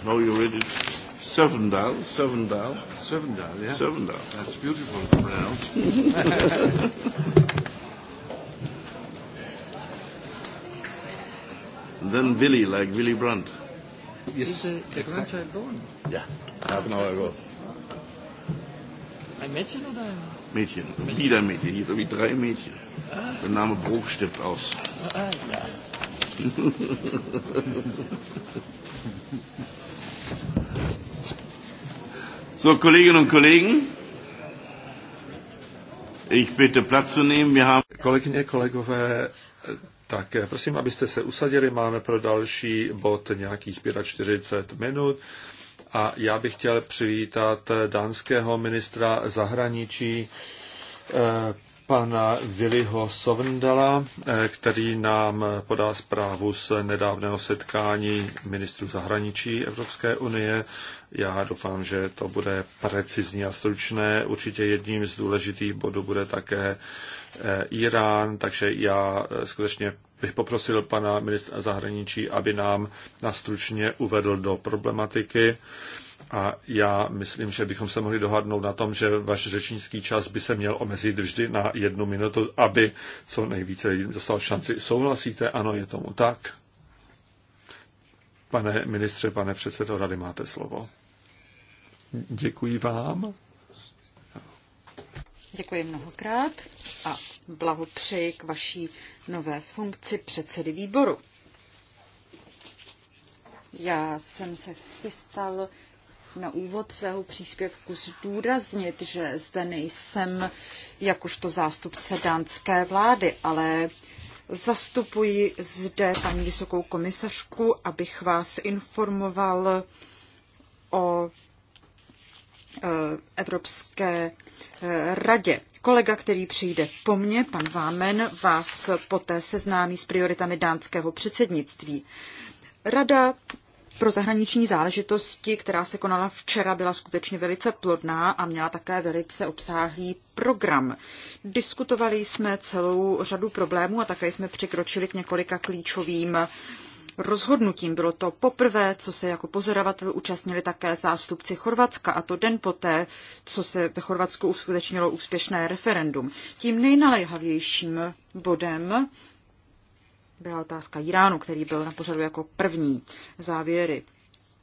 No, you read it. Seven Seven Dial, Dial. Seven Dial, yeah. Seven Dial. That's beautiful pronounced. then Billy, like Billy Brandt. Yes, the, exactly. grandchild born? Yeah, half an hour ago. Ein Mädchen oder ein... Mädchen, Mädchen. wieder ein Mädchen, hier so wie drei Mädchen. Ah. Der Name Bruch stirbt aus. Ah, ja. So, Kolleginnen und Kollegen, ich bitte Platz zu nehmen. Wir haben Kolegyně, kolegové, tak eh, prosím, abyste se usadili. Máme pro další bod nějakých 45 minut. A já bych chtěl přivítat eh, dánského ministra zahraničí eh, pana Viliho Sovndala, eh, který nám podá zprávu z nedávného setkání ministrů zahraničí Evropské unie. Já doufám, že to bude precizní a stručné. Určitě jedním z důležitých bodů bude také eh, Irán, takže já eh, skutečně bych poprosil pana ministra zahraničí, aby nám nastručně uvedl do problematiky. A já myslím, že bychom se mohli dohodnout na tom, že váš řečnický čas by se měl omezit vždy na jednu minutu, aby co nejvíce lidí dostal šanci. Souhlasíte? Ano, je tomu tak. Pane ministře, pane předsedo rady, máte slovo. Děkuji vám.
Děkuji mnohokrát a blahopřeji k vaší nové funkci předsedy výboru. Já jsem se chystal na úvod svého příspěvku zdůraznit, že zde nejsem jakožto zástupce dánské vlády, ale zastupuji zde paní vysokou komisařku, abych vás informoval o eh, Evropské eh, radě. Kolega, který přijde po mně, pan Vámen, vás poté seznámí s prioritami dánského předsednictví. Rada pro zahraniční záležitosti, která se konala včera, byla skutečně velice plodná a měla také velice obsáhlý program. Diskutovali jsme celou řadu problémů a také jsme překročili k několika klíčovým rozhodnutím. Bylo to poprvé, co se jako pozorovatel účastnili také zástupci Chorvatska a to den poté, co se ve Chorvatsku uskutečnilo úspěšné referendum. Tím nejnaléhavějším bodem byla otázka Iránu, který byl na pořadu jako první. Závěry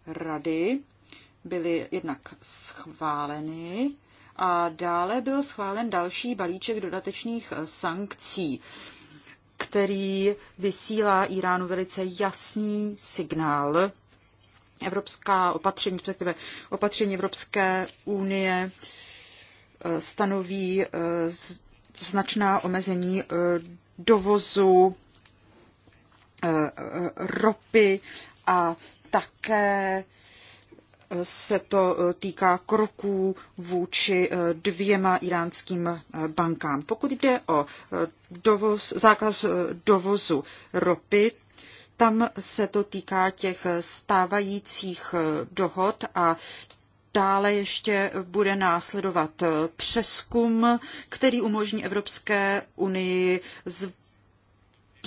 rady byly jednak schváleny a dále byl schválen další balíček dodatečných eh, sankcí, který vysílá Iránu velice jasný signál. Evropská opatření, respektive opatření Evropské unie eh, stanoví eh, značná omezení dovozu ropy a také se to týká kroků vůči eh, dvěma iránským eh, bankám. Pokud jde o eh, dovoz, zákaz dovozu ropy, tam se to týká těch stávajících dohod a Dále ještě bude následovat přeskum, který umožní Evropské unii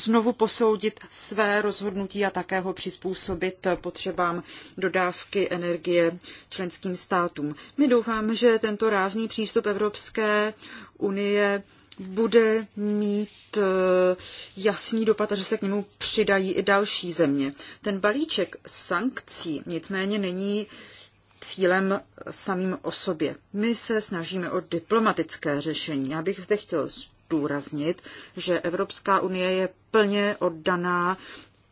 znovu posoudit své rozhodnutí a také ho přizpůsobit potřebám dodávky energie členským státům. My doufáme, že tento rázný přístup Evropské unie bude mít eh, jasný dopad a že se k němu přidají i další země. Ten balíček sankcí nicméně není cílem samým o sobě. My se snažíme o diplomatické řešení. Já bych zde chtěl zdůraznit, že Evropská unie je plně oddaná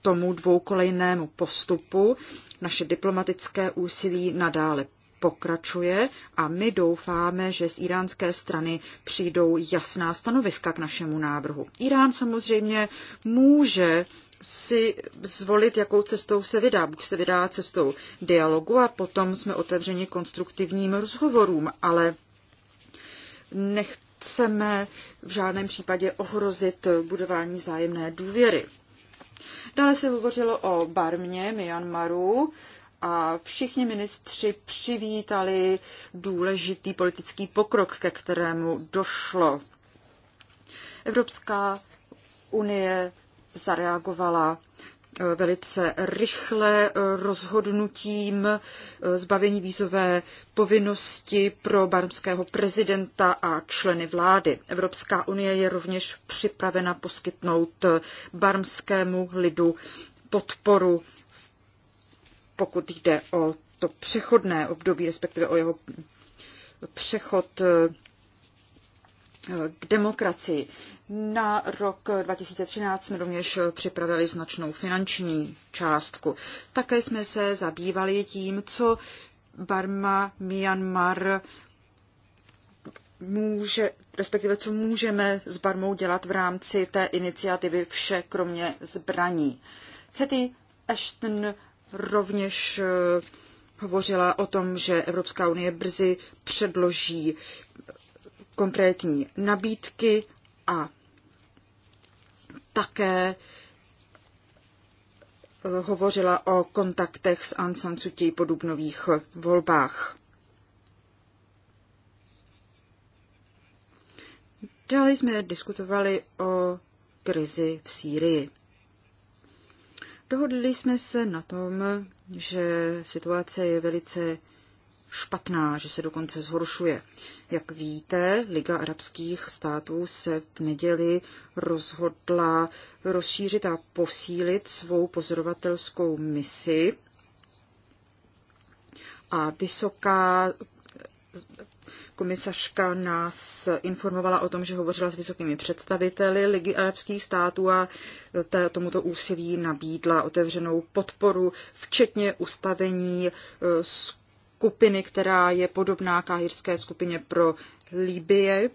tomu dvoukolejnému postupu. Naše diplomatické úsilí nadále pokračuje a my doufáme, že z iránské strany přijdou jasná stanoviska k našemu návrhu. Irán samozřejmě může si zvolit, jakou cestou se vydá. Buď se vydá cestou dialogu a potom jsme otevřeni konstruktivním rozhovorům, ale nech, nechceme v žádném případě ohrozit budování vzájemné důvěry. Dále se hovořilo o Barmě, Myanmaru a všichni ministři přivítali důležitý politický pokrok, ke kterému došlo. Evropská unie zareagovala velice rychle rozhodnutím eh, zbavení vízové povinnosti pro barmského prezidenta a členy vlády. Evropská unie je rovněž připravena poskytnout barmskému lidu podporu, pokud jde o to přechodné období, respektive o jeho přechod eh, k demokracii. Na rok 2013 jsme rovněž připravili značnou finanční částku. Také jsme se zabývali tím, co Barma, Myanmar může, respektive co můžeme s Barmou dělat v rámci té iniciativy Vše kromě zbraní. Hetty Ashton rovněž eh, hovořila o tom, že Evropská unie brzy předloží konkrétní nabídky a také eh, hovořila o kontaktech s Aung San Suu Kyi po dubnových volbách. Dále jsme diskutovali o krizi v Sýrii. Dohodli jsme se na tom, že situace je velice špatná, že se dokonce zhoršuje. Jak víte, Liga arabských států se v neděli rozhodla rozšířit a posílit svou pozorovatelskou misi a vysoká komisařka nás informovala o tom, že hovořila s vysokými představiteli Ligy arabských států a tomuto úsilí nabídla otevřenou podporu, včetně ustavení eh, skupiny, která je podobná káhirské skupině pro Líbie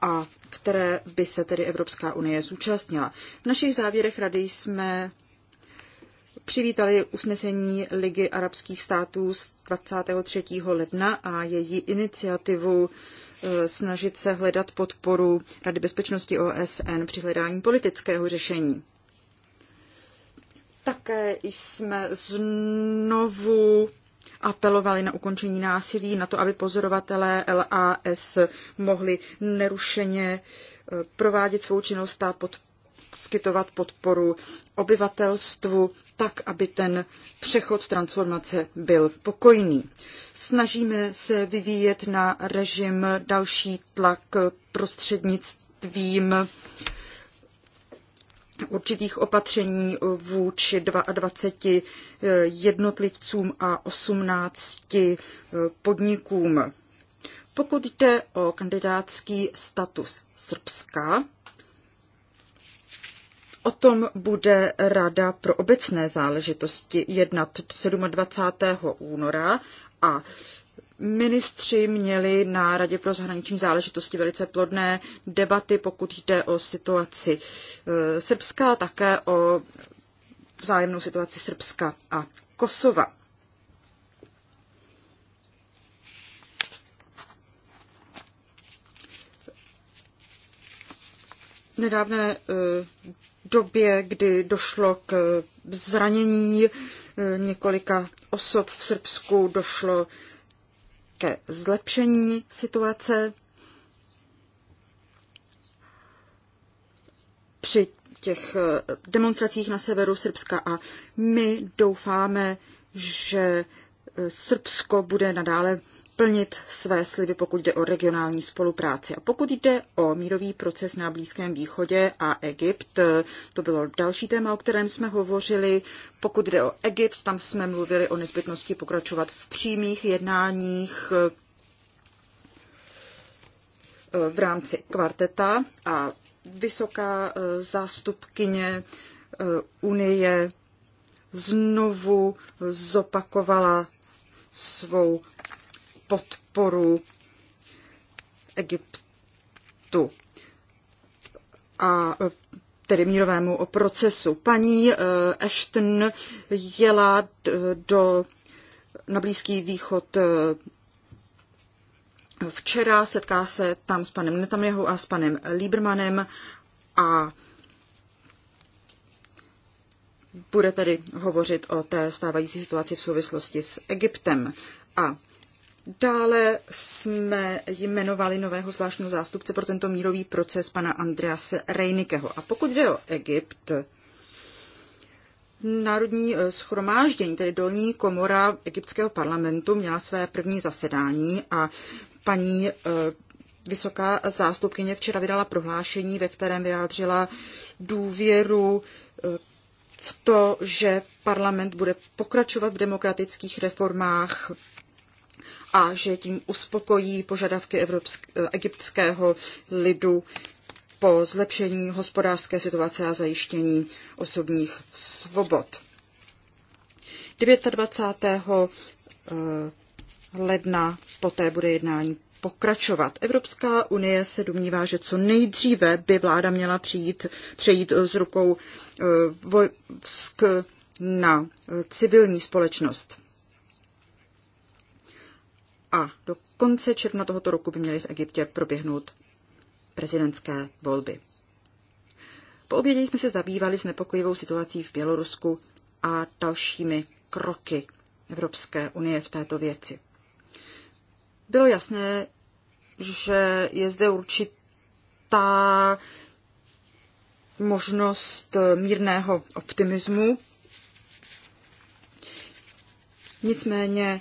a které by se tedy Evropská unie zúčastnila. V našich závěrech rady jsme přivítali usnesení Ligy arabských států z 23. ledna a její iniciativu e, snažit se hledat podporu Rady bezpečnosti OSN při hledání politického řešení. Také jsme znovu apelovali na ukončení násilí, na to, aby pozorovatelé LAS mohli nerušeně e, provádět svou činnost a poskytovat podporu obyvatelstvu, tak, aby ten přechod transformace byl pokojný. Snažíme se vyvíjet na režim další tlak prostřednictvím určitých opatření vůči 22 eh, jednotlivcům a 18 eh, podnikům. Pokud jde o kandidátský status Srbska, O tom bude Rada pro obecné záležitosti jednat 27. února a Ministři měli na Radě pro zahraniční záležitosti velice plodné debaty, pokud jde o situaci e, Srbska, také o vzájemnou situaci Srbska a Kosova. nedávné e, době, kdy došlo k zranění e, několika osob v Srbsku, došlo ke zlepšení situace při těch eh, demonstracích na severu Srbska a my doufáme, že eh, Srbsko bude nadále plnit své sliby, pokud jde o regionální spolupráci. A pokud jde o mírový proces na Blízkém východě a Egypt, to bylo další téma, o kterém jsme hovořili. Pokud jde o Egypt, tam jsme mluvili o nezbytnosti pokračovat v přímých jednáních eh, v rámci kvarteta a vysoká eh, zástupkyně eh, Unie znovu zopakovala svou podporu Egyptu a tedy mírovému procesu. Paní eh, Ashton jela do, na Blízký východ eh, včera, setká se tam s panem Netanyahu a s panem Liebermanem a bude tedy hovořit o té stávající situaci v souvislosti s Egyptem. A Dále jsme jmenovali nového zvláštního zástupce pro tento mírový proces pana Andrease Rejnikeho. A pokud jde o Egypt, Národní eh, schromáždění, tedy dolní komora egyptského parlamentu, měla své první zasedání a paní eh, vysoká zástupkyně včera vydala prohlášení, ve kterém vyjádřila důvěru eh, v to, že parlament bude pokračovat v demokratických reformách a že tím uspokojí požadavky egyptského lidu po zlepšení hospodářské situace a zajištění osobních svobod. 29. ledna poté bude jednání pokračovat. Evropská unie se domnívá, že co nejdříve by vláda měla přijít, přejít z rukou eh, vojsk na civilní společnost a do konce června tohoto roku by měly v Egyptě proběhnout prezidentské volby. Po obědě jsme se zabývali s nepokojivou situací v Bělorusku a dalšími kroky Evropské unie v této věci. Bylo jasné, že je zde určitá možnost mírného optimismu. Nicméně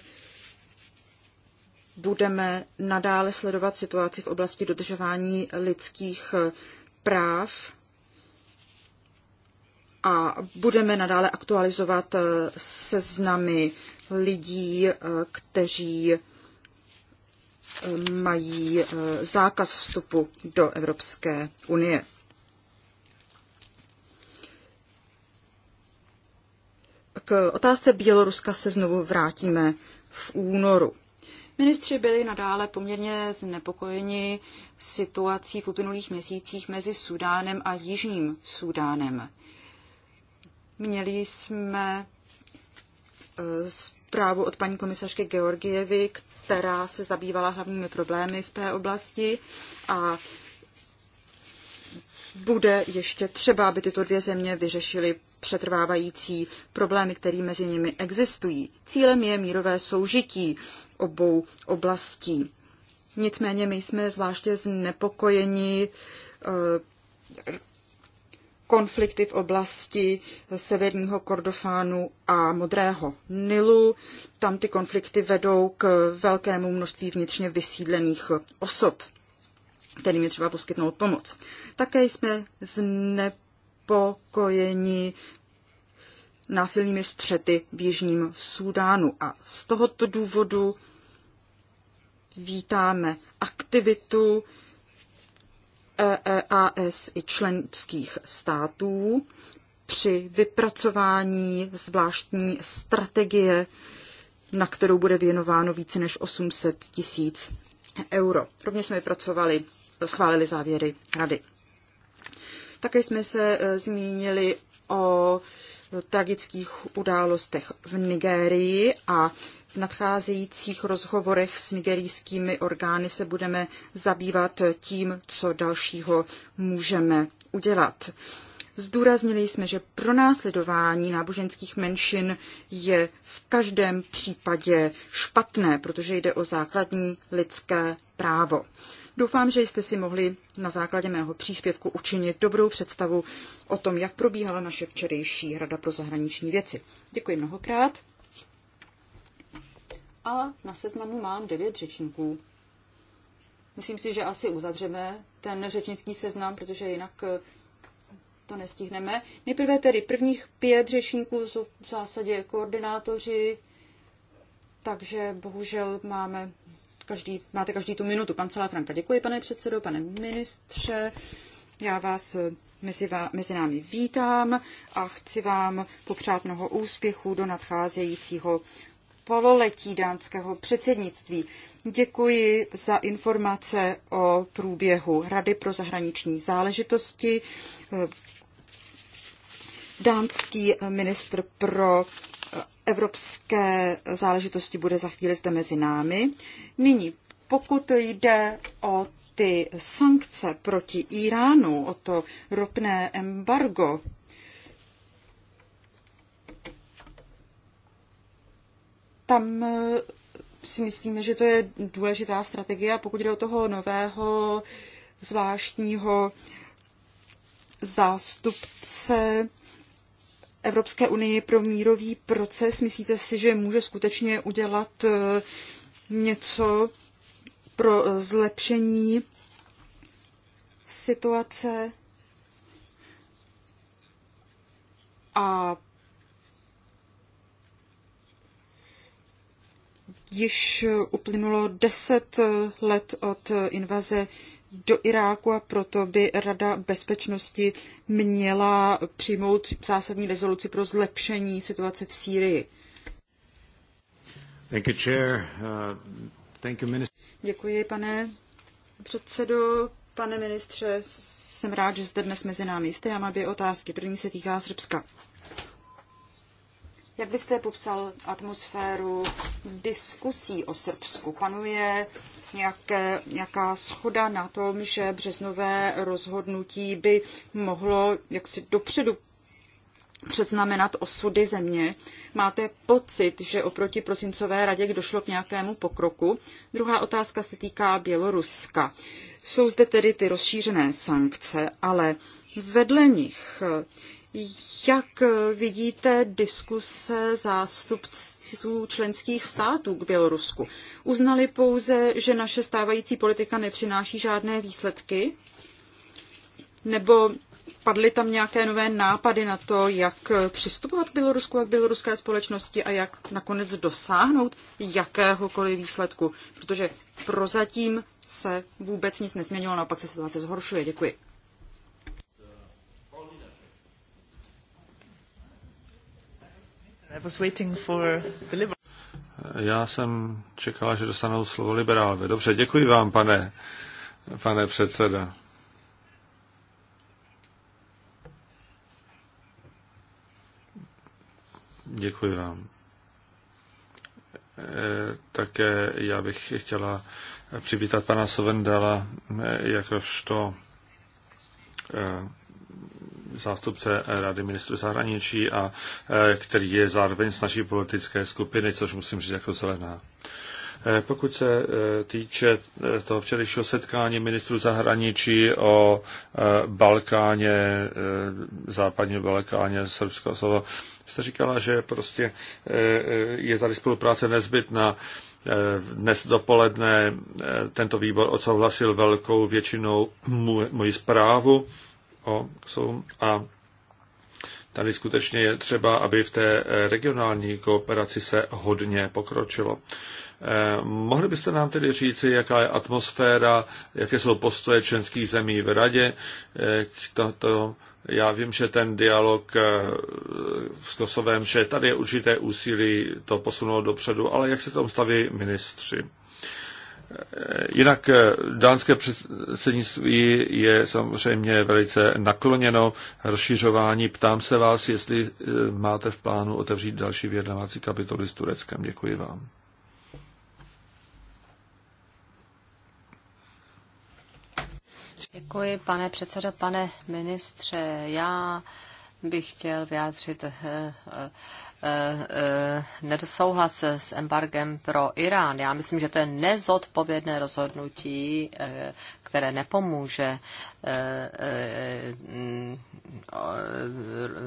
budeme nadále sledovat situaci v oblasti dodržování lidských eh, práv a budeme nadále aktualizovat eh, seznamy lidí, eh, kteří mají zákaz vstupu do Evropské unie. K otázce Běloruska se znovu vrátíme v únoru. Ministři byli nadále poměrně znepokojeni situací v uplynulých měsících mezi Sudánem a Jižním Sudánem. Měli jsme eh, zprávu od paní komisařky Georgievy, která se zabývala hlavními problémy v té oblasti a bude ještě třeba, aby tyto dvě země vyřešily přetrvávající problémy, které mezi nimi existují. Cílem je mírové soužití obou oblastí. Nicméně my jsme zvláště znepokojeni eh, konflikty v oblasti severního Kordofánu a Modrého Nilu. Tam ty konflikty vedou k velkému množství vnitřně vysídlených osob, kterým je třeba poskytnout pomoc. Také jsme znepokojeni násilnými střety v Jižním Súdánu. A z tohoto důvodu vítáme aktivitu EEAS i členských států při vypracování zvláštní strategie, na kterou bude věnováno více než 800 tisíc euro. Rovněž jsme vypracovali, schválili závěry rady. Také jsme se e, zmínili o tragických událostech v Nigérii a v nadcházejících rozhovorech s nigerijskými orgány se budeme zabývat tím, co dalšího můžeme udělat. Zdůraznili jsme, že pro následování náboženských menšin je v každém případě špatné, protože jde o základní lidské právo. Doufám, že jste si mohli na základě mého příspěvku učinit dobrou představu o tom, jak probíhala naše včerejší Rada pro zahraniční věci. Děkuji mnohokrát. A na seznamu mám devět řečníků. Myslím si, že asi uzavřeme ten řečnický seznam, protože jinak eh, to nestihneme. Nejprve tedy prvních pět řečníků jsou v zásadě koordinátoři, takže bohužel máme každý, máte každý tu minutu. Pan Celá Franka, děkuji, pane předsedo, pane ministře. Já vás eh, mezi, vá, mezi námi vítám a chci vám popřát mnoho úspěchů do nadcházejícího pololetí dánského předsednictví. Děkuji za informace o průběhu Rady pro zahraniční záležitosti. Eh, Dánský ministr pro evropské záležitosti bude za chvíli zde mezi námi. Nyní, pokud jde o ty sankce proti Iránu, o to ropné embargo, tam eh, si myslíme, že to je důležitá strategie. Pokud jde o toho nového zvláštního zástupce Evropské unii pro mírový proces? Myslíte si, že může skutečně udělat eh, něco pro eh, zlepšení situace a již uplynulo deset eh, let od invaze do Iráku a proto by Rada bezpečnosti měla přijmout zásadní rezoluci pro zlepšení situace v Sýrii.
Thank you, chair. Uh, thank you,
Děkuji, pane předsedo. Pane ministře, jsem rád, že zde dnes mezi námi jste. Já mám dvě otázky. První se týká Srbska. Jak byste popsal atmosféru diskusí o Srbsku? Panuje nějaké, nějaká schoda na tom, že březnové rozhodnutí by mohlo jaksi dopředu předznamenat osudy země. Máte pocit, že oproti prosincové radě došlo k nějakému pokroku? Druhá otázka se týká Běloruska. Jsou zde tedy ty rozšířené sankce, ale vedle nich jak vidíte diskuse zástupců členských států k Bělorusku? Uznali pouze, že naše stávající politika nepřináší žádné výsledky? Nebo padly tam nějaké nové nápady na to, jak přistupovat k Bělorusku a k běloruské společnosti a jak nakonec dosáhnout jakéhokoliv výsledku? Protože prozatím se vůbec nic nezměnilo, naopak se situace zhoršuje. Děkuji.
Já jsem čekala, že dostanou slovo liberálové. Dobře, děkuji vám, pane, pane předseda. Děkuji vám. Eh, také já bych chtěla přivítat pana Sovendala eh, jakožto eh, zástupce Rady ministrů zahraničí, a eh, který je zároveň z naší politické skupiny, což musím říct jako zelená. Eh, pokud se eh, týče toho včerejšího setkání ministrů zahraničí o Balkáně, západní Balkáně, Srbsko, Slovo, jste říkala, že prostě je tady spolupráce nezbytná. Dnes dopoledne tento výbor odsouhlasil velkou většinou moji zprávu o a tady skutečně je třeba, aby v té regionální kooperaci se hodně pokročilo. Eh, mohli byste nám tedy říci, jaká je atmosféra, jaké jsou postoje členských zemí v radě eh, k toto já vím, že ten dialog s eh, Kosovem, že tady je určité úsilí to posunout dopředu, ale jak se tomu staví ministři? Jinak eh, dánské předsednictví je samozřejmě velice nakloněno rozšiřování. Ptám se vás, jestli eh, máte v plánu otevřít další vyjednávací kapitoly s Tureckem. Děkuji vám.
Děkuji, pane předsedo, pane ministře. Já bych chtěl vyjádřit eh, eh, eh, nedosouhlas s embargem pro Irán. Já myslím, že to je nezodpovědné rozhodnutí, které nepomůže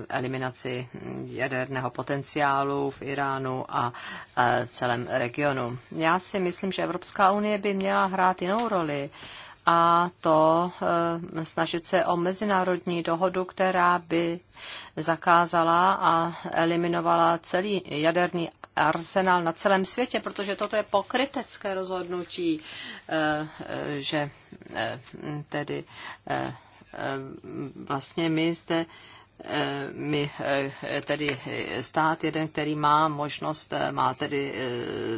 eliminaci jaderného potenciálu v Iránu a celém regionu. Já si myslím, že Evropská unie by měla hrát jinou roli a to eh, snažit se o mezinárodní dohodu, která by zakázala a eliminovala celý jaderný arsenál na celém světě, protože toto je pokrytecké rozhodnutí, eh, eh, že tedy vlastně my zde Eh, my eh, tedy eh, stát jeden, který má možnost, má tedy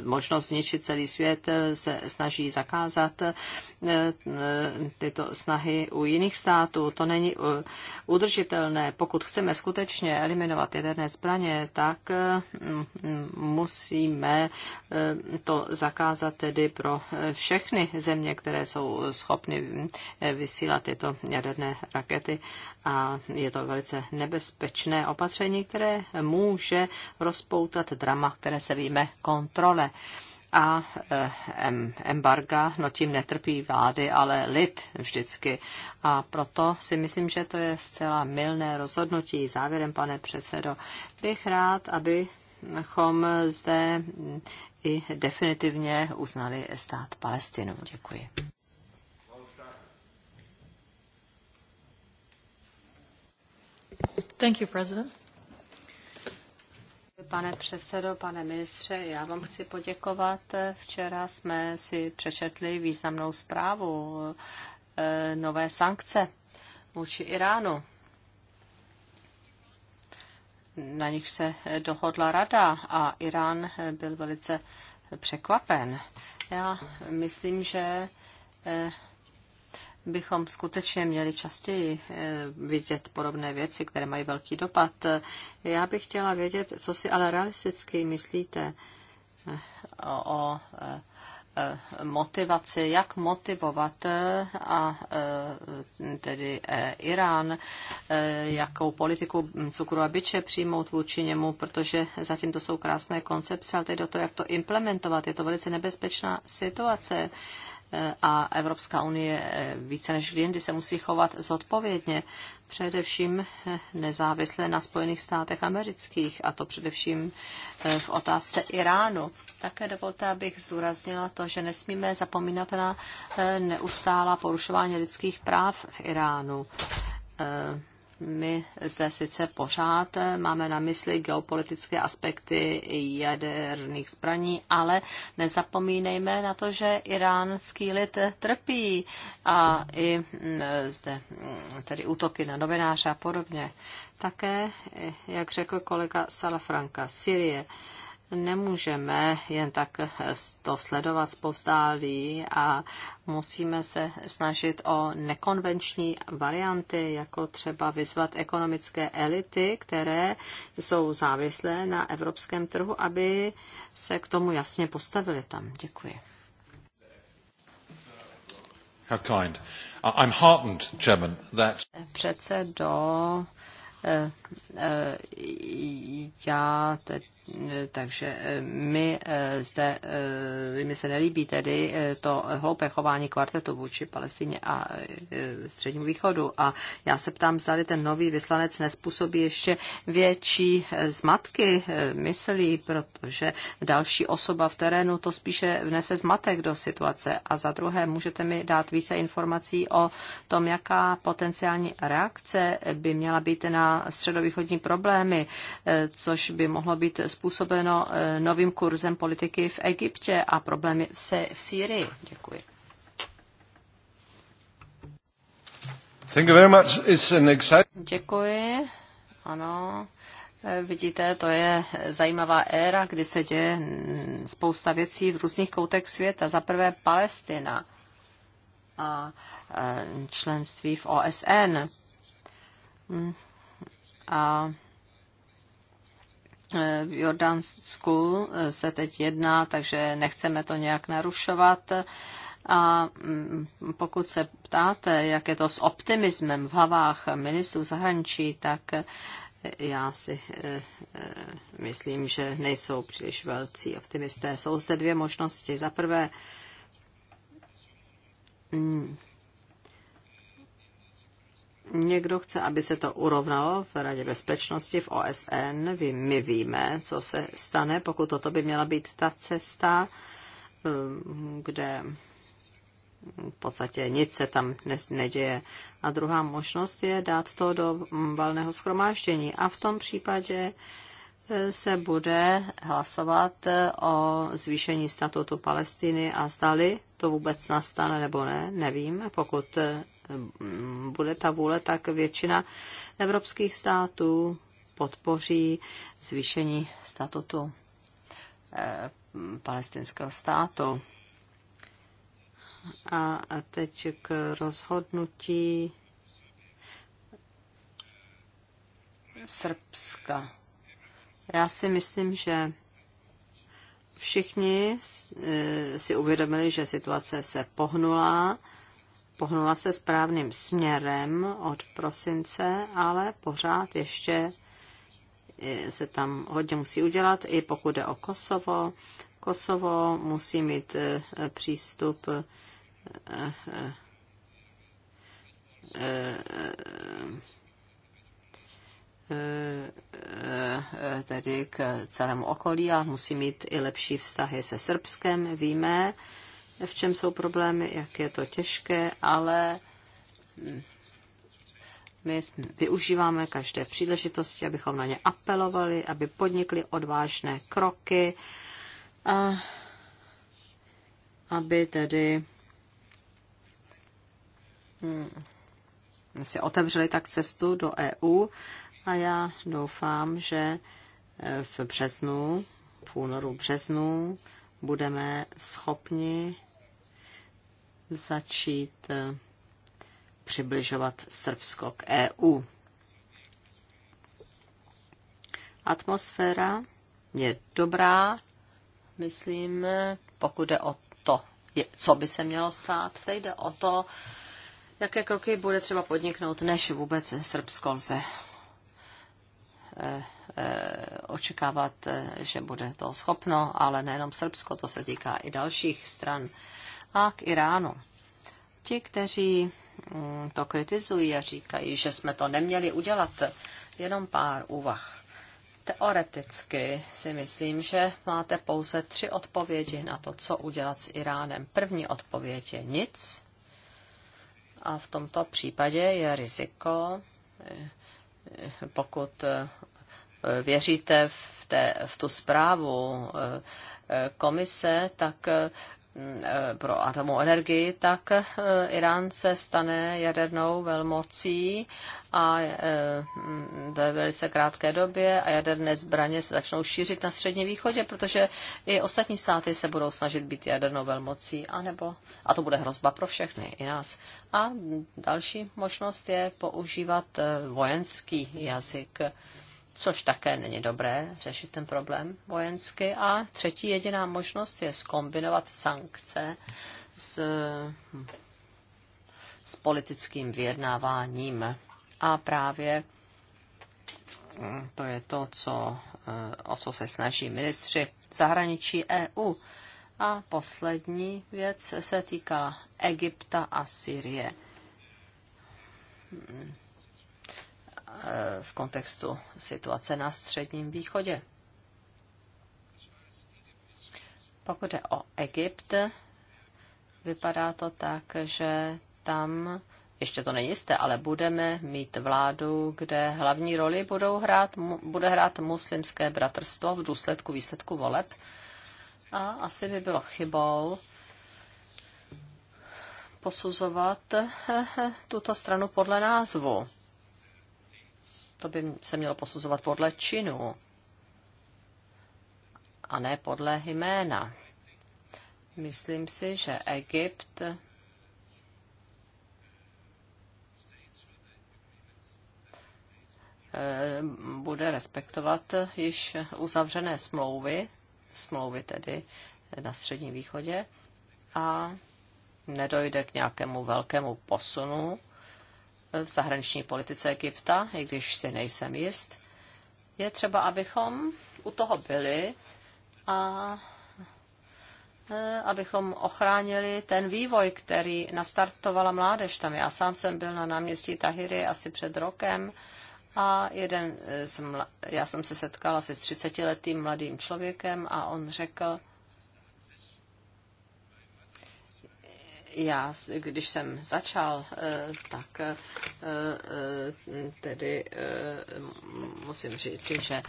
možnost zničit celý svět, se snaží zakázat tyto snahy u jiných států. To není udržitelné. Pokud chceme skutečně eliminovat jaderné zbraně, tak mm, musíme to zakázat tedy pro všechny země, které jsou schopny vysílat tyto jaderné rakety a je to velice nebezpečné opatření, které může rozpoutat drama, které se víme kontrole. A eh, embarga, no tím netrpí vlády, ale lid vždycky. A proto si myslím, že to je zcela milné rozhodnutí. Závěrem, pane předsedo, bych rád, abychom zde i definitivně uznali stát Palestinu. Děkuji. Pane předsedo, pane ministře, já vám chci poděkovat. Včera jsme si přečetli významnou zprávu eh, nové sankce vůči Iránu. Na nich se dohodla rada a Irán byl velice překvapen. Já myslím, že eh, bychom skutečně měli častěji eh, vidět podobné věci, které mají velký dopad. Já bych chtěla vědět, co si ale realisticky myslíte eh, o, o eh, motivaci, jak motivovat a tedy Irán, jakou politiku cukru a byče přijmout vůči němu, protože zatím to jsou krásné koncepce, ale teď do toho, jak to implementovat, je to velice nebezpečná situace a Evropská unie eh, více než jindy se musí chovat zodpovědně, především eh, nezávisle na Spojených státech amerických, a to především eh, v otázce Iránu. Také dovolte, abych zdůraznila to, že nesmíme zapomínat na neustálá porušování lidských práv v Iránu my zde sice pořád eh, máme na mysli geopolitické aspekty jaderných zbraní, ale nezapomínejme na to, že iránský lid trpí a i mm, zde mm, tedy útoky na novináře a podobně. Také, eh, jak řekl kolega Salafranka, Syrie nemůžeme jen tak to sledovat zpovzdálí a musíme se snažit o nekonvenční varianty, jako třeba vyzvat ekonomické elity, které jsou závislé na evropském trhu, aby se k tomu jasně postavili tam. Děkuji.
How kind. I'm heartened, Chairman, that...
Předsedo, eh, eh, já tedy takže eh, my eh, zde, eh, mi se nelíbí tedy to hloupé chování kvartetu vůči Palestině a Střednímu východu. A já se ptám, zda ten nový vyslanec nespůsobí ještě větší zmatky myslí, protože další osoba v terénu to spíše vnese zmatek do situace. A za druhé, můžete mi dát více informací o tom, jaká potenciální reakce by měla být na středovýchodní problémy, což by mohlo být způsobeno eh, novým kurzem politiky v Egyptě a problémy v, se, v Syrii?
Děkuji. Thank you very much. It's an exciting...
Děkuji. Ano. Eh, vidíte, to je zajímavá éra, kdy se děje mm, spousta věcí v různých koutech světa. Za prvé Palestina a eh, členství v OSN. Mm, a Eh, v Jordánsku eh, se teď jedná, takže nechceme to nějak narušovat. A mm, pokud se ptáte, jak je to s optimismem v hlavách ministrů zahraničí, tak eh, já si myslím, že nejsou příliš velcí optimisté. Jsou zde dvě možnosti. Za prvé, mm, Někdo chce, aby se to urovnalo v Radě bezpečnosti, v OSN. My víme, co se stane, pokud toto by měla být ta cesta, eh, kde v podstatě nic se tam neděje. A druhá možnost je dát to do valného schromáždění. A v tom případě eh, se bude hlasovat eh, o zvýšení statutu Palestiny a zdali to vůbec nastane nebo ne, nevím. Pokud bude ta vůle, tak většina evropských států podpoří zvýšení statutu eh, palestinského státu. A teď k rozhodnutí Srbska. Já si myslím, že všichni eh, si uvědomili, že situace se pohnula pohnula se správným směrem od prosince, ale pořád ještě eh, se tam hodně musí udělat, i pokud jde o Kosovo. Kosovo musí mít eh, přístup eh, tedy k celému okolí a musí mít i lepší vztahy se Srbskem, víme, v čem jsou problémy, jak je to těžké, ale hm, my využíváme každé příležitosti, abychom na ně apelovali, aby podnikli odvážné kroky a aby tedy hm, si otevřeli tak cestu do EU a já doufám, že eh, v březnu, v únoru březnu budeme schopni začít eh, přibližovat Srbsko k EU. Atmosféra je dobrá, myslím, pokud jde o to, co by se mělo stát. Teď jde o to, jaké kroky bude třeba podniknout, než vůbec Srbsko lze eh, eh, očekávat, že bude to schopno, ale nejenom Srbsko, to se týká i dalších stran a k Iránu. Ti, kteří mm, to kritizují a říkají, že jsme to neměli udělat, jenom pár úvah. Teoreticky si myslím, že máte pouze tři odpovědi na to, co udělat s Iránem. První odpověď je nic a v tomto případě je riziko, pokud eh, věříte v, té, v tu zprávu eh, eh, komise, tak Eh, pro atomovou energii, tak eh, Irán se stane jadernou velmocí a eh, ve velice krátké době a jaderné zbraně se začnou šířit na Středním východě, protože i ostatní státy se budou snažit být jadernou velmocí, anebo, a to bude hrozba pro všechny, i nás. A další možnost je používat vojenský jazyk což také není dobré řešit ten problém vojensky. A třetí jediná možnost je skombinovat sankce s, s politickým vyjednáváním. A právě mm, to je to, co, eh, o co se snaží ministři zahraničí EU. A poslední věc se týkala Egypta a Syrie Eh, v kontextu situace na Středním východě. Pokud je o Egypt, vypadá to tak, že tam, ještě to není jisté, ale budeme mít vládu, kde hlavní roli budou hrát, bude hrát muslimské bratrstvo v důsledku výsledku voleb. A asi by bylo chybou posuzovat tuto stranu podle názvu to by se mělo posuzovat podle činu a ne podle jména. Myslím si, že Egypt eh, bude respektovat již uzavřené smlouvy, smlouvy tedy na Středním východě, a nedojde k nějakému velkému posunu v zahraniční politice Egypta, i když si nejsem jist, je třeba, abychom u toho byli a eh, abychom ochránili ten vývoj, který nastartovala mládež tam. Já sám jsem byl na náměstí Tahiry asi před rokem a jeden z mla... já jsem se setkala asi s 30-letým mladým člověkem a on řekl, já, když jsem začal, eh, tak eh, eh, tedy musím říci, že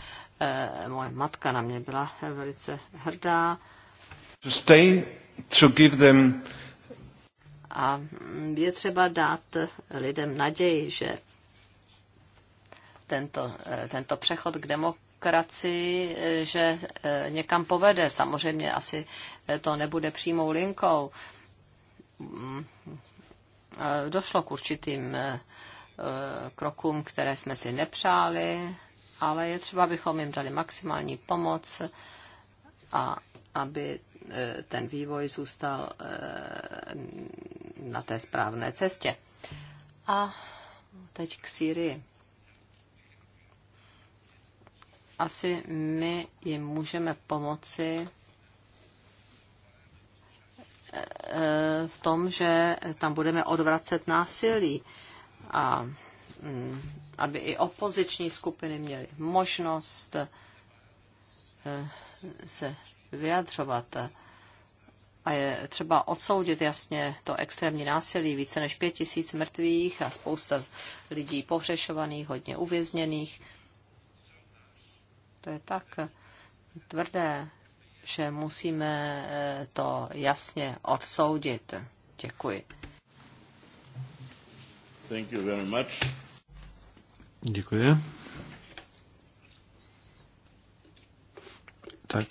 moje matka na mě byla velice hrdá.
To stay, to give them...
A je třeba dát lidem naději, že tento, tento přechod k demokracii, že někam povede. Samozřejmě asi to nebude přímou linkou, došlo k určitým krokům, které jsme si nepřáli, ale je třeba, abychom jim dali maximální pomoc a aby ten vývoj zůstal na té správné cestě. A teď k Sýrii. Asi my jim můžeme pomoci v tom, že tam budeme odvracet násilí a mm, aby i opoziční skupiny měly možnost eh, se vyjadřovat. A je třeba odsoudit jasně to extrémní násilí, více než pět tisíc mrtvých a spousta lidí pohřešovaných, hodně uvězněných. To je tak tvrdé že musíme eh, to jasně odsoudit. Děkuji. Thank you very much.
Děkuji. Tak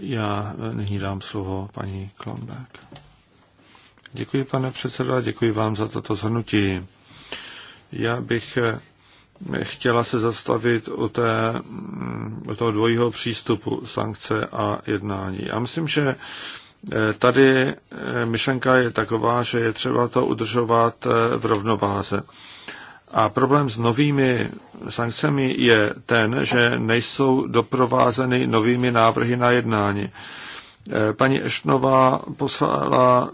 já nyní dám slovo paní Klonberg. Děkuji, pane předsedo, a děkuji vám za toto zhrnutí. Já bych eh, chtěla se zastavit u, té, u toho dvojího přístupu sankce a jednání. Já myslím, že eh, tady eh, myšlenka je taková, že je třeba to udržovat eh, v rovnováze. A problém s novými sankcemi je ten, že nejsou doprovázeny novými návrhy na jednání. Paní Eštnová poslala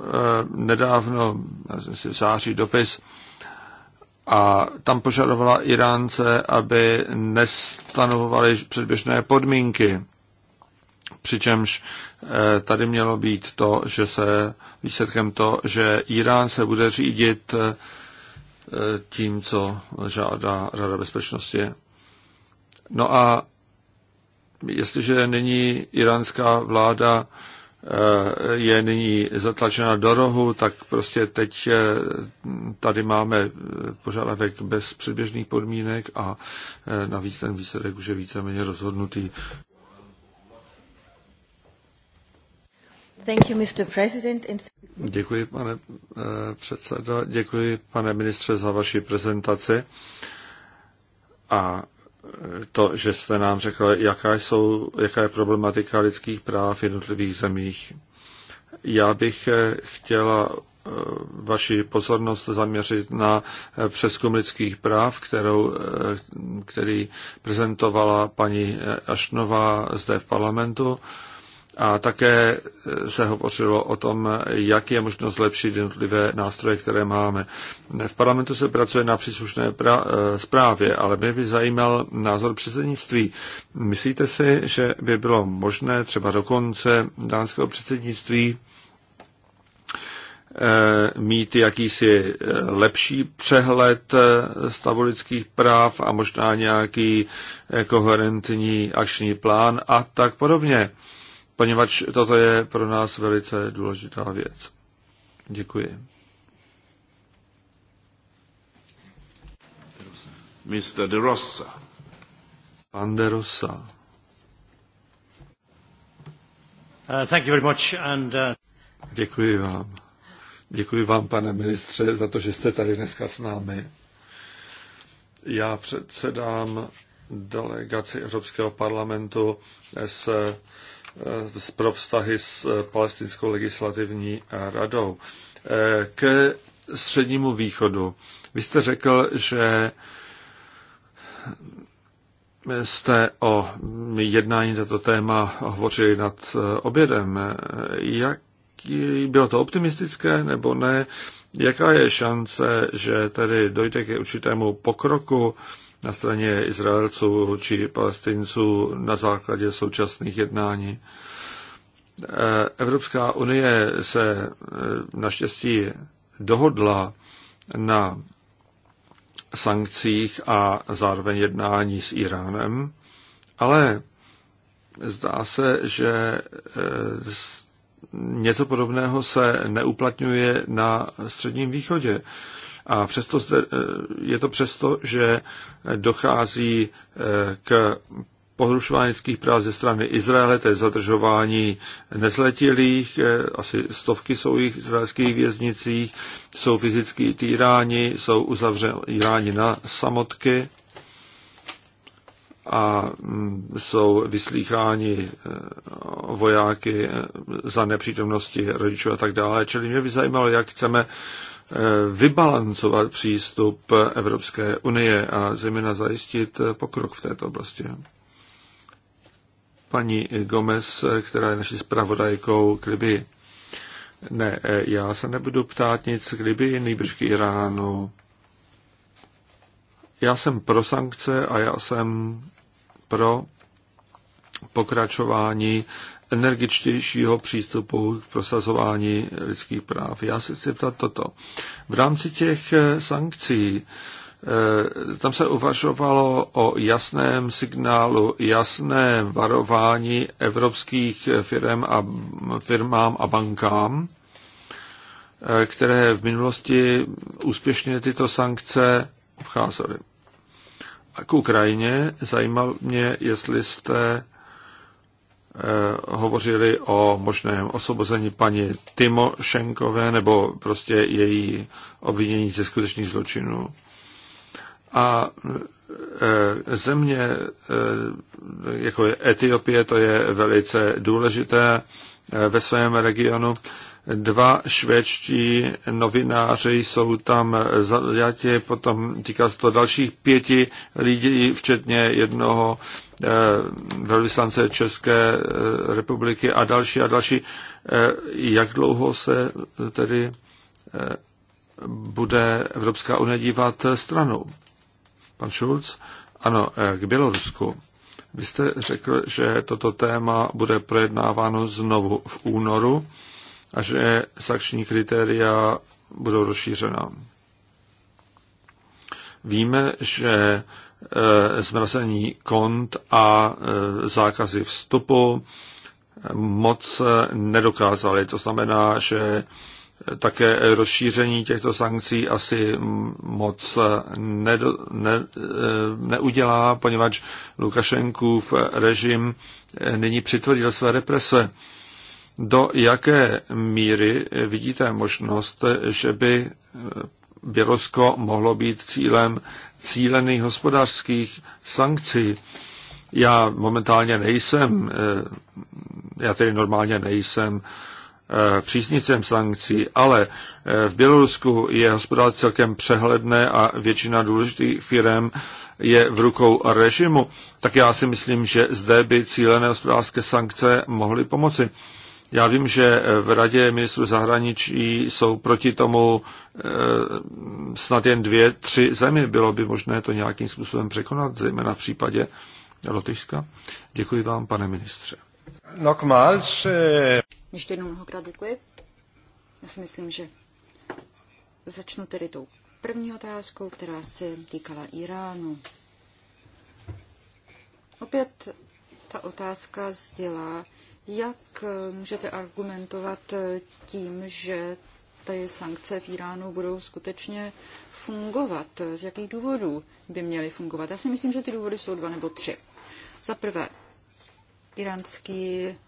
nedávno, v září, dopis a tam požadovala Iránce, aby nestanovovali předběžné podmínky. Přičemž eh, tady mělo být to, že se výsledkem to, že Irán se bude řídit eh, tím, co žádá Rada bezpečnosti. No a jestliže není iránská vláda Eh, je nyní zatlačena do rohu, tak prostě teď eh, tady máme eh, požadavek bez předběžných podmínek a navíc ten výsledek už je víceméně rozhodnutý.
Thank you, Mr. President.
Děkuji, pane předsedo, děkuji, pane ministře, za vaši prezentaci. A to, že jste nám řekl, jaká, jsou, jaká je problematika lidských práv v jednotlivých zemích. Já bych eh, chtěla eh, vaši pozornost zaměřit na eh, přeskum lidských práv, kterou, který prezentovala paní Ašnová zde v parlamentu a také eh, se hovořilo o tom, jak je možno zlepšit jednotlivé nástroje, které máme. V parlamentu se pracuje na příslušné pra- eh, zprávě, ale mě by zajímal názor předsednictví. Myslíte si, že by bylo možné třeba do konce dánského předsednictví eh, mít jakýsi lepší přehled stavu lidských práv a možná nějaký koherentní akční plán a tak podobně poněvadž toto je pro nás velice důležitá věc. Děkuji. Mr. De Rossa. Pan De Rossa. Uh, thank you very much and, uh... Děkuji vám. Děkuji vám, pane ministře, za to, že jste tady dneska s námi. Já předsedám delegaci Evropského parlamentu s Eh, pro vztahy s eh, palestinskou legislativní radou. Eh, ke střednímu východu. Vy jste řekl, že jste o jednání tato téma hovořili nad obědem. Jak bylo to optimistické nebo ne? Jaká je šance, že tedy dojde k určitému pokroku na straně Izraelců či Palestinců na základě současných jednání. Eh, Evropská unie se eh, naštěstí dohodla na sankcích a zároveň jednání s Iránem, ale zdá se, že eh, něco podobného se neuplatňuje na Středním východě. A přesto zde, eh, je to přesto, že dochází eh, k porušování lidských práv ze strany Izraele, to je zadržování nezletilých, eh, asi stovky jsou jich v izraelských věznicích, jsou fyzicky týráni, jsou uzavřeni na samotky a mm, jsou vyslýcháni vojáky za nepřítomnosti rodičů a tak dále. Čili mě by zajímalo, jak chceme Eh, vybalancovat přístup Evropské unie a zejména zajistit pokrok v této oblasti. Paní Gomez, která je naší zpravodajkou k Libii. Ne, eh, já se nebudu ptát nic k Libii, nejbrž k Iránu. Já jsem pro sankce a já jsem pro pokračování energičtějšího přístupu k prosazování lidských práv. Já se chci ptat toto. V rámci těch eh, sankcí eh, tam se uvažovalo o jasném signálu, jasném varování evropských firm a firmám a bankám, eh, které v minulosti úspěšně tyto sankce obcházely. A k Ukrajině zajímal mě, jestli jste Eh, hovořili o možném osvobození paní Timošenkové nebo prostě její obvinění ze skutečných zločinů. A eh, země eh, jako je Etiopie, to je velice důležité ve svém regionu. Dva švédští novináři jsou tam zajati, potom týká se to dalších pěti lidí, včetně jednoho Eh, velvyslance České eh, republiky a další a další. Eh, jak dlouho se tedy bude Evropská unie dívat stranou? Pan Schulz? Ano, k Bělorusku. Vy jste řekl, že toto téma bude projednáváno znovu v únoru a že sakční kritéria budou rozšířena. Víme, že eh, zmrazení kont a eh, zákazy vstupu eh, moc nedokázali. To znamená, že také rozšíření těchto sankcí asi moc ne, ne, neudělá, poněvadž Lukašenkův režim nyní přitvrdil své represe. Do jaké míry vidíte možnost, že by Bělorusko mohlo být cílem cílených hospodářských sankcí. Já momentálně nejsem, eh, já tedy normálně nejsem eh, přísnicem sankcí, ale eh, v Bělorusku je hospodářství celkem přehledné a většina důležitých firm je v rukou režimu, tak já si myslím, že zde by cílené hospodářské sankce mohly pomoci. Já vím, že eh, v Radě ministrů zahraničí jsou proti tomu eh, snad jen dvě, tři země. Bylo by možné to nějakým způsobem překonat, zejména v případě Lotyšska. Děkuji vám, pane ministře. Nokmals. Eh,
Ještě jednou mnohokrát děkuji. Já si myslím, že začnu tedy tou první otázkou, která se týkala Iránu. Opět ta otázka sdělá, jak eh, můžete argumentovat eh, tím, že ty sankce v Iránu budou skutečně fungovat? Z jakých důvodů by měly fungovat? Já si myslím, že ty důvody jsou dva nebo tři. Za prvé, iránský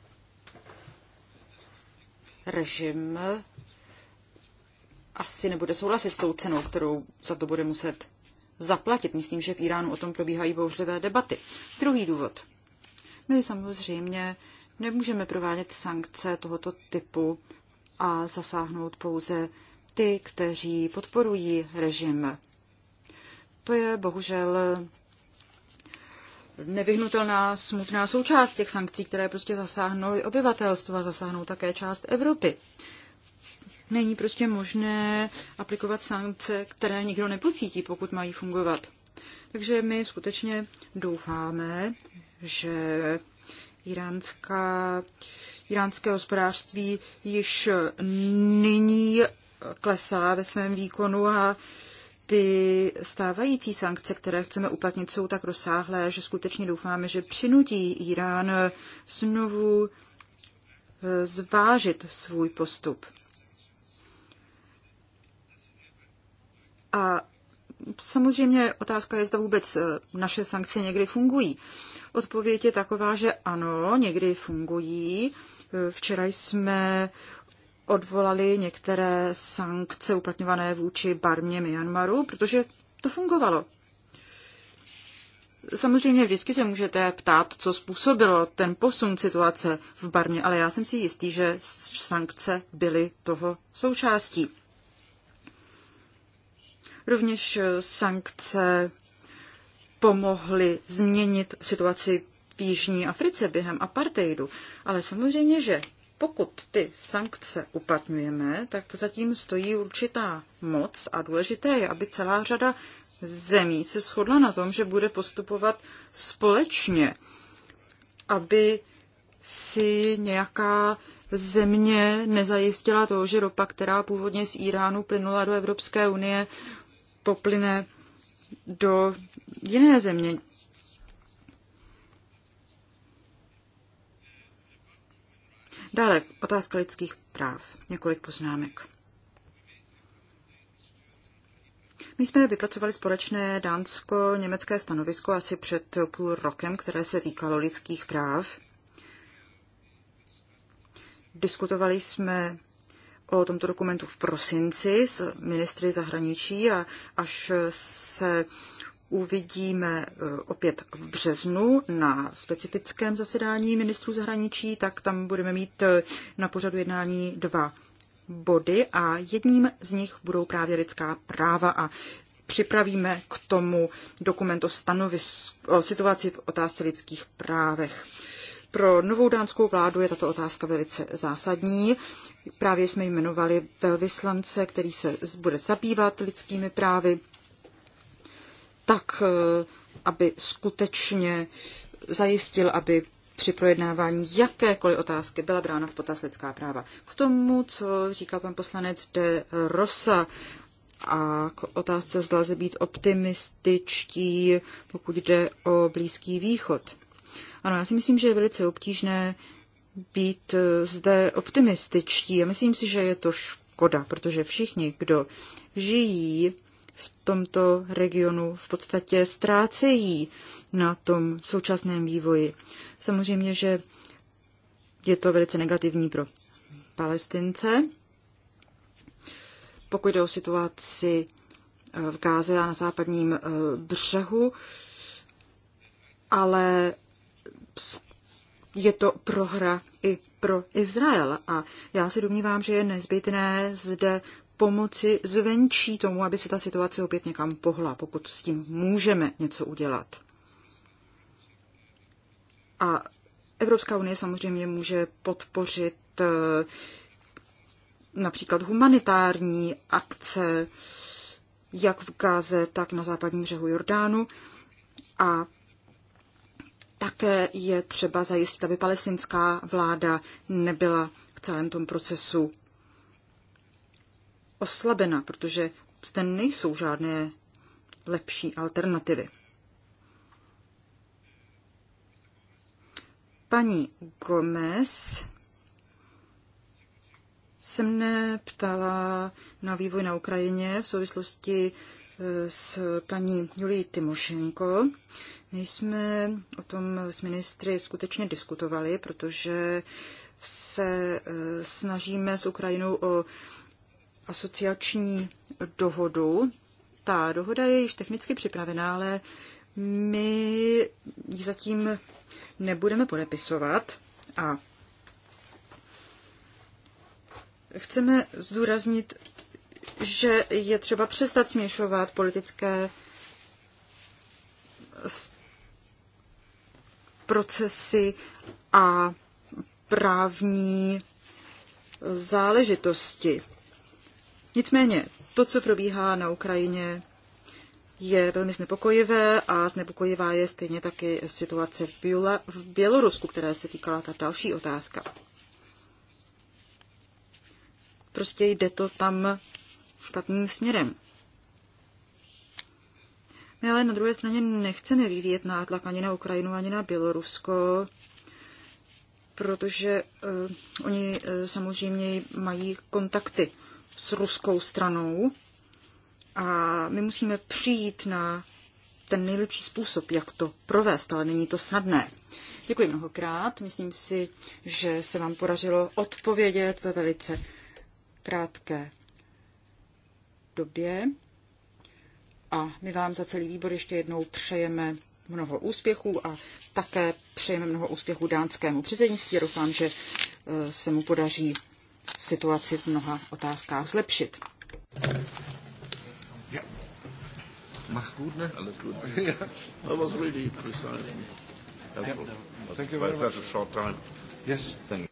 režim asi nebude souhlasit s tou cenou, kterou za to bude muset zaplatit. Myslím, že v Iránu o tom probíhají bouřlivé debaty. Druhý důvod. My samozřejmě Nemůžeme provádět sankce tohoto typu a zasáhnout pouze ty, kteří podporují režim. To je bohužel nevyhnutelná smutná součást těch sankcí, které prostě zasáhnou i obyvatelstvo a zasáhnou také část Evropy. Není prostě možné aplikovat sankce, které nikdo nepocítí, pokud mají fungovat. Takže my skutečně doufáme, že Iránská, iránské hospodářství již nyní klesá ve svém výkonu a ty stávající sankce, které chceme uplatnit, jsou tak rozsáhlé, že skutečně doufáme, že přinutí Irán znovu eh, zvážit svůj postup. A samozřejmě otázka je, zda vůbec eh, naše sankce někdy fungují. Odpověď je taková, že ano, někdy fungují. Včera jsme odvolali některé sankce uplatňované vůči barmě Myanmaru, protože to fungovalo. Samozřejmě vždycky se můžete ptát, co způsobilo ten posun situace v Barmě, ale já jsem si jistý, že sankce byly toho součástí. Rovněž sankce pomohly změnit situaci v Jižní Africe během apartheidu. Ale samozřejmě, že pokud ty sankce uplatňujeme, tak zatím stojí určitá moc a důležité je, aby celá řada zemí se shodla na tom, že bude postupovat společně, aby si nějaká země nezajistila to, že ropa, která původně z Iránu plynula do Evropské unie, poplyne do jiné země. Dále otázka lidských práv. Několik poznámek. My jsme vypracovali společné dánsko-německé stanovisko asi před půl rokem, které se týkalo lidských práv. Diskutovali jsme o tomto dokumentu v prosinci s ministry zahraničí a až se uvidíme e, opět v březnu na specifickém zasedání ministrů zahraničí, tak tam budeme mít e, na pořadu jednání dva body a jedním z nich budou právě lidská práva a připravíme k tomu dokument o, stanovis, o situaci v otázce lidských právech. Pro novou dánskou vládu je tato otázka velice zásadní. Právě jsme jmenovali velvyslance, který se bude zabývat lidskými právy tak, eh, aby skutečně zajistil, aby při projednávání jakékoliv otázky byla brána v potaz lidská práva. K tomu, co říkal pan poslanec de Rosa a k otázce zda se být optimističtí, pokud jde o Blízký východ. Ano, já si myslím, že je velice obtížné být eh, zde optimističtí. Já myslím si, že je to škoda, protože všichni, kdo žijí v tomto regionu v podstatě ztrácejí na tom současném vývoji. Samozřejmě, že je to velice negativní pro Palestince. Pokud jde o situaci eh, v Gáze a na západním eh, břehu, ale je to prohra i pro Izrael. A já se domnívám, že je nezbytné zde pomoci zvenčí tomu, aby se ta situace opět někam pohla, pokud s tím můžeme něco udělat. A Evropská unie samozřejmě může podpořit eh, například humanitární akce, jak v Gáze, tak na západním břehu Jordánu. A také je třeba zajistit, aby palestinská vláda nebyla v celém tom procesu oslabena, protože zde nejsou žádné lepší alternativy. Paní Gomez se mne ptala na vývoj na Ukrajině v souvislosti e, s paní Julií Timošenko. My jsme o tom s ministry skutečně diskutovali, protože se e, snažíme s Ukrajinou o asociační dohodu. Ta dohoda je již technicky připravená, ale my ji zatím nebudeme podepisovat a chceme zdůraznit, že je třeba přestat směšovat politické procesy a právní záležitosti. Nicméně to, co probíhá na Ukrajině, je velmi znepokojivé a znepokojivá je stejně taky situace v, Bíla, v Bělorusku, které se týkala ta další otázka. Prostě jde to tam špatným směrem. My ale na druhé straně nechceme vyvíjet nátlak ani na Ukrajinu, ani na Bělorusko, protože uh, oni uh, samozřejmě mají kontakty s ruskou stranou a my musíme přijít na ten nejlepší způsob, jak to provést, ale není to snadné. Děkuji mnohokrát. Myslím si, že se vám podařilo odpovědět ve velice krátké době. A my vám za celý výbor ještě jednou přejeme mnoho úspěchů a také přejeme mnoho úspěchů dánskému předsednictví. Doufám, že eh, se mu podaří situaci v mnoha otázkách zlepšit.
yeah. Thank you very much. Yes. Thank you.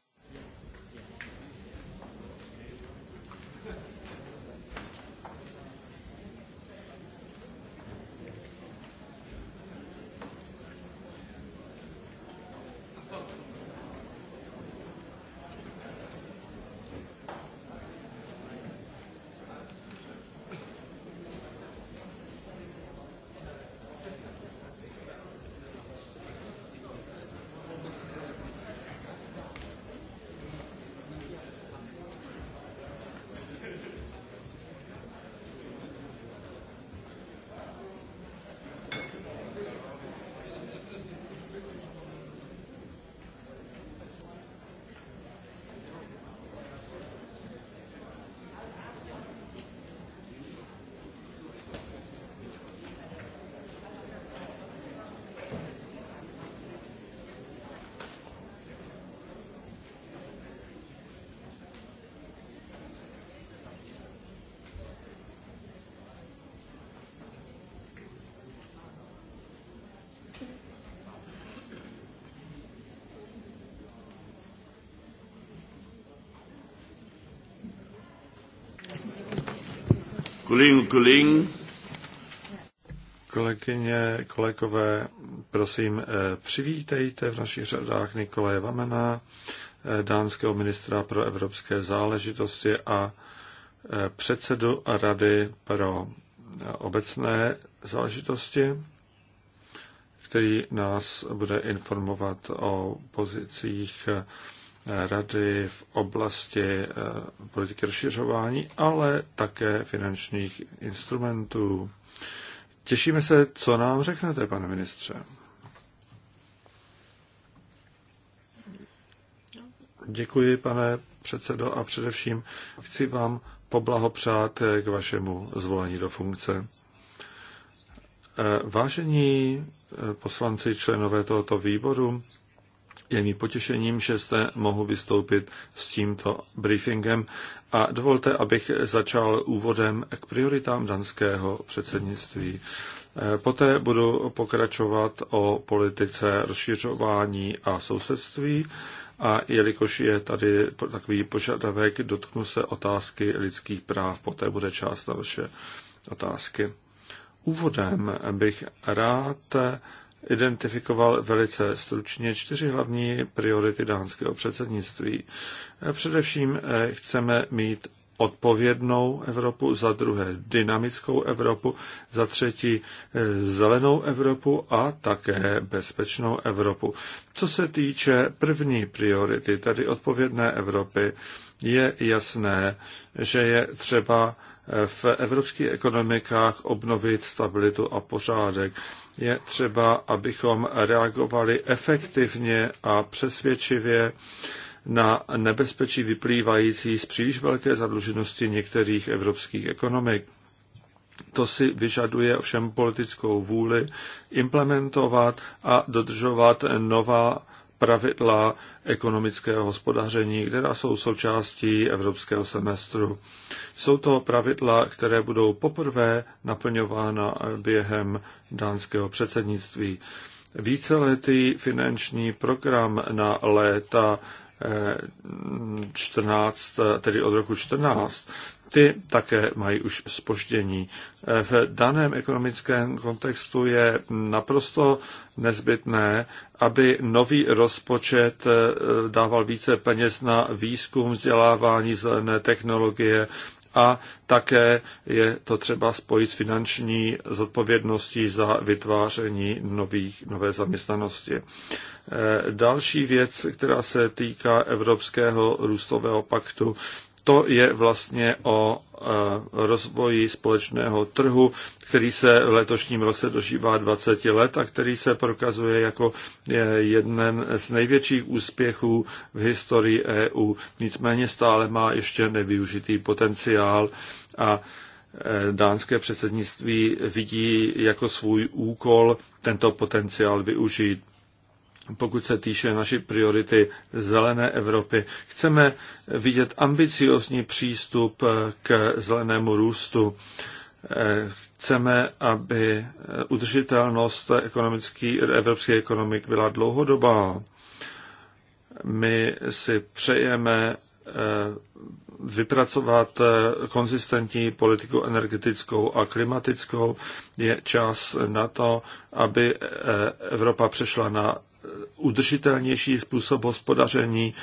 Kolegyně, kolegové, prosím, eh, přivítejte v našich řadách Nikolaje Vamena, eh, dánského ministra pro evropské záležitosti a eh, předsedu Rady pro obecné záležitosti, který nás bude informovat o pozicích rady v oblasti eh, politiky rozšiřování, ale také finančních instrumentů. Těšíme se, co nám řeknete, pane ministře. Děkuji, pane předsedo, a především chci vám poblahopřát eh, k vašemu zvolení do funkce. Eh, vážení poslanci, členové tohoto výboru, je mi potěšením, že zde mohu vystoupit s tímto briefingem a dovolte, abych začal úvodem k prioritám danského předsednictví. Eh, poté budu pokračovat o politice rozšiřování a sousedství a jelikož je tady takový požadavek, dotknu se otázky lidských práv, poté bude část na vaše otázky. Úvodem bych rád identifikoval velice stručně čtyři hlavní priority dánského předsednictví. Eh, především eh, chceme mít odpovědnou Evropu, za druhé dynamickou Evropu, za třetí eh, zelenou Evropu a také bezpečnou Evropu. Co se týče první priority, tedy odpovědné Evropy, je jasné, že je třeba v evropských ekonomikách obnovit stabilitu a pořádek je třeba, abychom reagovali efektivně a přesvědčivě na nebezpečí vyplývající z příliš velké zadluženosti některých evropských ekonomik. To si vyžaduje ovšem politickou vůli implementovat a dodržovat nová pravidla ekonomického hospodaření, která jsou součástí evropského semestru. Jsou to pravidla, které budou poprvé naplňována během dánského předsednictví. Víceletý finanční program na léta 14, eh, tedy od roku 14, ty také mají už spoždění. V daném ekonomickém kontextu je naprosto nezbytné, aby nový rozpočet eh, dával více peněz na výzkum, vzdělávání, zelené technologie a také je to třeba spojit s finanční zodpovědností za vytváření nových, nové zaměstnanosti. Eh, další věc, která se týká Evropského růstového paktu, to je vlastně o eh, rozvoji společného trhu, který se v letošním roce dožívá 20 let a který se prokazuje jako eh, jeden z největších úspěchů v historii EU. Nicméně stále má ještě nevyužitý potenciál a eh, dánské předsednictví vidí jako svůj úkol tento potenciál využít pokud se týče naší priority zelené Evropy. Chceme vidět ambiciozní přístup k zelenému růstu. Chceme, aby udržitelnost ekonomický, evropské ekonomik byla dlouhodobá. My si přejeme eh, vypracovat eh, konzistentní politiku energetickou a klimatickou. Je čas na to, aby eh, Evropa přešla na udržitelnější způsob hospodaření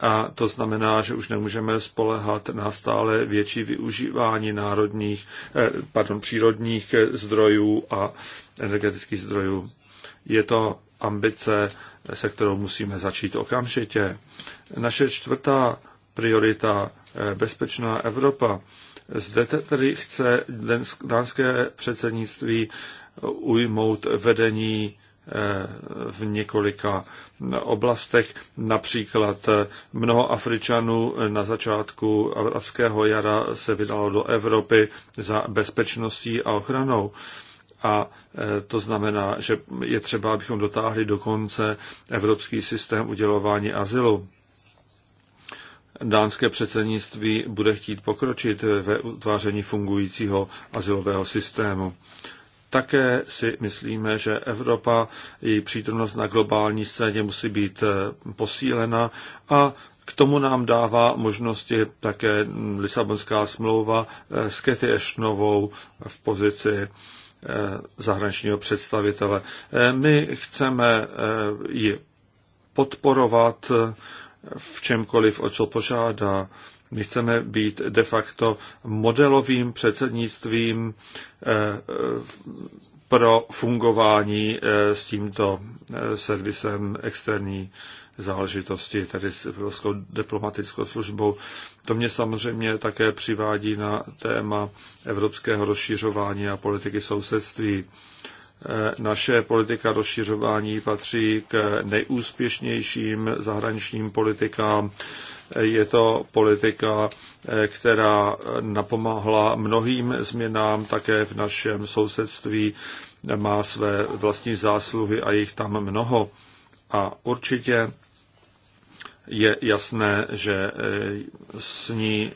a to znamená, že už nemůžeme spolehat na stále větší využívání národních, eh, pardon, přírodních zdrojů a energetických zdrojů. Je to ambice, se kterou musíme začít okamžitě. Naše čtvrtá priorita eh, bezpečná Evropa. Zde tedy chce dánské předsednictví ujmout vedení v několika oblastech. Například eh, mnoho Afričanů eh, na začátku arabského jara se vydalo do Evropy za bezpečností a ochranou. A eh, to znamená, že je třeba, abychom dotáhli do konce evropský systém udělování azylu. Dánské předsednictví bude chtít pokročit ve utváření fungujícího asilového systému. Také si myslíme, že Evropa, její přítomnost na globální scéně musí být eh, posílena a k tomu nám dává možnosti také Lisabonská smlouva eh, s Kety Ešnovou v pozici eh, zahraničního představitele. My chceme ji podporovat v čemkoliv, o co požádá. My chceme být de facto modelovým předsednictvím eh, pro fungování eh, s tímto eh, servisem externí záležitosti, tedy s Evropskou diplomatickou službou. To mě samozřejmě také přivádí na téma evropského rozšířování a politiky sousedství. Naše politika rozšířování patří k nejúspěšnějším zahraničním politikám je to politika, eh, která napomáhla mnohým změnám také v našem sousedství, má své vlastní zásluhy a jich tam mnoho. A určitě je jasné, že eh, s ní,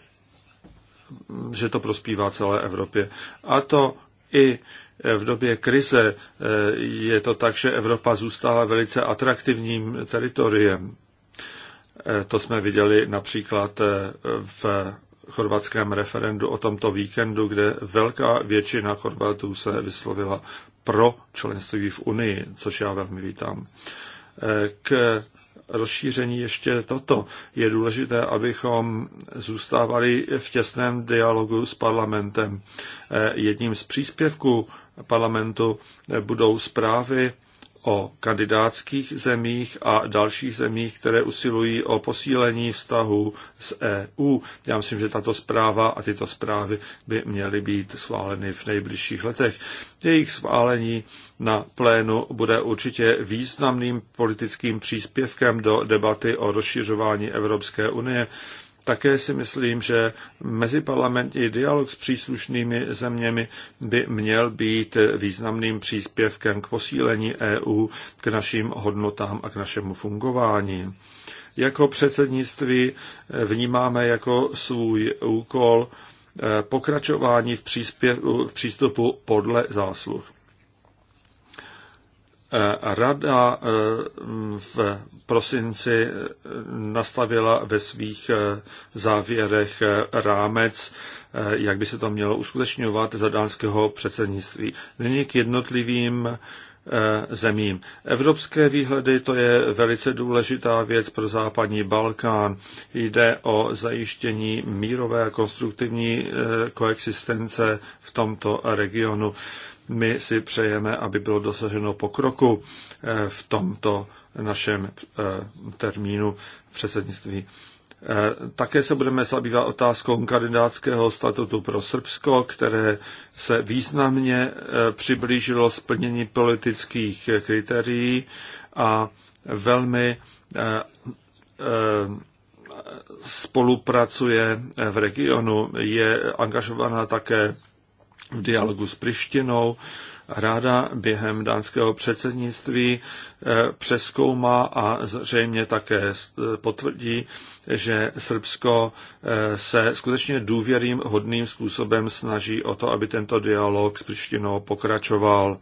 že to prospívá celé Evropě. A to i eh, v době krize je to tak, že Evropa zůstala velice atraktivním teritoriem. Eh, to jsme viděli například eh, v chorvatském referendu o tomto víkendu, kde velká většina Chorvatů se vyslovila pro členství v Unii, což já velmi vítám. Eh, k rozšíření ještě toto. Je důležité, abychom zůstávali v těsném dialogu s parlamentem. Jedním z příspěvků parlamentu budou zprávy o kandidátských zemích a dalších zemích, které usilují o posílení vztahu s EU. Já myslím, že tato zpráva a tyto zprávy by měly být schváleny v nejbližších letech. Jejich schválení na plénu bude určitě významným politickým příspěvkem do debaty o rozšiřování Evropské unie také si myslím, že meziparlamentní dialog s příslušnými zeměmi by měl být významným příspěvkem k posílení EU, k našim hodnotám a k našemu fungování. Jako předsednictví vnímáme jako svůj úkol eh, pokračování v, příspěv, v přístupu podle zásluh. Eh, Rada eh, v prosinci eh, nastavila ve svých závěrech rámec, jak by se to mělo uskutečňovat za dánského předsednictví. Nyní k jednotlivým zemím. Evropské výhledy to je velice důležitá věc pro západní Balkán. Jde o zajištění mírové a konstruktivní koexistence v tomto regionu. My si přejeme, aby bylo dosaženo pokroku eh, v tomto našem eh, termínu předsednictví. Eh, také se budeme zabývat otázkou kandidátského statutu pro Srbsko, které se významně přiblížilo splnění politických kritérií a velmi spolupracuje v regionu. Je angažovaná také v dialogu s Prištinou. Ráda během dánského předsednictví eh, přeskoumá a zřejmě také eh, potvrdí, že Srbsko eh, se skutečně důvěrým hodným způsobem snaží o to, aby tento dialog s Prištinou pokračoval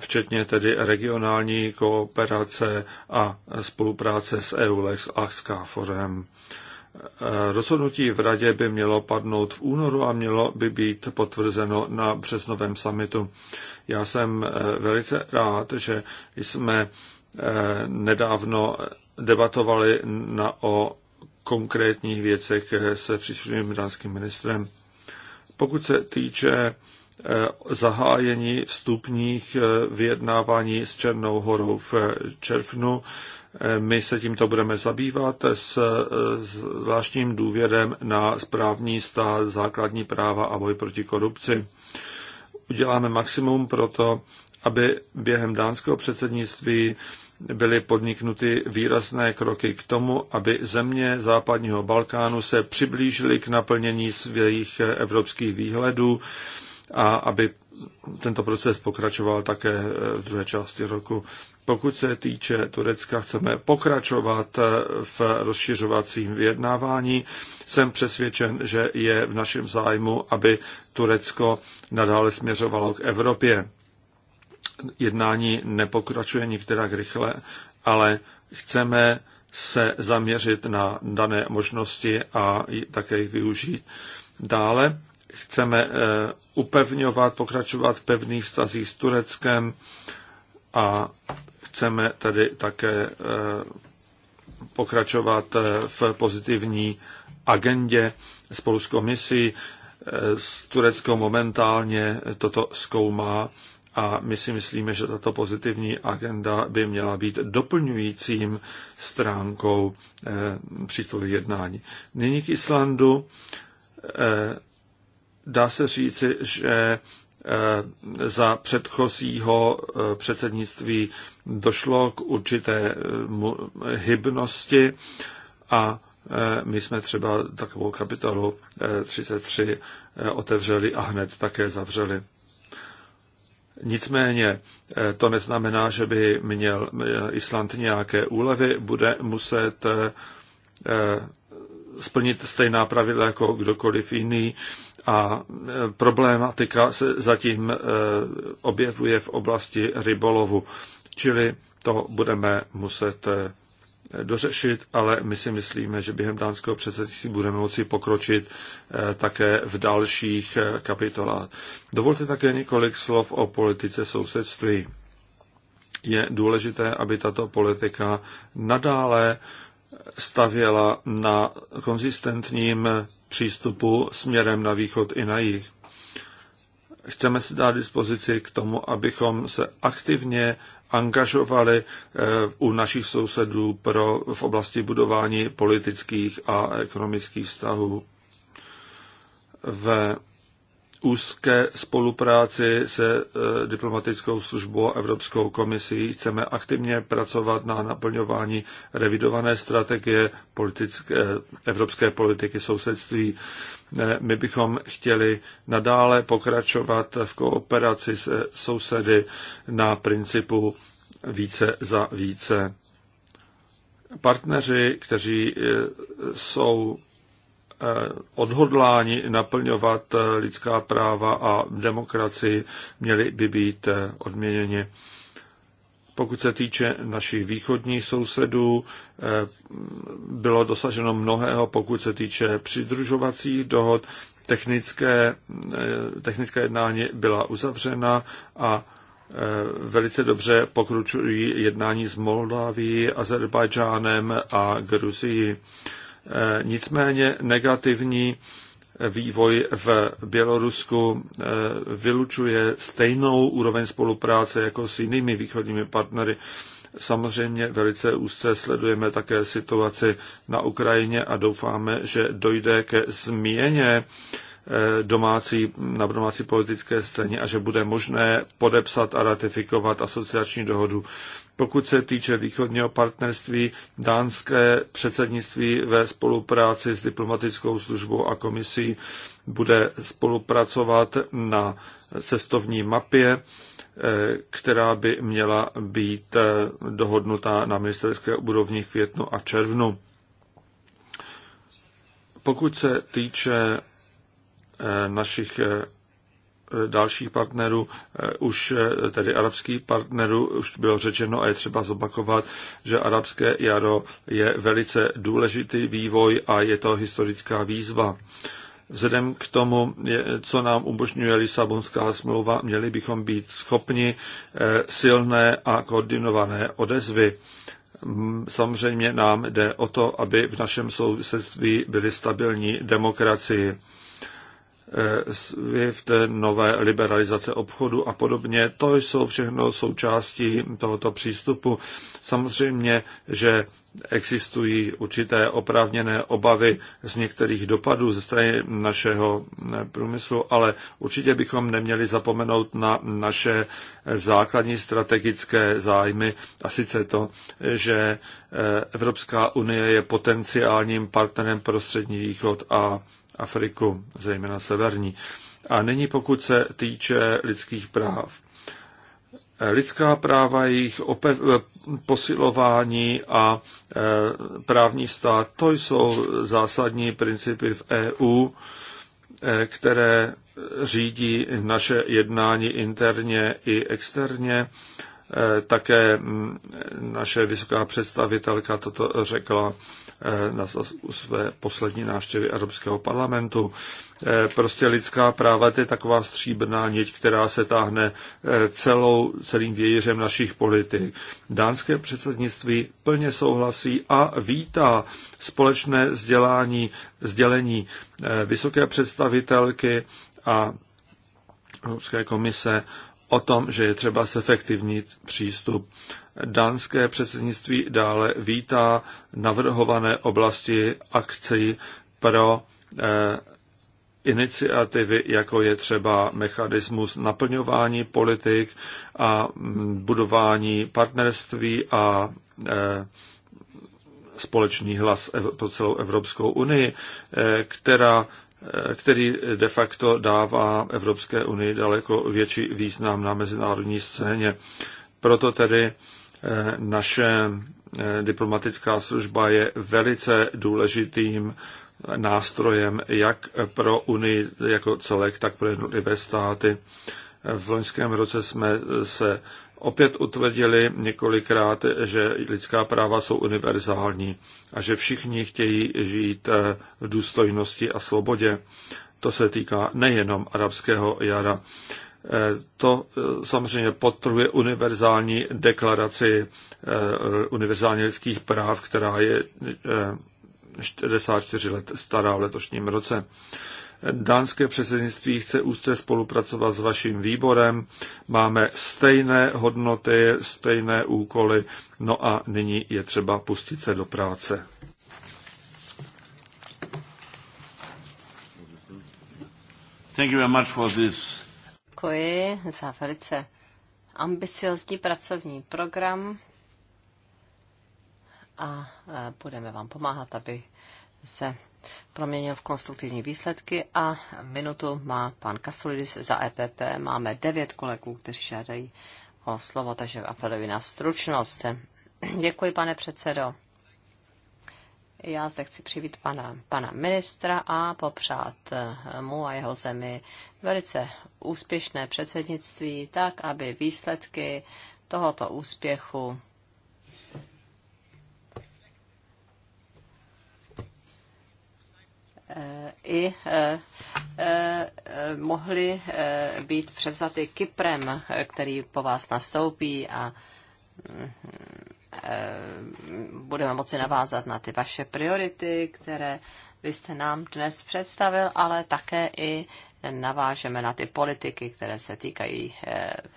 včetně tedy regionální kooperace a spolupráce s EULEX a s KFORem. Rozhodnutí v radě by mělo padnout v únoru a mělo by být potvrzeno na březnovém samitu. Já jsem eh, velice rád, že jsme eh, nedávno debatovali na, o konkrétních věcech eh, se příslušným dánským ministrem. Pokud se týče zahájení vstupních vyjednávání s Černou horou v červnu. My se tímto budeme zabývat s zvláštním důvěrem na správní stát, základní práva a boj proti korupci. Uděláme maximum pro to, aby během dánského předsednictví byly podniknuty výrazné kroky k tomu, aby země západního Balkánu se přiblížily k naplnění svých evropských výhledů a aby tento proces pokračoval také v druhé části roku. Pokud se týče Turecka, chceme pokračovat v rozšiřovacím vyjednávání. Jsem přesvědčen, že je v našem zájmu, aby Turecko nadále směřovalo k Evropě. Jednání nepokračuje nikterak rychle, ale chceme se zaměřit na dané možnosti a také jich využít. Dále chceme eh, upevňovat, pokračovat v pevných vztazích s Tureckem a chceme tedy také eh, pokračovat eh, v pozitivní agendě spolu s komisí. Eh, s Turecko momentálně toto zkoumá a my si myslíme, že tato pozitivní agenda by měla být doplňujícím stránkou přístupu jednání. Nyní k Islandu dá se říci, že Eh, za předchozího eh, předsednictví došlo k určité hybnosti a eh, my jsme třeba takovou kapitolu 33 otevřeli a hned také zavřeli. Nicméně to neznamená, že by měl Island nějaké úlevy, bude muset splnit stejná pravidla jako kdokoliv jiný a e, problematika se zatím e, objevuje v oblasti rybolovu. Čili to budeme muset e, dořešit, ale my si myslíme, že během dánského předsednictví budeme moci pokročit také v dalších kapitolách. Dovolte také několik slov o politice sousedství. Je důležité, aby tato politika nadále stavěla na konzistentním přístupu směrem na východ i na jih. Chceme si dát dispozici k tomu, abychom se aktivně angažovali eh, u našich sousedů pro, v oblasti budování politických a ekonomických vztahů. V úzké spolupráci se eh, diplomatickou službou a Evropskou komisí chceme aktivně pracovat na naplňování revidované strategie politické, eh, evropské politiky sousedství. Eh, my bychom chtěli nadále pokračovat v kooperaci se sousedy na principu více za více. Partneři, kteří jsou odhodláni naplňovat eh, lidská práva a demokracii, měli by být eh, odměněni. Pokud se týče našich východních sousedů, eh, bylo dosaženo mnohého, pokud se týče přidružovacích dohod, technické, technické jednání byla uzavřena a velice dobře pokručují jednání s Moldávií, Azerbajdžánem a Gruzií. Eh, nicméně negativní vývoj v Bělorusku eh, vylučuje stejnou úroveň spolupráce jako s jinými východními partnery. Samozřejmě velice úzce sledujeme také situaci na Ukrajině a doufáme, že dojde ke změně eh, domácí, na domácí politické scéně a že bude možné podepsat a ratifikovat asociační dohodu pokud se týče východního partnerství, dánské předsednictví ve spolupráci s diplomatickou službou a komisí bude spolupracovat na cestovní mapě, eh, která by měla být eh, dohodnutá na ministerské úrovni v květnu a červnu. Pokud se týče eh, našich dalších partnerů, eh, už eh, tedy arabských partnerů, už bylo řečeno a je třeba zopakovat, že arabské jaro je velice důležitý vývoj a je to historická výzva. Vzhledem k tomu, co nám umožňuje Lisabonská smlouva, měli bychom být schopni eh, silné a koordinované odezvy. Mm, samozřejmě nám jde o to, aby v našem sousedství byly stabilní demokracii. SWIFT, nové liberalizace obchodu a podobně. To jsou všechno součástí tohoto přístupu. Samozřejmě, že existují určité oprávněné obavy z některých dopadů ze strany našeho eh, průmyslu, ale určitě bychom neměli zapomenout na naše základní strategické zájmy a sice to, že eh, Evropská unie je potenciálním partnerem pro Střední východ a Afriku, zejména severní. A nyní pokud se týče lidských práv. Lidská práva, jejich opev, posilování a e, právní stát, to jsou zásadní principy v EU, e, které řídí naše jednání interně i externě Eh, také mm, naše vysoká představitelka toto řekla eh, na své poslední návštěvy Evropského parlamentu. Eh, prostě lidská práva to je taková stříbrná niť, která se táhne celou, celým vějířem našich politik. Dánské předsednictví plně souhlasí a vítá společné vzdělání, sdělení vysoké představitelky a Evropské komise o tom, že je třeba sefektivnit přístup. Dánské předsednictví dále vítá navrhované oblasti akcí pro eh, iniciativy, jako je třeba mechanismus naplňování politik a mm, budování partnerství a eh, společný hlas pro celou Evropskou unii, eh, která Eh, který de facto dává Evropské unii daleko větší význam na mezinárodní scéně. Proto tedy eh, naše eh, diplomatická služba je velice důležitým nástrojem jak pro Unii jako celek, tak pro jednotlivé státy. V loňském roce jsme se opět utvrdili několikrát, že lidská práva jsou univerzální a že všichni chtějí žít eh, v důstojnosti a svobodě. To se týká nejenom arabského jara. Eh, to eh, samozřejmě potrhuje univerzální deklaraci univerzálně lidských práv, která je 44 let stará v letošním roce. Dánské předsednictví chce úzce spolupracovat s vaším výborem. Máme stejné hodnoty, stejné úkoly. No a nyní je třeba pustit se do práce. Thank you very much for this.
Děkuji za velice ambiciozní pracovní program a e, budeme vám pomáhat, aby se proměnil v konstruktivní výsledky a minutu má pan Kasulidis za EPP. Máme devět kolegů, kteří žádají o slovo, takže apeluji na stručnost. Děkuji, pane předsedo. Já zde chci přivít pana, pana ministra a popřát eh, mu a jeho zemi velice úspěšné předsednictví, tak aby výsledky tohoto úspěchu i e, e, mohly e, být převzaty Kyprem, který po vás nastoupí a budeme moci navázat na ty vaše priority, které vy jste nám dnes představil, ale také i navážeme na ty politiky, které se týkají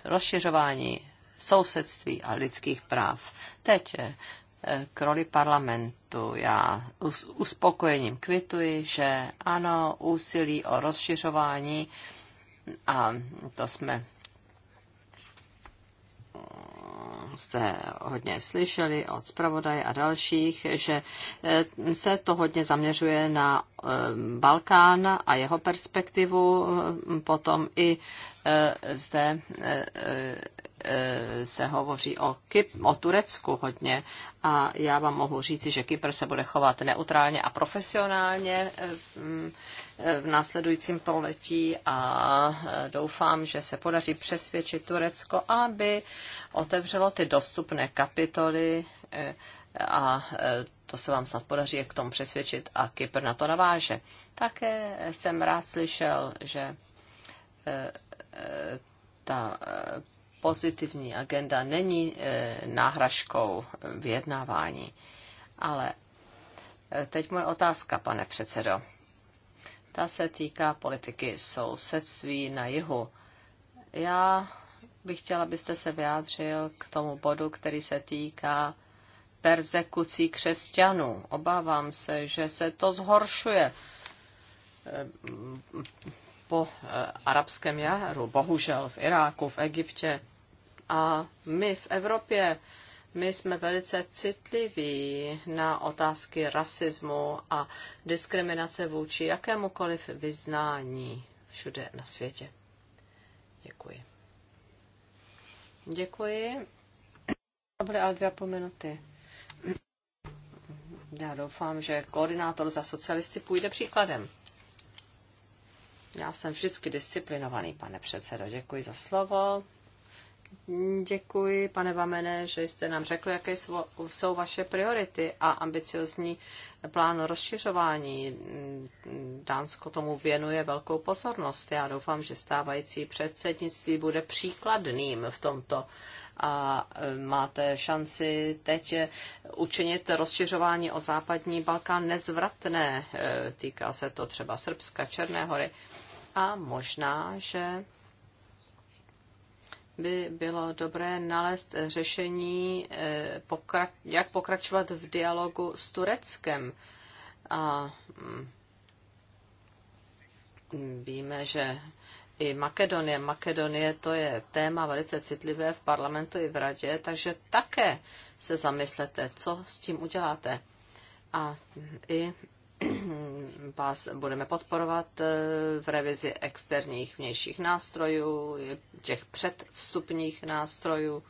rozšiřování sousedství a lidských práv. Teď k roli parlamentu. Já s uspokojením kvituji, že ano, úsilí o rozšiřování a to jsme mm, jste hodně slyšeli od zpravodaje a dalších, že eh, se to hodně zaměřuje na eh, Balkán a jeho perspektivu, eh, potom i zde Eh, se hovoří o, Kyp, o Turecku hodně a já vám mohu říci, že Kypr se bude chovat neutrálně a profesionálně eh, mm, eh, v následujícím poletí a doufám, že se podaří přesvědčit Turecko, aby otevřelo ty dostupné kapitoly a to se vám snad podaří k tomu přesvědčit a Kypr na to naváže. Také jsem rád slyšel, že ta pozitivní agenda není e, náhražkou vyjednávání. Ale e, teď moje otázka, pane předsedo. Ta se týká politiky sousedství na jihu. Já bych chtěla, abyste se vyjádřil k tomu bodu, který se týká persekucí křesťanů. Obávám se, že se to zhoršuje e, po arabském jaru, bohužel v Iráku, v Egyptě. A my v Evropě, my jsme velice citliví na otázky rasismu a diskriminace vůči jakémukoliv vyznání všude na světě. Děkuji. Děkuji. To byly ale dvě a půl minuty. Já doufám, že koordinátor za socialisty půjde příkladem. Já jsem vždycky disciplinovaný, pane předsedo. Děkuji za slovo. Děkuji, pane Vamene, že jste nám řekl, jaké jsou vaše priority a ambiciozní plán rozšiřování. Dánsko tomu věnuje velkou pozornost. Já doufám, že stávající předsednictví bude příkladným v tomto a e, máte šanci teď učinit rozšiřování o západní Balkán nezvratné. E, týká se to třeba Srbska, Černé hory. A možná, že by bylo dobré nalézt řešení, eh, jak pokračovat v dialogu s Tureckem. A mm, víme, že i Makedonie. Makedonie to je téma velice citlivé v parlamentu i v radě, takže také se zamyslete, co s tím uděláte. A i vás budeme podporovat eh, v revizi externích vnějších nástrojů, těch předvstupních nástrojů,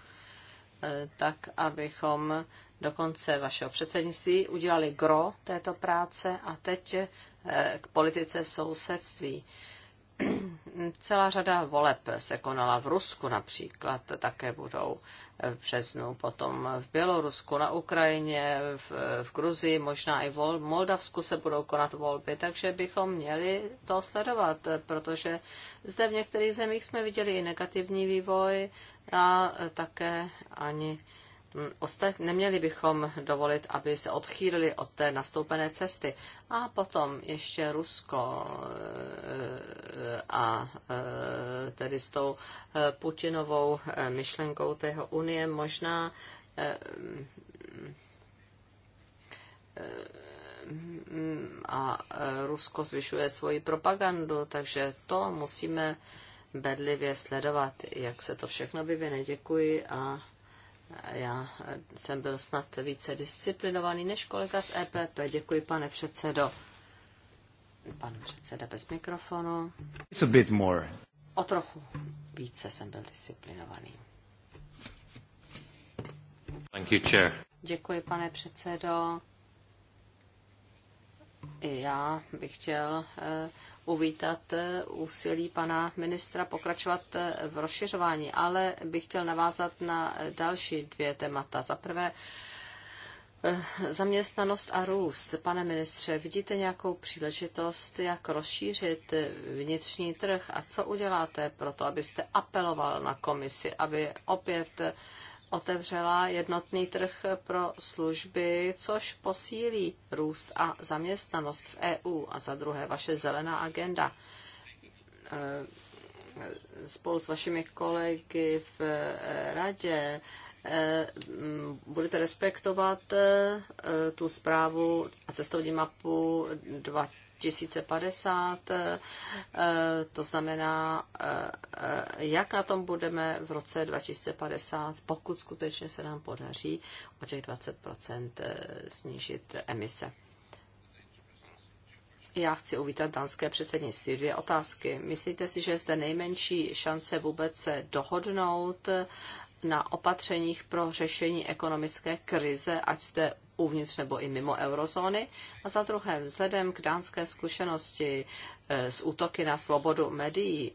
eh, tak abychom do konce vašeho předsednictví udělali gro této práce a teď eh, k politice sousedství. Celá řada voleb se konala v Rusku například, také budou v březnu, potom v Bělorusku, na Ukrajině, v, v Gruzii, možná i v Moldavsku se budou konat volby, takže bychom měli to sledovat, protože zde v některých zemích jsme viděli i negativní vývoj a také ani Ostat, neměli bychom dovolit, aby se odchýlili od té nastoupené cesty. A potom ještě Rusko eh, a eh, tedy s tou eh, Putinovou myšlenkou tého unie možná a Rusko zvyšuje svoji propagandu, takže to musíme bedlivě sledovat, jak se to všechno vyvine. Děkuji a já jsem byl snad více disciplinovaný než kolega z EPP. Děkuji, pane předsedo. Pan předseda bez mikrofonu.
It's a bit more.
O trochu více jsem byl disciplinovaný.
Thank you, chair.
Děkuji, pane předsedo. I já bych chtěl eh, uvítat eh, úsilí pana ministra pokračovat eh, v rozšiřování, ale bych chtěl navázat na eh, další dvě témata. Za prvé, Zaměstnanost a růst. Pane ministře, vidíte nějakou příležitost, jak rozšířit vnitřní trh a co uděláte pro to, abyste apeloval na komisi, aby opět otevřela jednotný trh pro služby, což posílí růst a zaměstnanost v EU. A za druhé, vaše zelená agenda e, spolu s vašimi kolegy v e, radě e, budete respektovat tu zprávu a cestovní mapu 20 2050, eh, eh, to znamená, eh, jak na tom budeme v roce 2050, pokud skutečně se nám podaří o těch 20 snížit emise. Já chci uvítat dánské předsednictví. Dvě otázky. Myslíte si, že je zde nejmenší šance vůbec se dohodnout na opatřeních pro řešení ekonomické krize, ať jste uvnitř nebo i mimo eurozóny. A za druhé, vzhledem k dánské zkušenosti z eh, útoky na svobodu médií,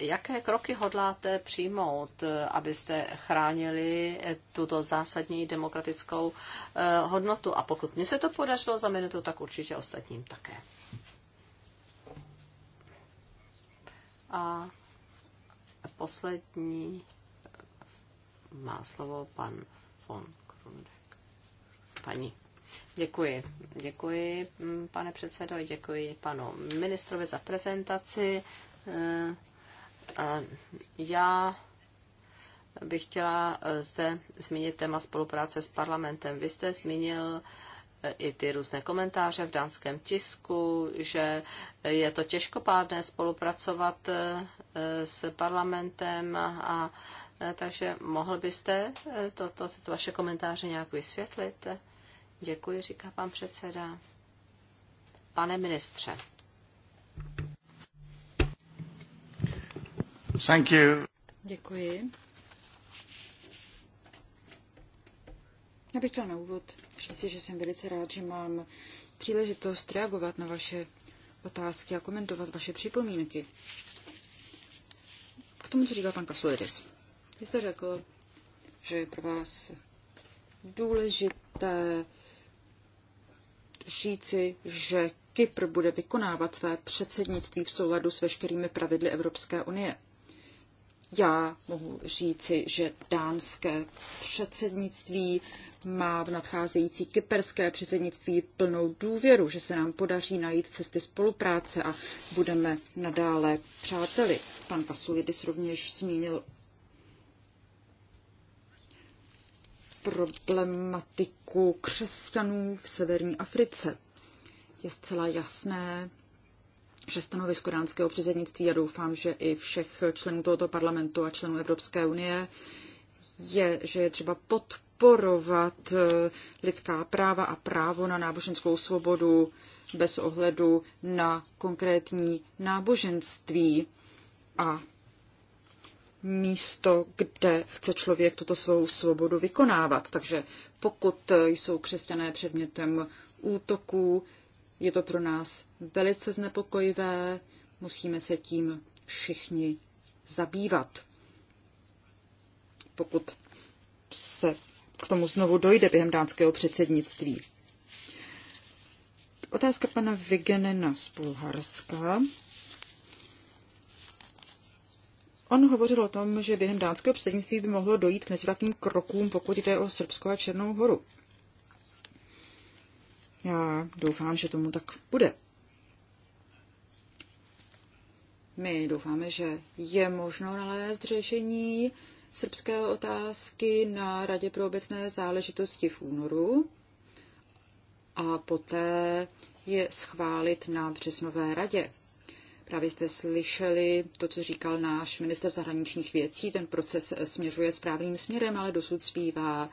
jaké kroky hodláte přijmout, eh, abyste chránili eh, tuto zásadní demokratickou hodnotu? A pokud mi se to podařilo za minutu, tak určitě ostatním také. A poslední má slovo pan von Krundek. Paní. Děkuji. Děkuji, mm, pane předsedo, děkuji panu ministrovi za prezentaci. Eh, já bych chtěla eh, zde zmínit téma spolupráce s parlamentem. Vy jste zmínil eh, i ty různé komentáře v dánském tisku, že je to těžkopádné spolupracovat s parlamentem a Eh, takže mohl byste eh, to, to, to, to vaše komentáře nějak vysvětlit? Děkuji, říká pan předseda. Pane ministře. Thank you. Děkuji.
Já bych chtěla na úvod říct, že jsem velice rád, že mám příležitost reagovat na vaše otázky a komentovat vaše připomínky. K tomu, co říkal pan Kasulidis. Vy jste řekl, že je pro vás důležité říci, že Kypr bude vykonávat své předsednictví v souladu s veškerými pravidly Evropské unie. Já mohu říci, že dánské předsednictví má v nadcházející kyperské předsednictví plnou důvěru, že se nám podaří najít cesty spolupráce a budeme nadále přáteli. Pan Kasulidis rovněž zmínil problematiku křesťanů v severní Africe. Je zcela jasné, že stanovisko dánského předsednictví, já doufám, že i všech členů tohoto parlamentu a členů Evropské unie, je, že je třeba podporovat eh, lidská práva a právo na náboženskou svobodu bez ohledu na konkrétní náboženství a místo, kde chce člověk tuto svou svobodu vykonávat. Takže pokud jsou křesťané předmětem útoků, je to pro nás velice znepokojivé, musíme se tím všichni zabývat. Pokud se k tomu znovu dojde během dánského předsednictví. Otázka pana Vigenena z Bulharska. On hovořil o tom, že během dánského předsednictví by mohlo dojít k nezvratným krokům, pokud jde o Srbsko a Černou horu. Já doufám, že tomu tak bude. My doufáme, že je možno nalézt řešení srbské otázky na Radě pro obecné záležitosti v únoru a poté je schválit na březnové radě. Právě jste slyšeli to, co říkal náš minister zahraničních věcí. Ten proces směřuje správným směrem, ale dosud zpívá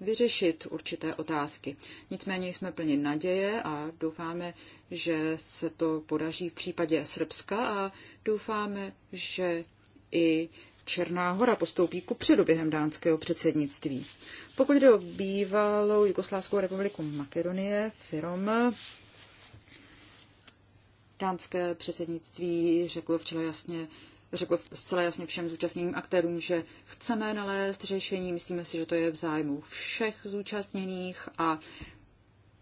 vyřešit určité otázky. Nicméně jsme plně naděje a doufáme, že se to podaří v případě Srbska a doufáme, že i Černá hora postoupí ku předu během dánského předsednictví. Pokud jde o bývalou Jugoslávskou republiku Makedonie, Firom, Dánské předsednictví řeklo včera jasně, řekl zcela jasně všem zúčastněným aktérům, že chceme nalézt řešení, myslíme si, že to je v zájmu všech zúčastněných a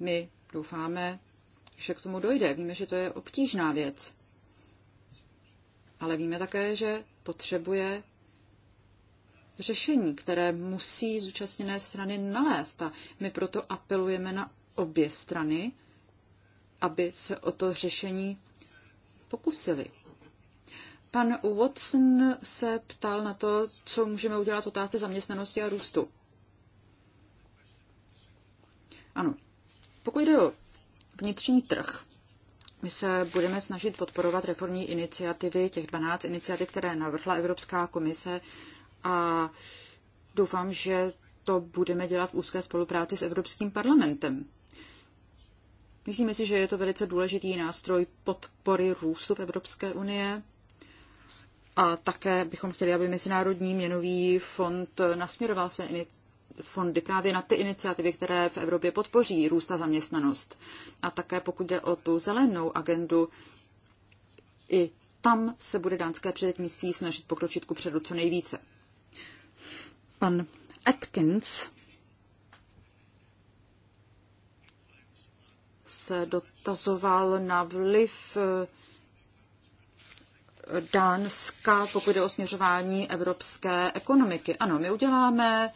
my doufáme, že k tomu dojde. Víme, že to je obtížná věc. Ale víme také, že potřebuje řešení, které musí zúčastněné strany nalézt. A my proto apelujeme na obě strany, aby se o to řešení pokusili. Pan Watson se ptal na to, co můžeme udělat v otázce zaměstnanosti a růstu. Ano, pokud jde o vnitřní trh, my se budeme snažit podporovat reformní iniciativy, těch 12 iniciativ, které navrhla Evropská komise a doufám, že to budeme dělat v úzké spolupráci s Evropským parlamentem. Myslíme si, že je to velice důležitý nástroj podpory růstu v Evropské unie. A také bychom chtěli, aby Mezinárodní měnový fond nasměroval své fondy právě na ty iniciativy, které v Evropě podpoří růst a zaměstnanost. A také pokud jde o tu zelenou agendu, i tam se bude dánské předsednictví snažit pokročit ku předu co nejvíce. Pan Atkins se dotazoval na vliv eh, Dánska, pokud jde o směřování evropské ekonomiky. Ano, my uděláme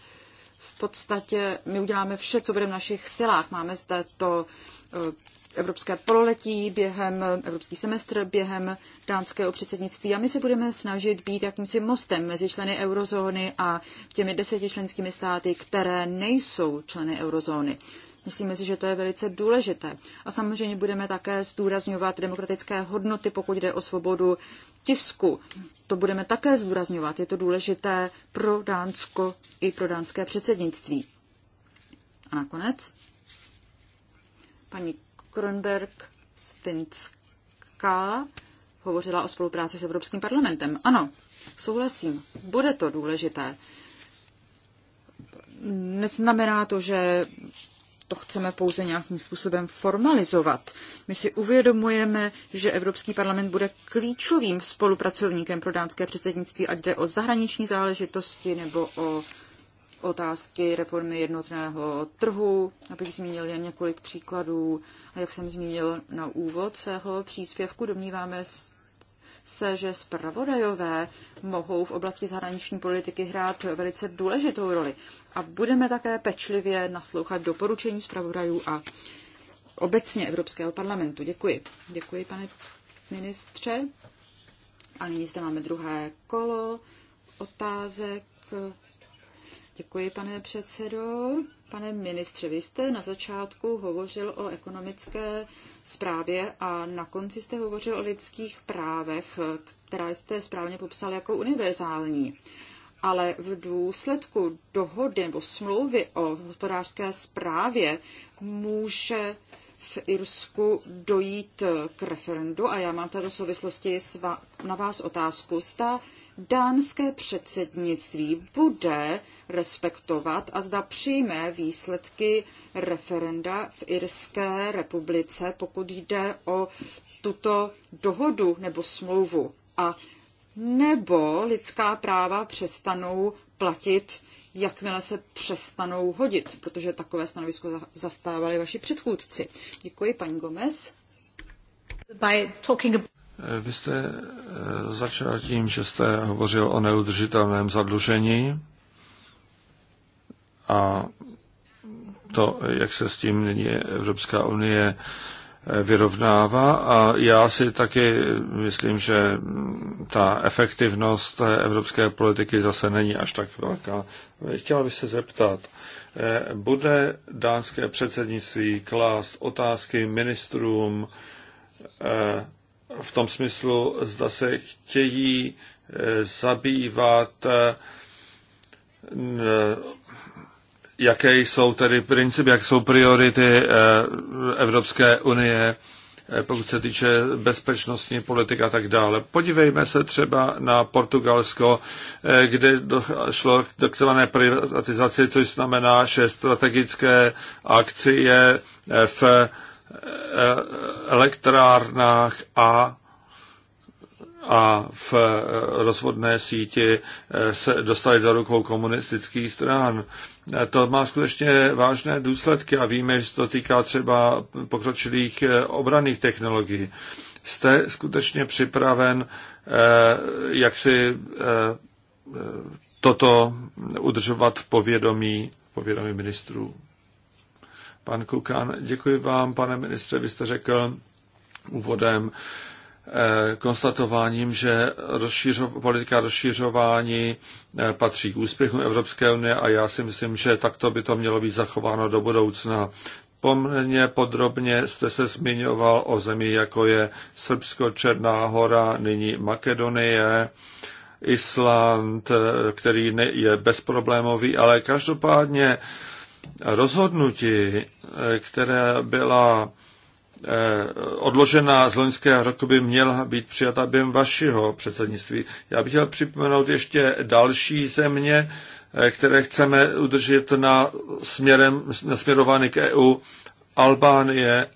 v podstatě, my uděláme vše, co bude v našich silách. Máme zde to eh, evropské pololetí, během evropský semestr, během dánského předsednictví a my se budeme snažit být jakýmsi mostem mezi členy eurozóny a těmi deseti členskými státy, které nejsou členy eurozóny. Myslíme si, že to je velice důležité. A samozřejmě budeme také zdůrazňovat demokratické hodnoty, pokud jde o svobodu tisku. To budeme také zdůrazňovat. Je to důležité pro Dánsko i pro dánské předsednictví. A nakonec paní Kronberg z Finska hovořila o spolupráci s Evropským parlamentem. Ano, souhlasím, bude to důležité. Neznamená to, že to chceme pouze nějakým způsobem formalizovat. My si uvědomujeme, že Evropský parlament bude klíčovým spolupracovníkem pro dánské předsednictví, ať jde o zahraniční záležitosti nebo o otázky reformy jednotného trhu, abych zmínil jen několik příkladů. A jak jsem zmínil na úvod svého příspěvku, domníváme se, že zpravodajové mohou v oblasti zahraniční politiky hrát velice důležitou roli a budeme také pečlivě naslouchat doporučení zpravodajů a obecně Evropského parlamentu. Děkuji. Děkuji, pane ministře. A nyní zde máme druhé kolo otázek. Děkuji, pane předsedo. Pane ministře, vy jste na začátku hovořil o ekonomické zprávě a na konci jste hovořil o lidských právech, která jste správně popsal jako univerzální ale v důsledku dohody nebo smlouvy o hospodářské správě může v Irsku dojít k referendu a já mám v této souvislosti na vás otázku, zda dánské předsednictví bude respektovat a zda přijme výsledky referenda v Irské republice, pokud jde o tuto dohodu nebo smlouvu. A nebo lidská práva přestanou platit, jakmile se přestanou hodit, protože takové stanovisko zastávali vaši předchůdci. Děkuji, paní Gomez. By talking...
Eh, vy jste eh, začal tím, že jste hovořil o neudržitelném zadlužení a to, jak se s tím nyní Evropská unie vyrovnává a já si taky myslím, že ta efektivnost evropské politiky zase není až tak velká. Chtěla bych se zeptat, eh, bude dánské předsednictví klást otázky ministrům eh, v tom smyslu, zda se chtějí eh, zabývat jaké jsou tedy principy, jak jsou priority eh, Evropské unie, eh, pokud se týče bezpečnostní politik a tak dále. Podívejme se třeba na Portugalsko, eh, kde došlo k takzvané privatizaci, což znamená, že strategické akcie v elektrárnách a a v rozvodné síti se dostali do rukou komunistických stran to má skutečně vážné důsledky a víme, že to týká třeba pokročilých eh, obraných technologií. Jste skutečně připraven, eh, jak si eh, toto udržovat v povědomí, povědomí ministrů? Pan Kukan, děkuji vám, pane ministře, vy jste řekl úvodem, Eh, konstatováním, že rozšířo, politika rozšířování eh, patří k úspěchu Evropské unie a já si myslím, že takto by to mělo být zachováno do budoucna. Poměrně podrobně jste se zmiňoval o zemi, jako je Srbsko, Černá hora, nyní Makedonie, Island, eh, který je bezproblémový, ale každopádně rozhodnutí, které byla Eh, odložená z loňského roku by měla být přijata během vašeho předsednictví. Já bych chtěl připomenout ještě další země, eh, které chceme udržet na směrem, nasměrovány k EU. Albánie,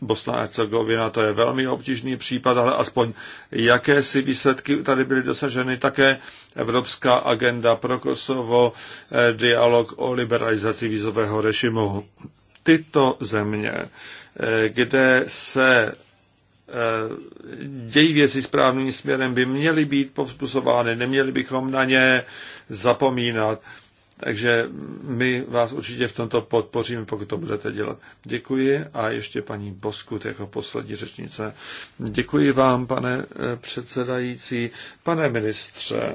Bosna a Hercegovina, to je velmi obtížný případ, ale aspoň jaké si výsledky tady byly dosaženy, také Evropská agenda pro Kosovo, eh, dialog o liberalizaci vízového režimu. Tyto země Eh, kde se eh, dějí věci správným směrem, by měly být povzbuzovány, neměli bychom na ně zapomínat. Takže my vás určitě v tomto podpoříme, pokud to budete dělat. Děkuji a ještě paní Boskut jako poslední řečnice. Děkuji vám, pane eh, předsedající, pane ministře.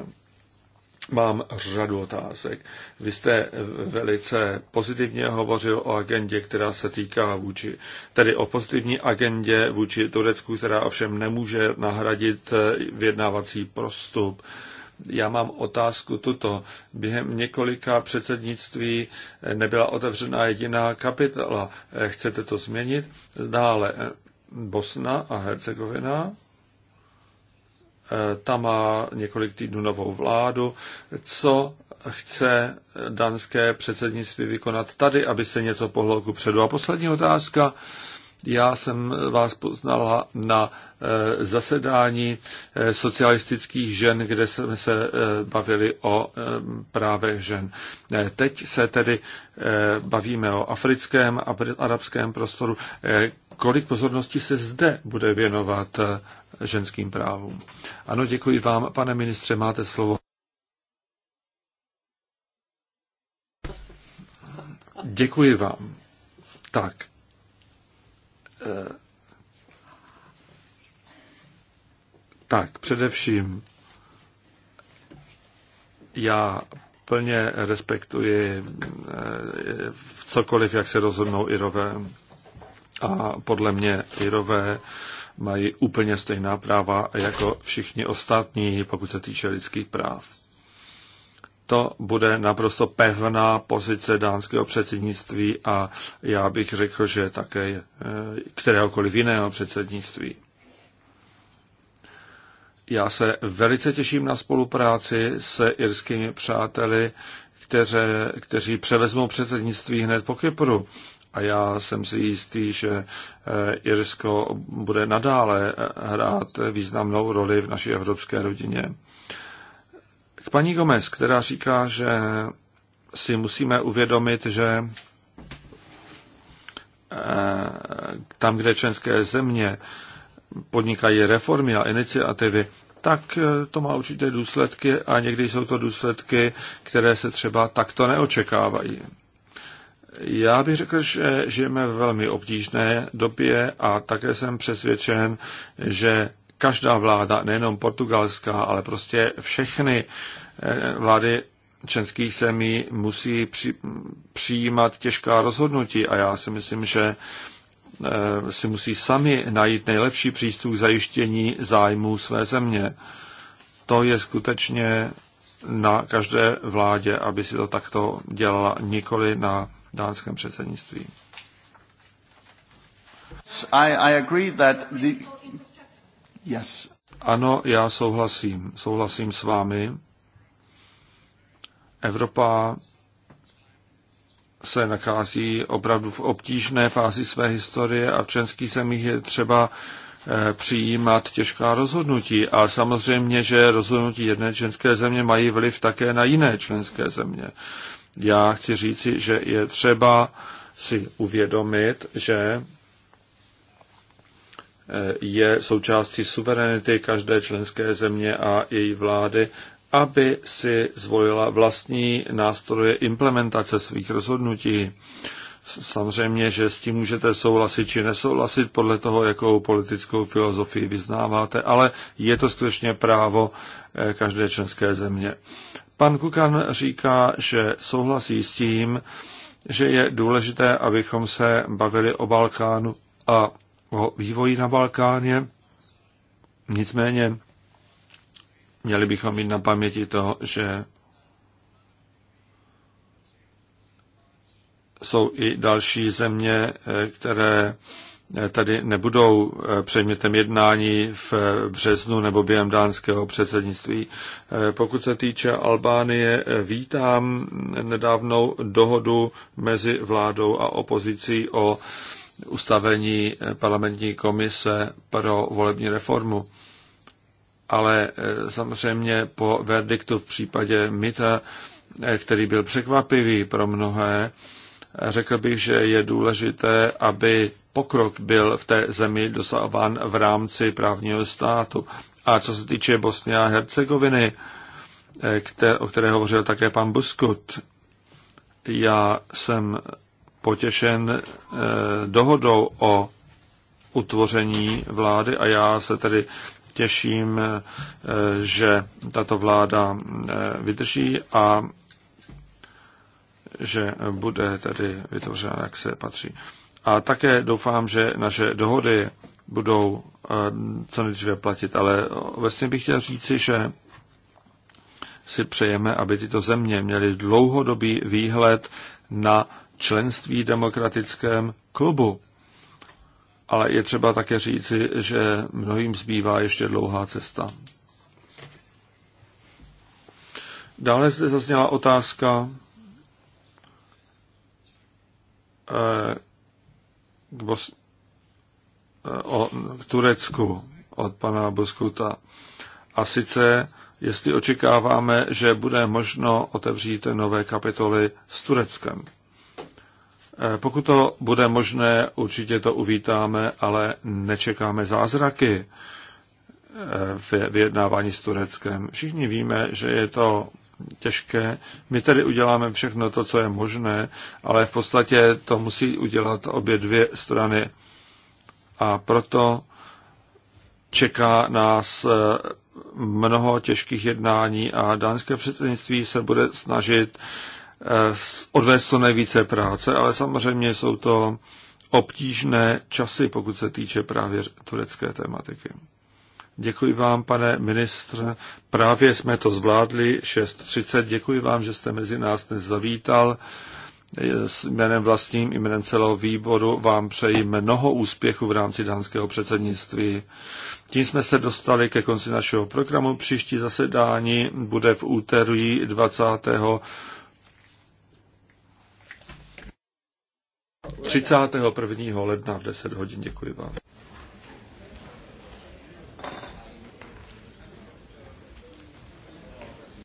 Mám řadu otázek. Vy jste velice pozitivně hovořil o agendě, která se týká vůči, tedy o pozitivní agendě vůči Turecku, která ovšem nemůže nahradit eh, vyjednávací prostup. Já mám otázku tuto. Během několika předsednictví eh, nebyla otevřena jediná kapitola. Eh, chcete to změnit? Dále Bosna a Hercegovina Eh, ta má několik týdnů novou vládu. Co chce danské předsednictví vykonat tady, aby se něco pohlo ku předu? A poslední otázka. Já jsem vás poznala na eh, zasedání eh, socialistických žen, kde jsme se bavili o právech žen. Teď se tedy bavíme o africkém a arabském prostoru. Kolik pozornosti se zde bude věnovat ženským právům. Ano, děkuji vám, pane ministře, máte slovo. Děkuji vám. Tak. Eh, tak, především já plně respektuji eh, cokoliv, jak se rozhodnou Irové. A podle mě Irové mají úplně stejná práva jako všichni ostatní, pokud se týče lidských práv. To bude naprosto pevná pozice dánského předsednictví a já bych řekl, že také eh, kteréhokoliv jiného předsednictví. Já se velice těším na spolupráci s irskými přáteli, kteře, kteří převezmou předsednictví hned po Kypru a já jsem si jistý, že eh, Irsko bude nadále eh, hrát významnou roli v naší evropské rodině. K paní Gomez, která říká, že si musíme uvědomit, že eh, tam, kde členské země podnikají reformy a iniciativy, tak to má určité důsledky a někdy jsou to důsledky, které se třeba takto neočekávají. Já bych řekl, že žijeme v velmi obtížné době a také jsem přesvědčen, že každá vláda, nejenom portugalská, ale prostě všechny eh, vlády českých zemí musí při, přijímat těžká rozhodnutí a já si myslím, že eh, si musí sami najít nejlepší přístup k zajištění zájmů své země. To je skutečně na každé vládě, aby si to takto dělala, nikoli na dánském předsednictví.
I, I agree that the... yes.
Ano, já souhlasím. Souhlasím s vámi. Evropa se nachází opravdu v obtížné fázi své historie a v členských zemích je třeba eh, přijímat těžká rozhodnutí. A samozřejmě, že rozhodnutí jedné členské země mají vliv také na jiné členské země. Já chci říci, že je třeba si uvědomit, že eh, je součástí suverenity každé členské země a její vlády, aby si zvolila vlastní nástroje implementace svých rozhodnutí. Samozřejmě, že s tím můžete souhlasit či nesouhlasit podle toho, jakou politickou filozofii vyznáváte, ale je to skutečně právo eh, každé členské země. Pan Kukan říká, že souhlasí s tím, že je důležité, abychom se bavili o Balkánu a o vývoji na Balkáně. Nicméně měli bychom mít na paměti to, že jsou i další země, eh, které Eh, tady nebudou eh, předmětem jednání v eh, březnu nebo během dánského předsednictví. Pokud se týče Albánie, vítám nedávnou dohodu mezi vládou a opozicí o ustavení parlamentní komise pro volební reformu. Ale samozřejmě po verdiktu v případě Mita, který byl překvapivý pro mnohé, řekl bych, že je důležité, aby pokrok byl v té zemi dosahován v rámci právního státu. A co se týče Bosny a Hercegoviny, eh, které, o které hovořil také pan Buskut, já jsem potěšen eh, dohodou o utvoření vlády a já se tedy těším, eh, že tato vláda eh, vydrží a že bude tedy vytvořena, jak se patří. A také doufám, že naše dohody budou eh, co nejdříve platit. Ale vlastně bych chtěl říci, že si přejeme, aby tyto země měly dlouhodobý výhled na členství demokratickém klubu. Ale je třeba také říci, že mnohým zbývá ještě dlouhá cesta. Dále zde zazněla otázka, eh, k, Bos- o, k Turecku od pana Boskuta. A sice, jestli očekáváme, že bude možno otevřít nové kapitoly s Tureckem. E, pokud to bude možné, určitě to uvítáme, ale nečekáme zázraky e, v vyjednávání s Tureckem. Všichni víme, že je to těžké. My tedy uděláme všechno to, co je možné, ale v podstatě to musí udělat obě dvě strany. A proto čeká nás eh, mnoho těžkých jednání a dánské předsednictví se bude snažit eh, odvést co nejvíce práce, ale samozřejmě jsou to obtížné časy, pokud se týče právě turecké tematiky. Děkuji vám, pane ministr. Právě jsme to zvládli 6.30. Děkuji vám, že jste mezi nás dnes zavítal. S jménem vlastním, jménem celého výboru vám přeji mnoho úspěchu v rámci dánského předsednictví. Tím jsme se dostali ke konci našeho programu. Příští zasedání bude v úterý 20. 31. ledna v 10 hodin. Děkuji vám.